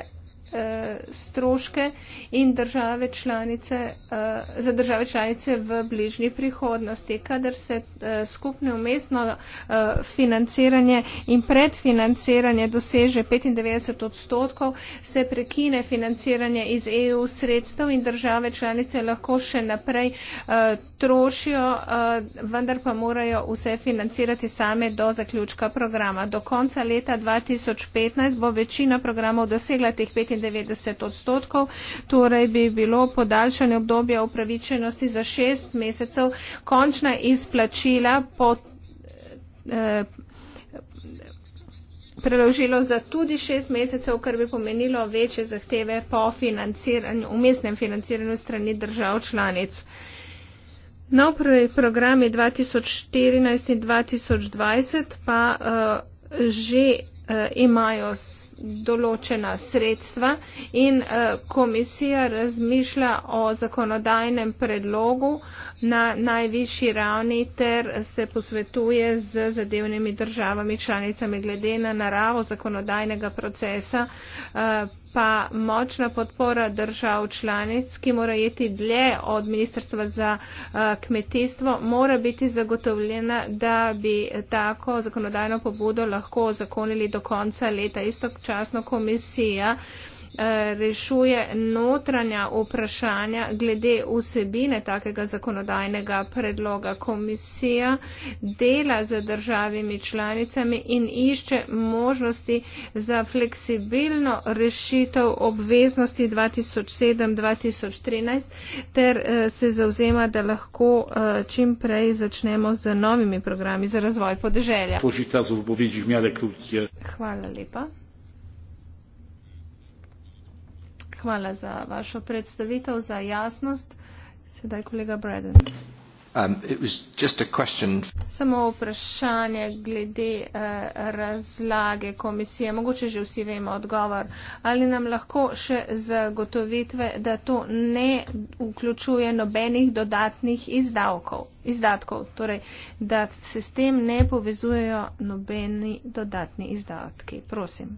Eh, stroške in države članice, eh, za države članice v bližnji prihodnosti, kadar se eh, skupno umestno financiranje in predfinanciranje doseže 95 odstotkov, se prekine financiranje iz EU sredstev in države članice lahko še naprej trošijo, vendar pa morajo vse financirati same do zaključka programa. Do konca leta 2015 bo večina programov dosegla teh 95 96 odstotkov, torej bi bilo podaljšanje obdobja upravičenosti za šest mesecev končna izplačila pod. Eh, preložilo za tudi šest mesecev, kar bi pomenilo večje zahteve po financiranju, umestnem financiranju strani držav članic. Nov programi 2014 in 2020 pa uh, že uh, imajo določena sredstva in eh, komisija razmišlja o zakonodajnem predlogu na najvišji ravni ter se posvetuje z zadevnimi državami članicami glede na naravo zakonodajnega procesa eh, pa močna podpora držav članic, ki mora jeti dlje od Ministrstva za eh, kmetijstvo, mora biti zagotovljena, da bi tako zakonodajno pobudo lahko zakonili do konca leta. Isto občasno komisija eh, rešuje notranja vprašanja glede vsebine takega zakonodajnega predloga. Komisija dela z državimi članicami in išče možnosti za fleksibilno rešitev obveznosti 2007-2013 ter eh, se zavzema, da lahko eh, čim prej začnemo z novimi programi za razvoj podeželja. Hvala lepa. hvala za vašo predstavitev, za jasnost. Sedaj kolega Braden. Um, Samo vprašanje glede uh, razlage komisije. Mogoče že vsi vemo odgovor. Ali nam lahko še zagotovitve, da to ne vključuje nobenih dodatnih izdavkov, izdatkov? Torej, da se s tem ne povezujejo nobeni dodatni izdatki. Prosim.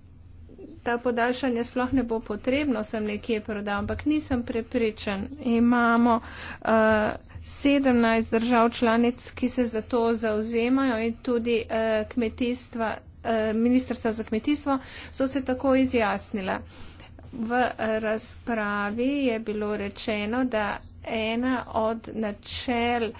ta podaljšanje sploh ne bo potrebno, sem nekje prodal, ampak nisem prepričan. Imamo uh, eh, 17 držav članic, ki se za to zauzemajo in tudi uh, kmetijstva, uh, ministrstva za kmetijstvo so se tako izjasnile. V razpravi je bilo rečeno, da ena od načel uh,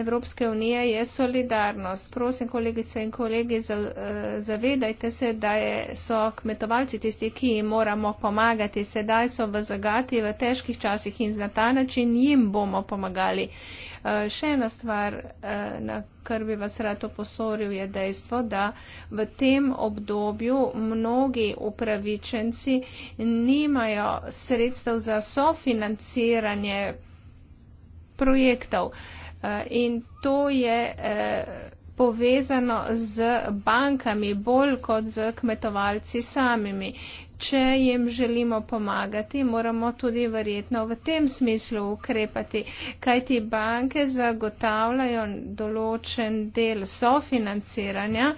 Evropske unije je solidarnost. Prosim, kolegice in kolegi, eh, zavedajte se, da je, so kmetovalci tisti, ki jim moramo pomagati. Sedaj so v zagati v težkih časih in na ta način jim bomo pomagali. Eh, še ena stvar, eh, na kar bi vas rad oposoril, je dejstvo, da v tem obdobju mnogi upravičenci nimajo sredstev za sofinanciranje projektov. Eh, in to je eh, povezano z bankami bolj kot z kmetovalci samimi če jim želimo pomagati, moramo tudi verjetno v tem smislu ukrepati, kajti banke zagotavljajo določen del sofinanciranja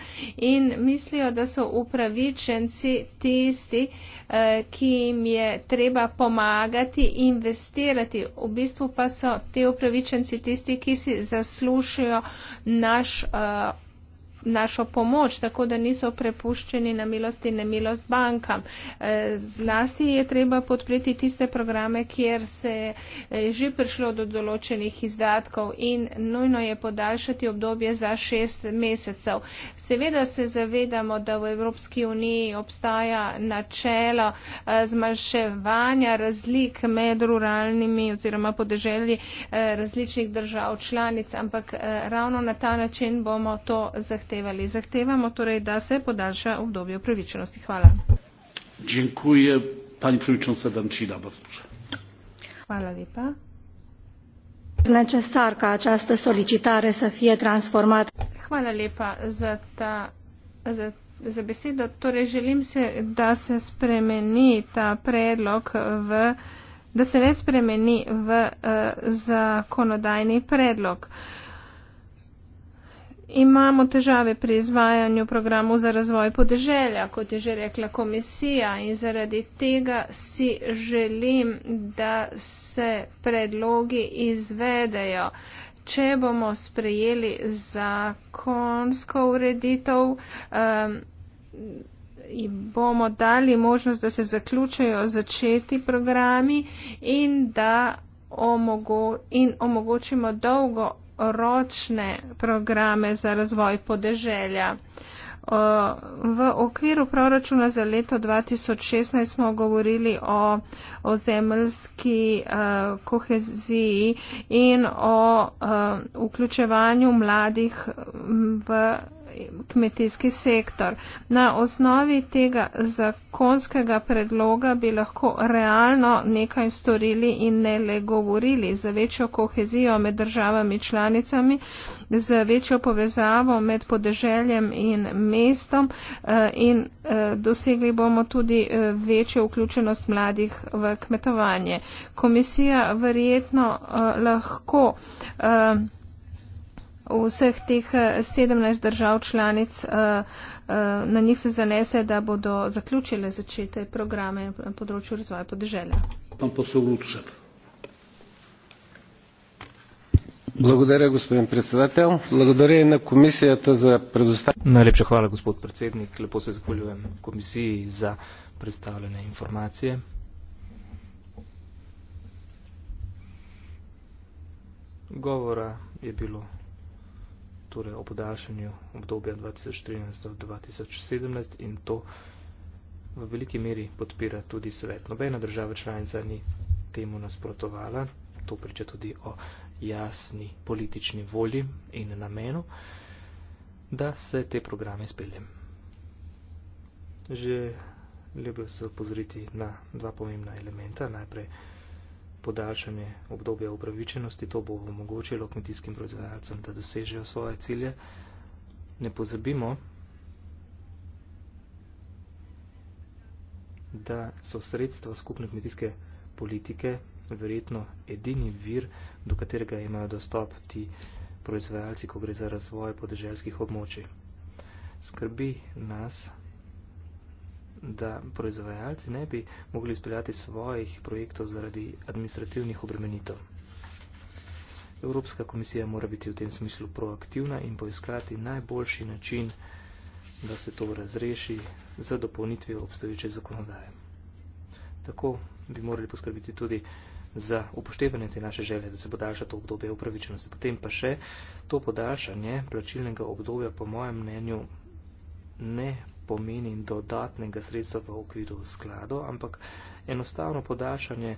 in mislijo, da so upravičenci tisti, eh, ki jim je treba pomagati, investirati. V bistvu pa so te upravičenci tisti, ki si zaslušijo naš uh, našo pomoč, tako da niso prepuščeni na milost in nemilost bankam. E, zlasti je treba podpreti tiste programe, kjer se je že prišlo do določenih izdatkov in nujno je podaljšati obdobje za šest mesecev. Seveda se zavedamo, da v Evropski uniji obstaja načelo e, zmanjševanja razlik med ruralnimi oziroma podeželji e, različnih držav članic, ampak ravno na ta način bomo to zahtevali zahtevali. Zahtevamo torej, da se podaljša obdobje upravičenosti. Hvala. Dziękuję, pani przewodnicząca Dancina, bardzo proszę. Hvala lepa. Necesarka, časte solicitare se fie transformat. Hvala lepa za ta za za besedo. Torej želim se, da se spremeni ta predlog v, da se ne spremeni v uh, zakonodajni predlog. Uh, imamo težave pri izvajanju programov za razvoj podeželja, kot je že rekla komisija, in zaradi tega si želim, da se predlogi izvedejo. Če bomo sprejeli zakonsko ureditev, um, bomo dali možnost, da se zaključajo začeti programi in da omogo in omogočimo dolgo ročne programe za razvoj podeželja. V okviru proračuna za leto 2016 smo govorili o, o zemljski eh, koheziji in o eh, vključevanju mladih v kmetijski sektor. Na osnovi tega zakonskega predloga bi lahko realno nekaj storili in ne le govorili za večjo kohezijo med državami članicami, za večjo povezavo med podeželjem in mestom eh, in eh, dosegli bomo tudi eh, večjo vključenost mladih v kmetovanje. Komisija verjetno lahko vseh teh 17 eh, držav članic, eh, eh, na njih se zanese, da bodo zaključile začete programe na področju razvoja podeželja. Благодаря, господин председател. Благодаря и на комисията за предоставяне. Най-лепше хвала, господ председник. Лепо се захвалювам комисии за представлене информация. Говора е било torej o podaljšanju obdobja 2014 do 2017 in to v veliki meri podpira tudi svet. Nobena država članica ni temu nasprotovala, to priča tudi o jasni politični volji in namenu, da se te programe spelje. Že lepo se opozoriti na dva pomembna elementa. Najprej podaljšanje obdobja upravičenosti, to bo omogočilo kmetijskim proizvajalcem, da dosežejo svoje cilje. Ne pozabimo, da so sredstva skupne kmetijske politike verjetno edini vir, do katerega imajo dostop ti proizvajalci, ko gre za razvoj podeželskih območij. Skrbi nas, da proizvajalci ne bi mogli izpeljati svojih projektov zaradi administrativnih obremenitev. Evropska komisija mora biti v tem smislu proaktivna in poiskati najboljši način, da se to razreši za dopolnitvijo obstoječe zakonodaje. Tako bi morali poskrbiti tudi za upoštevanje te naše želje, da se podaljša to obdobje upravičenosti. Potem pa še to podaljšanje plačilnega obdobja, po mojem mnenju, ne pomeni dodatnega sredstva v okviru sklado, ampak enostavno podaljšanje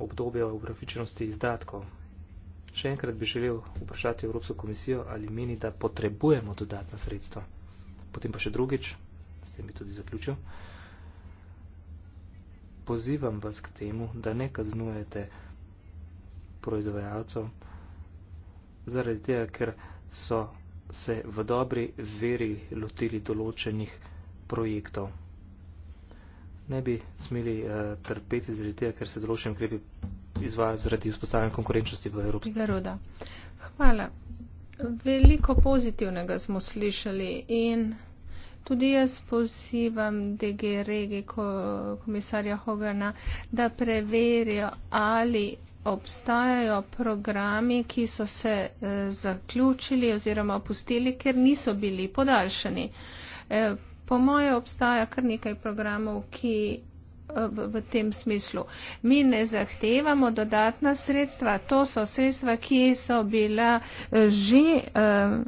obdobja upravičenosti izdatkov. Še enkrat bi želel vprašati Evropsko komisijo, ali meni, da potrebujemo dodatna sredstva. Potem pa še drugič, s tem bi tudi zaključil, pozivam vas k temu, da ne kaznujete proizvajalcev, zaradi tega, ker so se v dobri veri lotili določenih projektov. Ne bi smeli uh, trpeti zaradi tega, ker se določen ukrepi izvajajo zaradi vzpostavljanja konkurenčnosti v Evropi. Garuda. Hvala. Veliko pozitivnega smo slišali in tudi jaz pozivam DG regi ko, komisarja Hogana, da preverijo, ali obstajajo programi, ki so se e, zaključili oziroma opustili, ker niso bili podaljšani. E, Po moje obstaja kar nekaj programov, ki eh, v, v tem smislu. Mi ne zahtevamo dodatna sredstva, to so sredstva, ki so bila eh, že eh,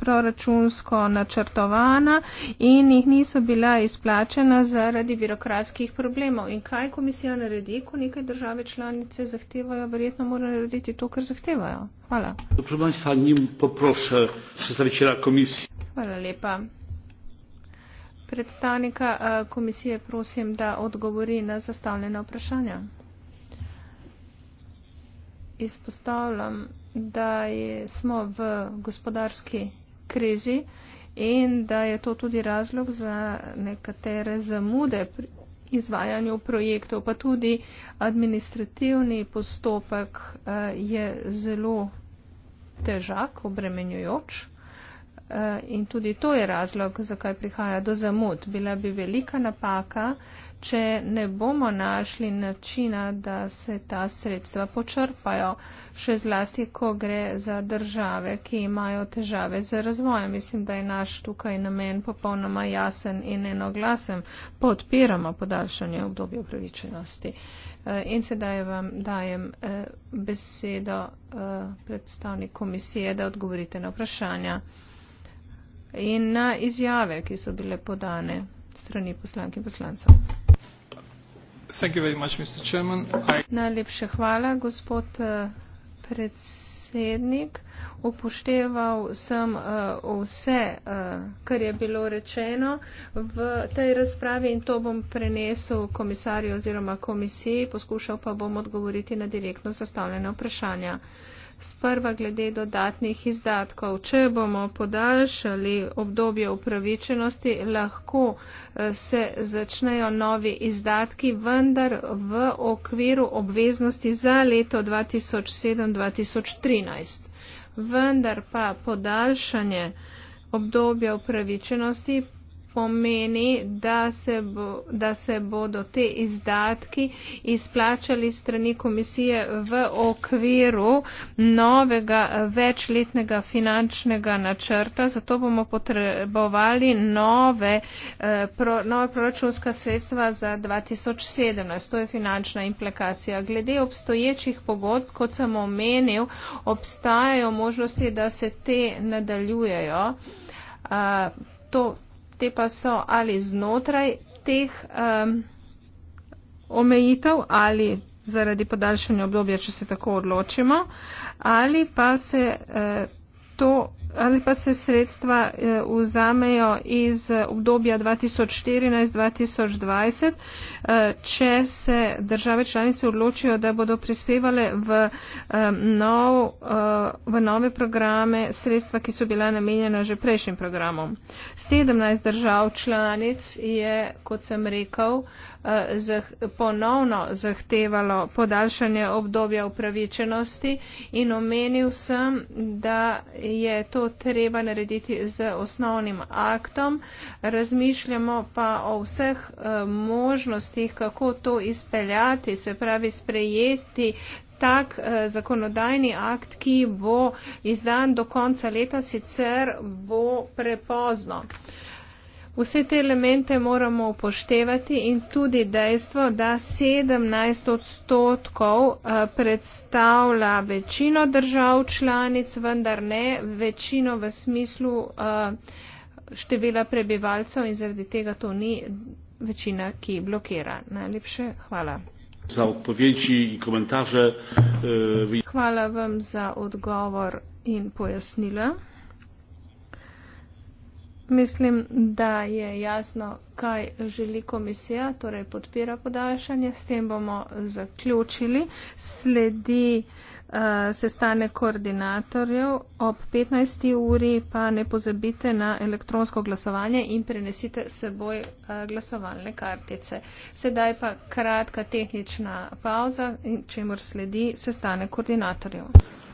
proračunsko načrtovana in jih niso bila izplačena zaradi birokratskih problemov. In kaj komisija naredi, ko nekaj države članice zahtevajo, verjetno mora narediti to, kar zahtevajo. Hvala. Hvala lepa. Predstavnika eh, komisije prosim, da odgovori na zastavljena vprašanja. Izpostavljam, da smo v gospodarski krizi in da je to tudi razlog za nekatere zamude pri izvajanju projektov, pa tudi administrativni postopek eh, je zelo težak, obremenjujoč. Eh, in tudi to je razlog, zakaj prihaja do zamud. Bila bi velika napaka, če ne bomo našli načina, da se ta sredstva počrpajo, še zlasti, ko gre za države, ki imajo težave z razvojem. Mislim, da je naš tukaj namen popolnoma jasen in enoglasen. Podpiramo podaljšanje obdobja upravičenosti. Eh, in sedaj vam dajem eh, besedo predstavnik komisije, da odgovorite na vprašanja in na izjave, ki so bile podane strani poslanki poslancev. Much, I... Najlepše hvala, gospod eh, predsednik. Upošteval sem uh, vse, uh, kar je bilo rečeno v tej razpravi in to bom prenesel komisarju oziroma komisiji, poskušal pa bom odgovoriti na direktno zastavljene vprašanja sprva glede dodatnih izdatkov. Če bomo podaljšali obdobje upravičenosti, lahko eh, se začnejo novi izdatki, vendar v okviru obveznosti za leto 2007-2013. Vendar pa podaljšanje obdobja upravičenosti pomeni, da se, bo, da se bodo te izdatki izplačali strani komisije v okviru novega večletnega finančnega načrta. Zato bomo potrebovali nove, eh, pro, nove proračunska sredstva za 2017. To je finančna implikacija. Glede obstoječih pogodb, kot sem omenil, obstajajo možnosti, da se te nadaljujejo. Eh, to te pa so ali znotraj teh um, omejitev ali zaradi podaljšanja obdobja, če se tako odločimo, ali pa se uh, to ali pa se sredstva eh, vzamejo iz obdobja 2014-2020, eh, če se države članice odločijo, da bodo prispevale v, eh, nov, v nove programe sredstva, ki so bila namenjena že prejšnjim programom. 17 držav članic je, kot sem rekel, Eh, ponovno zahtevalo podaljšanje obdobja upravičenosti in omenil sem, da je to treba narediti z osnovnim aktom. Razmišljamo pa o vseh eh, možnostih, kako to izpeljati, se pravi sprejeti tak eh, zakonodajni akt, ki bo izdan do konca leta, sicer bo prepozno. Vse te elemente moramo upoštevati in tudi dejstvo, da 17 odstotkov eh, predstavlja večino držav članic, vendar ne večino v smislu eh, števila prebivalcev in zaradi tega to ni večina, ki blokira. Najlepše hvala. Za odpovedi in komentarje. Eh, hvala vam za odgovor in pojasnila. Mislim, da je jasno, kaj želi komisija, torej podpira podaljšanje. S tem bomo zaključili. Sledi uh, eh, sestane koordinatorjev ob 15. uri, pa ne pozabite na elektronsko glasovanje in prenesite seboj uh, glasovalne kartice. Sedaj pa kratka tehnična pauza, čemur sledi sestane koordinatorjev.